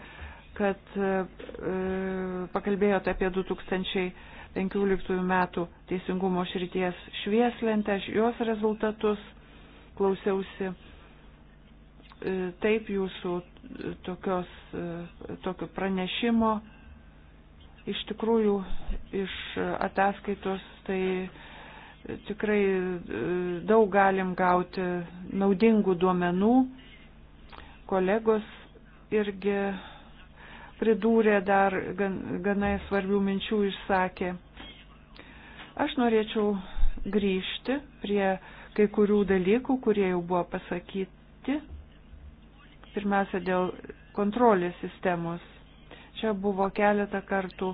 S3: kad e, e, pakalbėjote apie 2015 metų teisingumo šrities švieslentę, jos rezultatus klausiausi. E, taip jūsų tokios, tokio pranešimo iš tikrųjų iš ataskaitos tai tikrai daug galim gauti naudingų duomenų. Kolegos irgi pridūrė dar gan, ganai svarbių minčių išsakė. Aš norėčiau grįžti prie kai kurių dalykų, kurie jau buvo pasakyti. Pirmiausia, dėl kontrolės sistemos. Čia buvo keletą kartų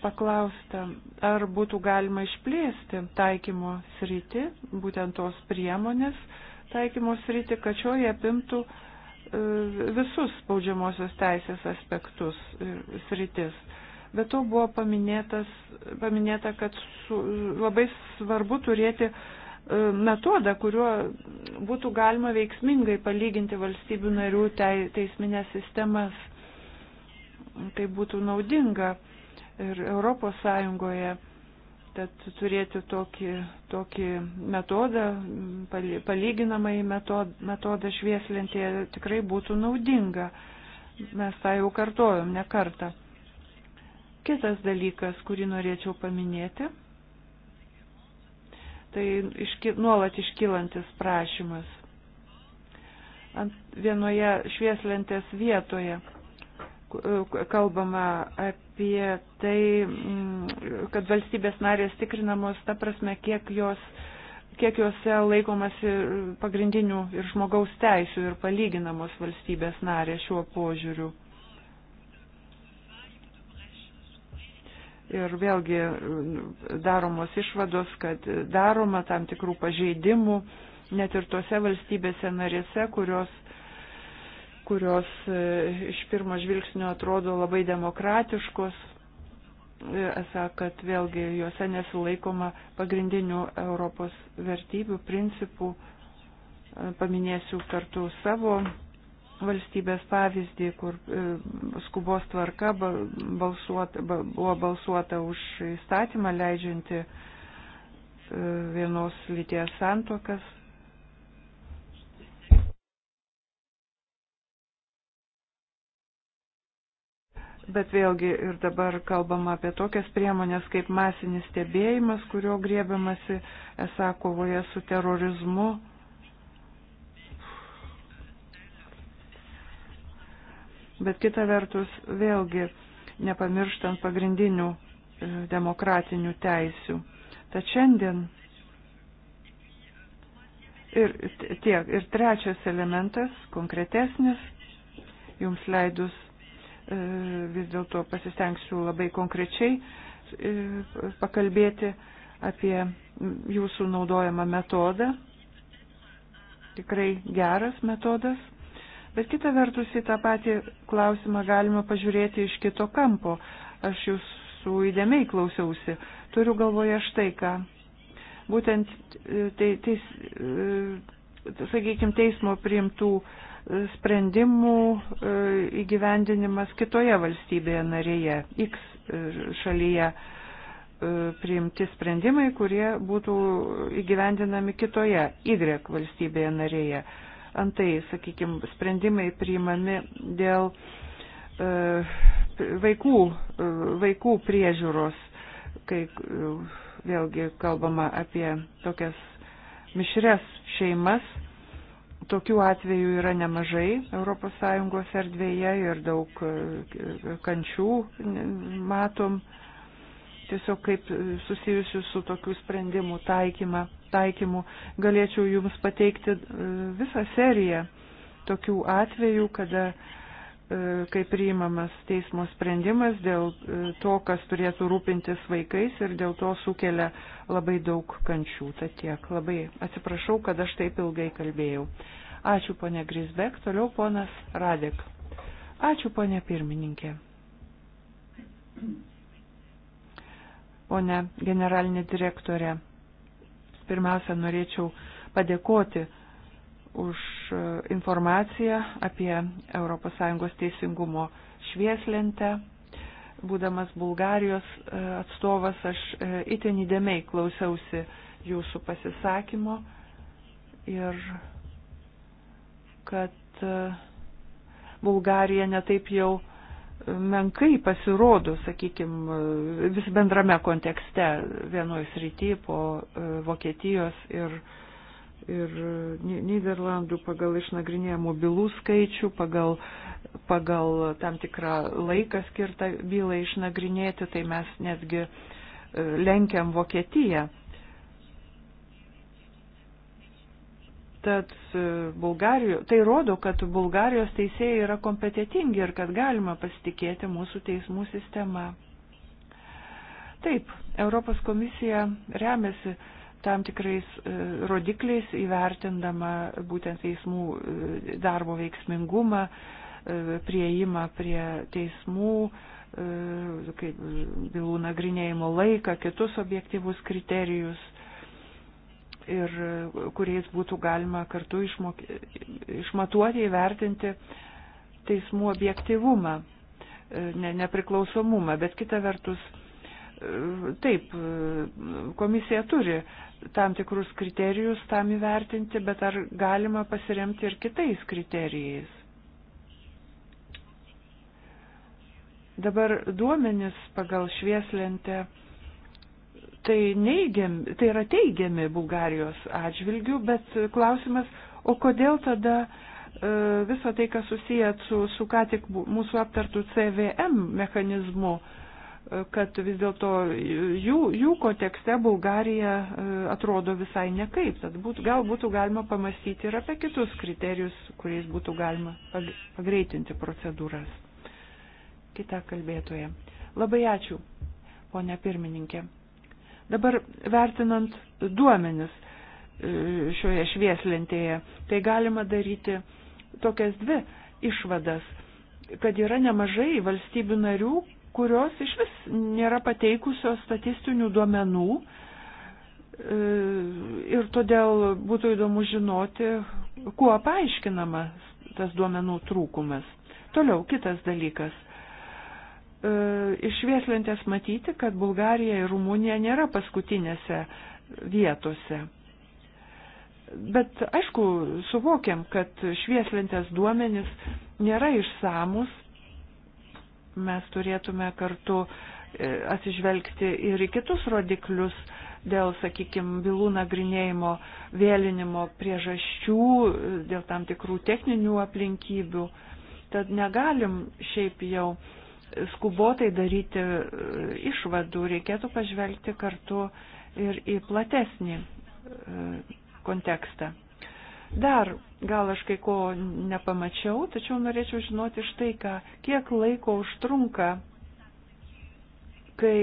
S3: paklausta, ar būtų galima išplėsti taikymo sritį, būtent tos priemonės taikymo sritį, kad šioje apimtų uh, E, visus baudžiamosios teisės aspektus ir sritis. Bet to buvo paminėta, kad su, labai svarbu turėti e, metodą, kuriuo būtų galima veiksmingai palyginti valstybių narių teisminės sistemas. Tai būtų naudinga ir Europos Sąjungoje Tad turėti tokį, tokį metodą, palyginamai metodą, metodą švieslentėje tikrai būtų naudinga. Mes tą jau kartojom ne kartą. Kitas dalykas, kurį norėčiau paminėti, tai iški, nuolat iškylantis prašymas ant vienoje švieslentės vietoje kalbama apie tai, mm, kad valstybės narės tikrinamos, ta prasme, kiek jos kiek juose laikomasi pagrindinių ir žmogaus teisų ir palyginamos valstybės narės šiuo požiūriu. Ir vėlgi daromos išvados, kad daroma tam tikrų pažeidimų net ir tose valstybėse narėse, kurios uh, kurios e, iš pirmo žvilgsnio atrodo labai demokratiškos, e, esą, kad vėlgi juose nesilaikoma pagrindinių Europos vertybių, principų. E, paminėsiu kartu savo valstybės pavyzdį, kur skubos tvarka balsuota, buvo balsuota už įstatymą leidžianti vienos lyties santokas Bet vėlgi ir dabar kalbama apie tokias priemonės kaip masinis stebėjimas, kurio grėbiamasi esą kovoje su terorizmu. Bet kita vertus, vėlgi, nepamirštant pagrindinių e, demokratinių teisių. Tad šiandien ir tiek, ir trečias elementas, konkretesnis, jums leidus E, vis dėlto pasistengsiu labai konkrečiai e, pakalbėti apie jūsų naudojamą metodą. Tikrai geras metodas. Bet kita vertus į tą patį klausimą galima pažiūrėti iš kito kampo. Aš jūsų įdėmiai klausiausi. Turiu galvoje štai ką. Būtent, e, te, teis, sakykime, teismo priimtų uh, sprendimų e, įgyvendinimas kitoje valstybėje narėje, X e, šalyje e, priimti sprendimai, kurie būtų įgyvendinami kitoje Y valstybėje narėje. Antai, sakykime, sprendimai priimami dėl vaikų, vaikų priežiūros, kai vėlgi kalbama apie tokias mišres šeimas, Tokių atvejų yra nemažai ES erdvėje ir daug e, kančių matom tiesiog kaip susijusių su tokių sprendimų taikymą, taikymu. Galėčiau Jums pateikti e, visą seriją tokių atvejų, kada uh, E, kai priimamas teismo sprendimas dėl e, to, kas turėtų rūpintis vaikais ir dėl to sukelia labai daug kančių. Tad tiek. Labai atsiprašau, kad aš taip ilgai kalbėjau. Ačiū ponė Grisbek, toliau ponas Radek. Ačiū ponė pirmininkė. Pone generalinė direktorė, pirmiausia norėčiau padėkoti už e, informaciją apie ES teisingumo švieslentę. Būdamas Bulgarijos e, atstovas, aš e, itin įdėmiai klausiausi jūsų pasisakymo ir kad Bulgarija netaip jau menkai pasirodo, sakykime, vis bendrame kontekste vienoje srityje po Vokietijos ir ir e, Niderlandų pagal išnagrinėjimų bylų skaičių, pagal, pagal tam tikrą laiką skirtą bylą išnagrinėti, tai mes netgi e, lenkiam Vokietiją. Tad e, Bulgarijos, tai rodo, kad Bulgarijos teisėjai yra kompetitingi ir kad galima pasitikėti mūsų teismų sistema. Taip, Europos komisija remiasi tam tikrais e, rodikliais įvertindama būtent teismų e, darbo veiksmingumą, e, prieimą prie teismų, kaip bylų nagrinėjimo laiką, kitus objektyvus kriterijus ir kuriais būtų galima kartu išmok... išmatuoti, įvertinti teismų objektivumą, ne, nepriklausomumą. Bet kita vertus, taip, komisija turi tam tikrus kriterijus tam įvertinti, bet ar galima pasiremti ir kitais kriterijais? Dabar duomenis pagal švieslentę tai, neigiam, tai yra teigiami Bulgarijos atžvilgių, bet klausimas, o kodėl tada e, visą tai, kas susijęs su, su ką tik mūsų aptartų CVM mechanizmu, uh, kad vis dėlto jų, jų kontekste Bulgarija e, atrodo visai nekaip. Tad būt, gal būtų galima pamastyti ir apie kitus kriterijus, kuriais būtų galima pagreitinti procedūras. Kita kalbėtoja. Labai ačiū, ponia pirmininkė. Dabar vertinant duomenis e, šioje švieslentėje, tai galima daryti tokias dvi išvadas, kad yra nemažai valstybių narių, kurios iš vis nėra pateikusios statistinių duomenų e, ir todėl būtų įdomu žinoti, kuo paaiškinama tas duomenų trūkumas. Toliau kitas dalykas. E, iš vieslentės matyti, kad Bulgarija ir Rumunija nėra paskutinėse vietose. Bet aišku, suvokiam, kad švieslentės duomenys nėra išsamus mes turėtume kartu e, atsižvelgti ir į kitus rodiklius dėl, sakykime, bylų nagrinėjimo vėlinimo priežasčių, e, dėl tam tikrų techninių aplinkybių. Tad negalim šiaip jau skubotai daryti e, išvadų, reikėtų pažvelgti kartu ir į platesnį kontekstą. Dar gal aš kai ko nepamačiau, tačiau norėčiau žinoti štai ką, kiek laiko užtrunka, kai,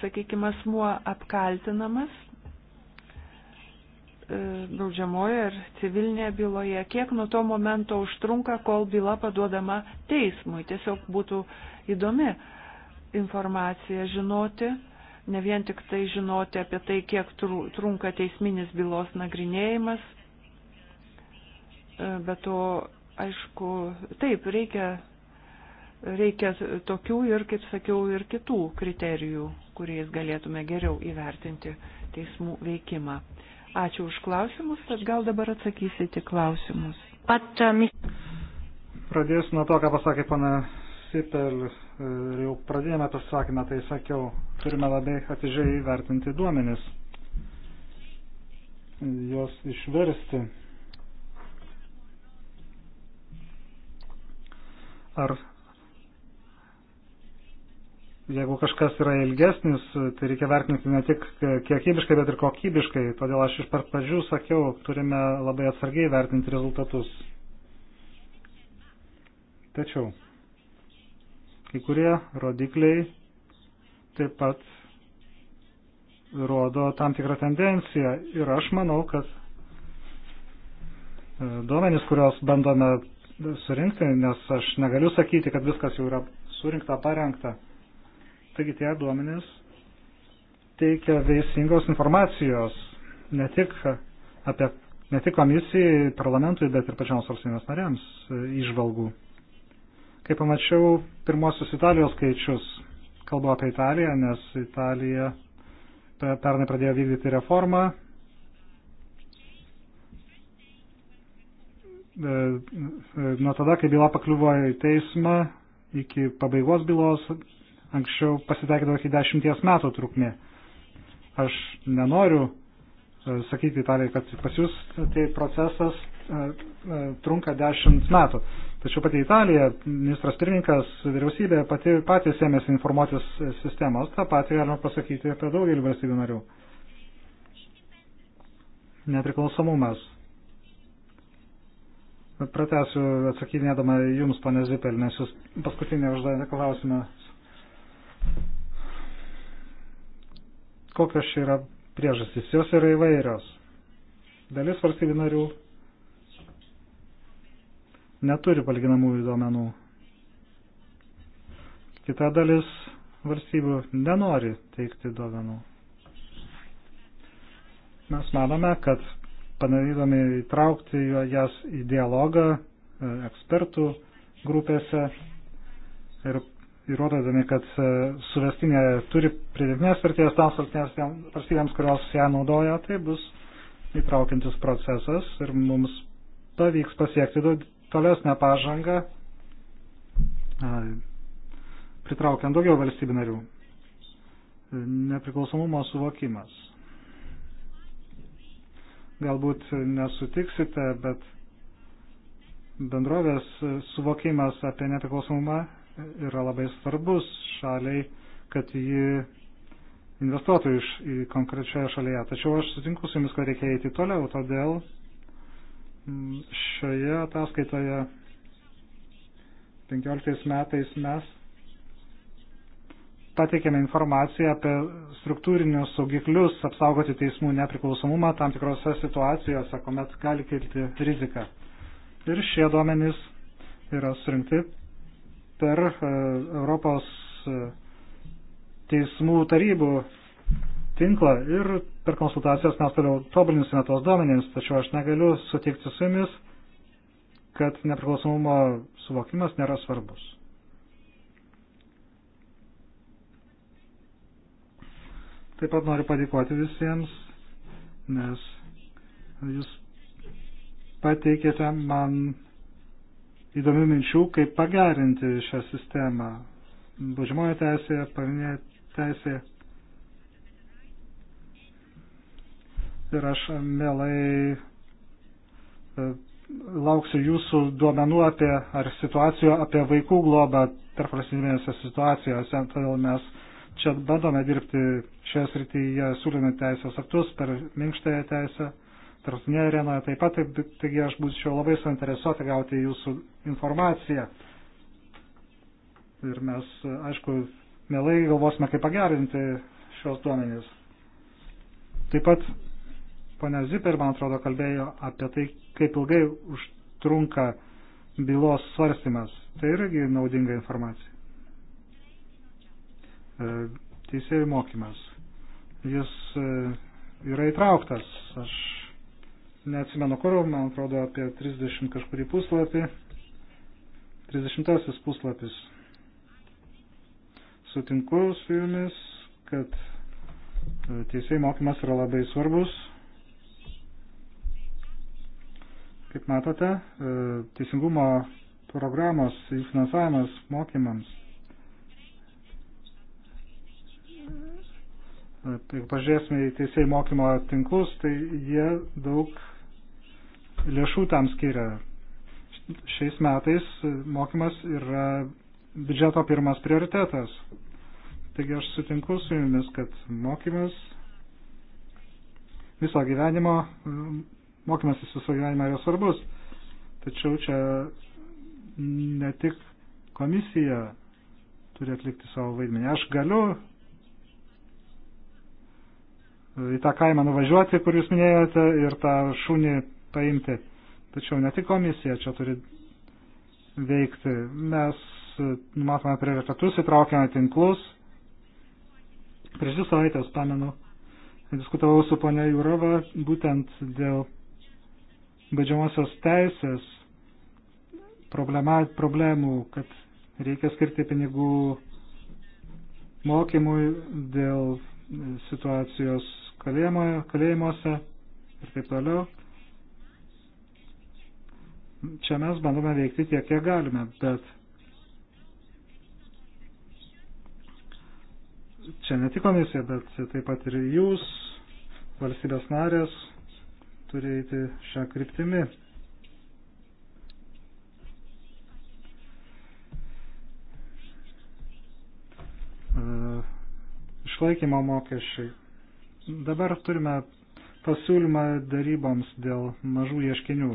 S3: sakykime, asmuo apkaltinamas e, baudžiamoje ar civilinėje byloje, kiek nuo to momento užtrunka, kol byla paduodama teismui. Tiesiog būtų įdomi informacija žinoti, ne vien tik tai žinoti apie tai, kiek trunka teisminis bylos nagrinėjimas, E, Bet to, aišku, taip, reikia, reikia tokių ir, kaip sakiau, ir kitų kriterijų, kuriais galėtume geriau įvertinti teismų veikimą. Ačiū už klausimus, tad gal dabar atsakysite
S2: klausimus. Pat, um... Pradėsiu nuo to, ką pasakė pana Sipel. E, ir jau pradėjome pasisakymą, tai sakiau, turime labai atidžiai įvertinti duomenis, juos išversti Ar jeigu kažkas yra ilgesnis, tai reikia vertinti ne tik kiekybiškai, bet ir kokybiškai. Todėl aš iš pat pradžių sakiau, turime labai atsargiai vertinti rezultatus. Tačiau kai kurie rodikliai taip pat rodo tam tikrą tendenciją ir aš manau, kad e, duomenys, kurios bandome surinkti, nes aš negaliu sakyti, kad viskas jau yra surinkta, parengta. Taigi tie duomenys teikia veisingos informacijos ne tik, apie, ne tik komisijai, parlamentui, bet ir pačioms valstybės nariams išvalgų. E, Kai pamačiau pirmosius Italijos skaičius, kalbu apie Italiją, nes Italija pernai pradėjo vykdyti reformą, E, nuo tada, kai byla pakliuvo į teismą iki pabaigos bylos, anksčiau pasitaikydavo iki dešimties metų trukmė. Aš nenoriu e, sakyti Italijai, kad pas jūs tai procesas e, trunka dešimt metų. Tačiau pati Italija, ministras pirmininkas, vyriausybė pati patys ėmėsi informuotis sistemos, tą patį galima pasakyti apie daugelį valstybių narių. Nepriklausomumas Pratęsiu atsakinėdama Jums, ponė Zipel, nes Jūs paskutinį uždavėte klausimą. Kokios čia yra priežastys? Jos yra įvairios. Dalis valstybių narių neturi palyginamųjų duomenų. Kita dalis valstybių nenori teikti duomenų. Mes manome, kad panorydami įtraukti jas į dialogą e, ekspertų grupėse ir įrodydami, kad e, suvestinė turi pridėtinės vertės toms valstybėms, kurios ją naudoja, tai bus įtraukiantis procesas ir mums pavyks pasiekti tolesnę pažangą, e, pritraukiant daugiau valstybių narių. Nepriklausomumo suvokimas galbūt nesutiksite, bet bendrovės suvokimas apie nepriklausomumą yra labai svarbus šaliai, kad ji investuotų iš konkrečioje šalyje. Tačiau aš sutinku su jumis, kad reikia eiti toliau, todėl mm, šioje ataskaitoje 15 metais mes pateikėme informaciją apie struktūrinius saugiklius apsaugoti teismų nepriklausomumą tam tikrose situacijose, kuomet gali kilti rizika. Ir šie duomenys yra surinkti per e, Europos e, teismų tarybų tinklą ir per konsultacijas mes toliau tobulinsime tos duomenys, tačiau aš negaliu sutikti su jumis, kad nepriklausomumo suvokimas nėra svarbus. Taip pat noriu padėkoti visiems, nes jūs pateikėte man įdomių minčių, kaip pagerinti šią sistemą. Baudžiamojo teisėje, pavinė teisėje. Ir aš mielai e, lauksiu jūsų duomenų apie, ar situacijų apie vaikų globą tarp valstybinėse situacijose. Todėl mes čia bandome dirbti šioje srityje, siūlėme teisės aktus per minkštąją teisę, tarptautinėje arenoje taip pat, taip, taigi aš būčiau labai suinteresuota gauti jūsų informaciją. Ir mes, aišku, mielai galvosime, kaip pagerinti šios duomenys. Taip pat, ponia Ziper, man atrodo, kalbėjo apie tai, kaip ilgai užtrunka bylos svarstymas. Tai irgi naudinga informacija. E, teisėjų mokymas. Jis e, yra įtrauktas. Aš neatsimenu kur, man atrodo, apie 30 kažkurį puslapį. 30 puslapis. Sutinku su jumis, kad e, teisėjų mokymas yra labai svarbus. Kaip matote, teisingumo programos finansavimas mokymams Jeigu pažiūrėsime į teisėjų mokymo tinklus, tai jie daug lėšų tam skiria. Šiais metais mokymas yra biudžeto pirmas prioritetas. Taigi aš sutinku su jumis, kad mokymas viso gyvenimo, mokymasis viso gyvenimo yra svarbus. Tačiau čia ne tik komisija turi atlikti savo vaidmenį. Aš galiu į tą kaimą nuvažiuoti, kur jūs minėjote, ir tą šunį paimti. Tačiau ne tik komisija čia turi veikti. Mes e, matome prioritetus, įtraukiame tinklus. Prieš dvi savaitės, pamenu, diskutavau su ponia Jurova būtent dėl baidžiamosios teisės problema, problemų, kad reikia skirti pinigų mokymui dėl situacijos kalėjimo, kalėjimuose ir taip toliau. Čia mes bandome veikti tiek, kiek galime, bet čia ne tik komisija, bet taip pat ir jūs, valstybės narės, turi eiti šią kryptimį. E, išlaikymo mokesčiai. Dabar turime pasiūlymą daryboms dėl mažų ieškinių.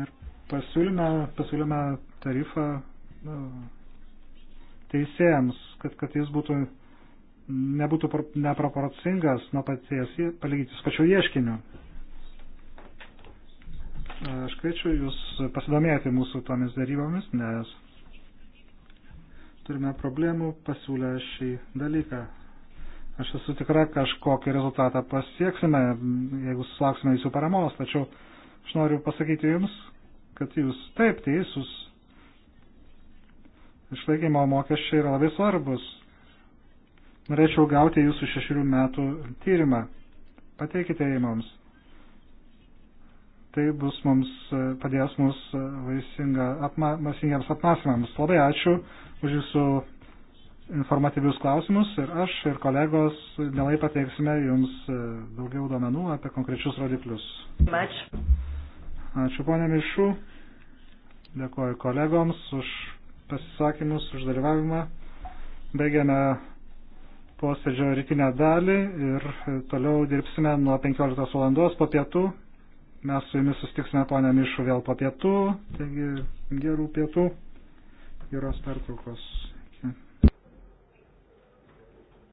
S2: Ir pasiūlyme, pasiūlyme tarifą nu, teisėjams, kad, kad jis būtų, nebūtų neproporcingas nuo paties, palyginti su pačiu ieškiniu. Aš kviečiu Jūs pasidomėti mūsų tomis darybomis, nes turime problemų pasiūlę šį dalyką. Aš esu tikra, kažkokį rezultatą pasieksime, jeigu sulauksime jūsų paramos, tačiau aš noriu pasakyti jums, kad jūs taip teisus. Išlaikymo mokesčiai yra labai svarbus. Norėčiau gauti jūsų šešių metų tyrimą. Pateikite jį mums tai bus mums, e, padės mums e, apma, vaisingiems apmąstymams. Labai ačiū už jūsų informatyvius klausimus ir aš ir kolegos mielai pateiksime jums e, daugiau duomenų apie konkrečius rodiklius. Ačiū. Ačiū ponė Mišu. Dėkuoju kolegoms už pasisakymus, už dalyvavimą. Baigiame posėdžio rytinę dalį ir toliau dirbsime nuo 15 valandos po pietų Mes su jumis sustiksime, ponia Mišu, vėl po pietų, taigi gerų pietų, geros pertraukos.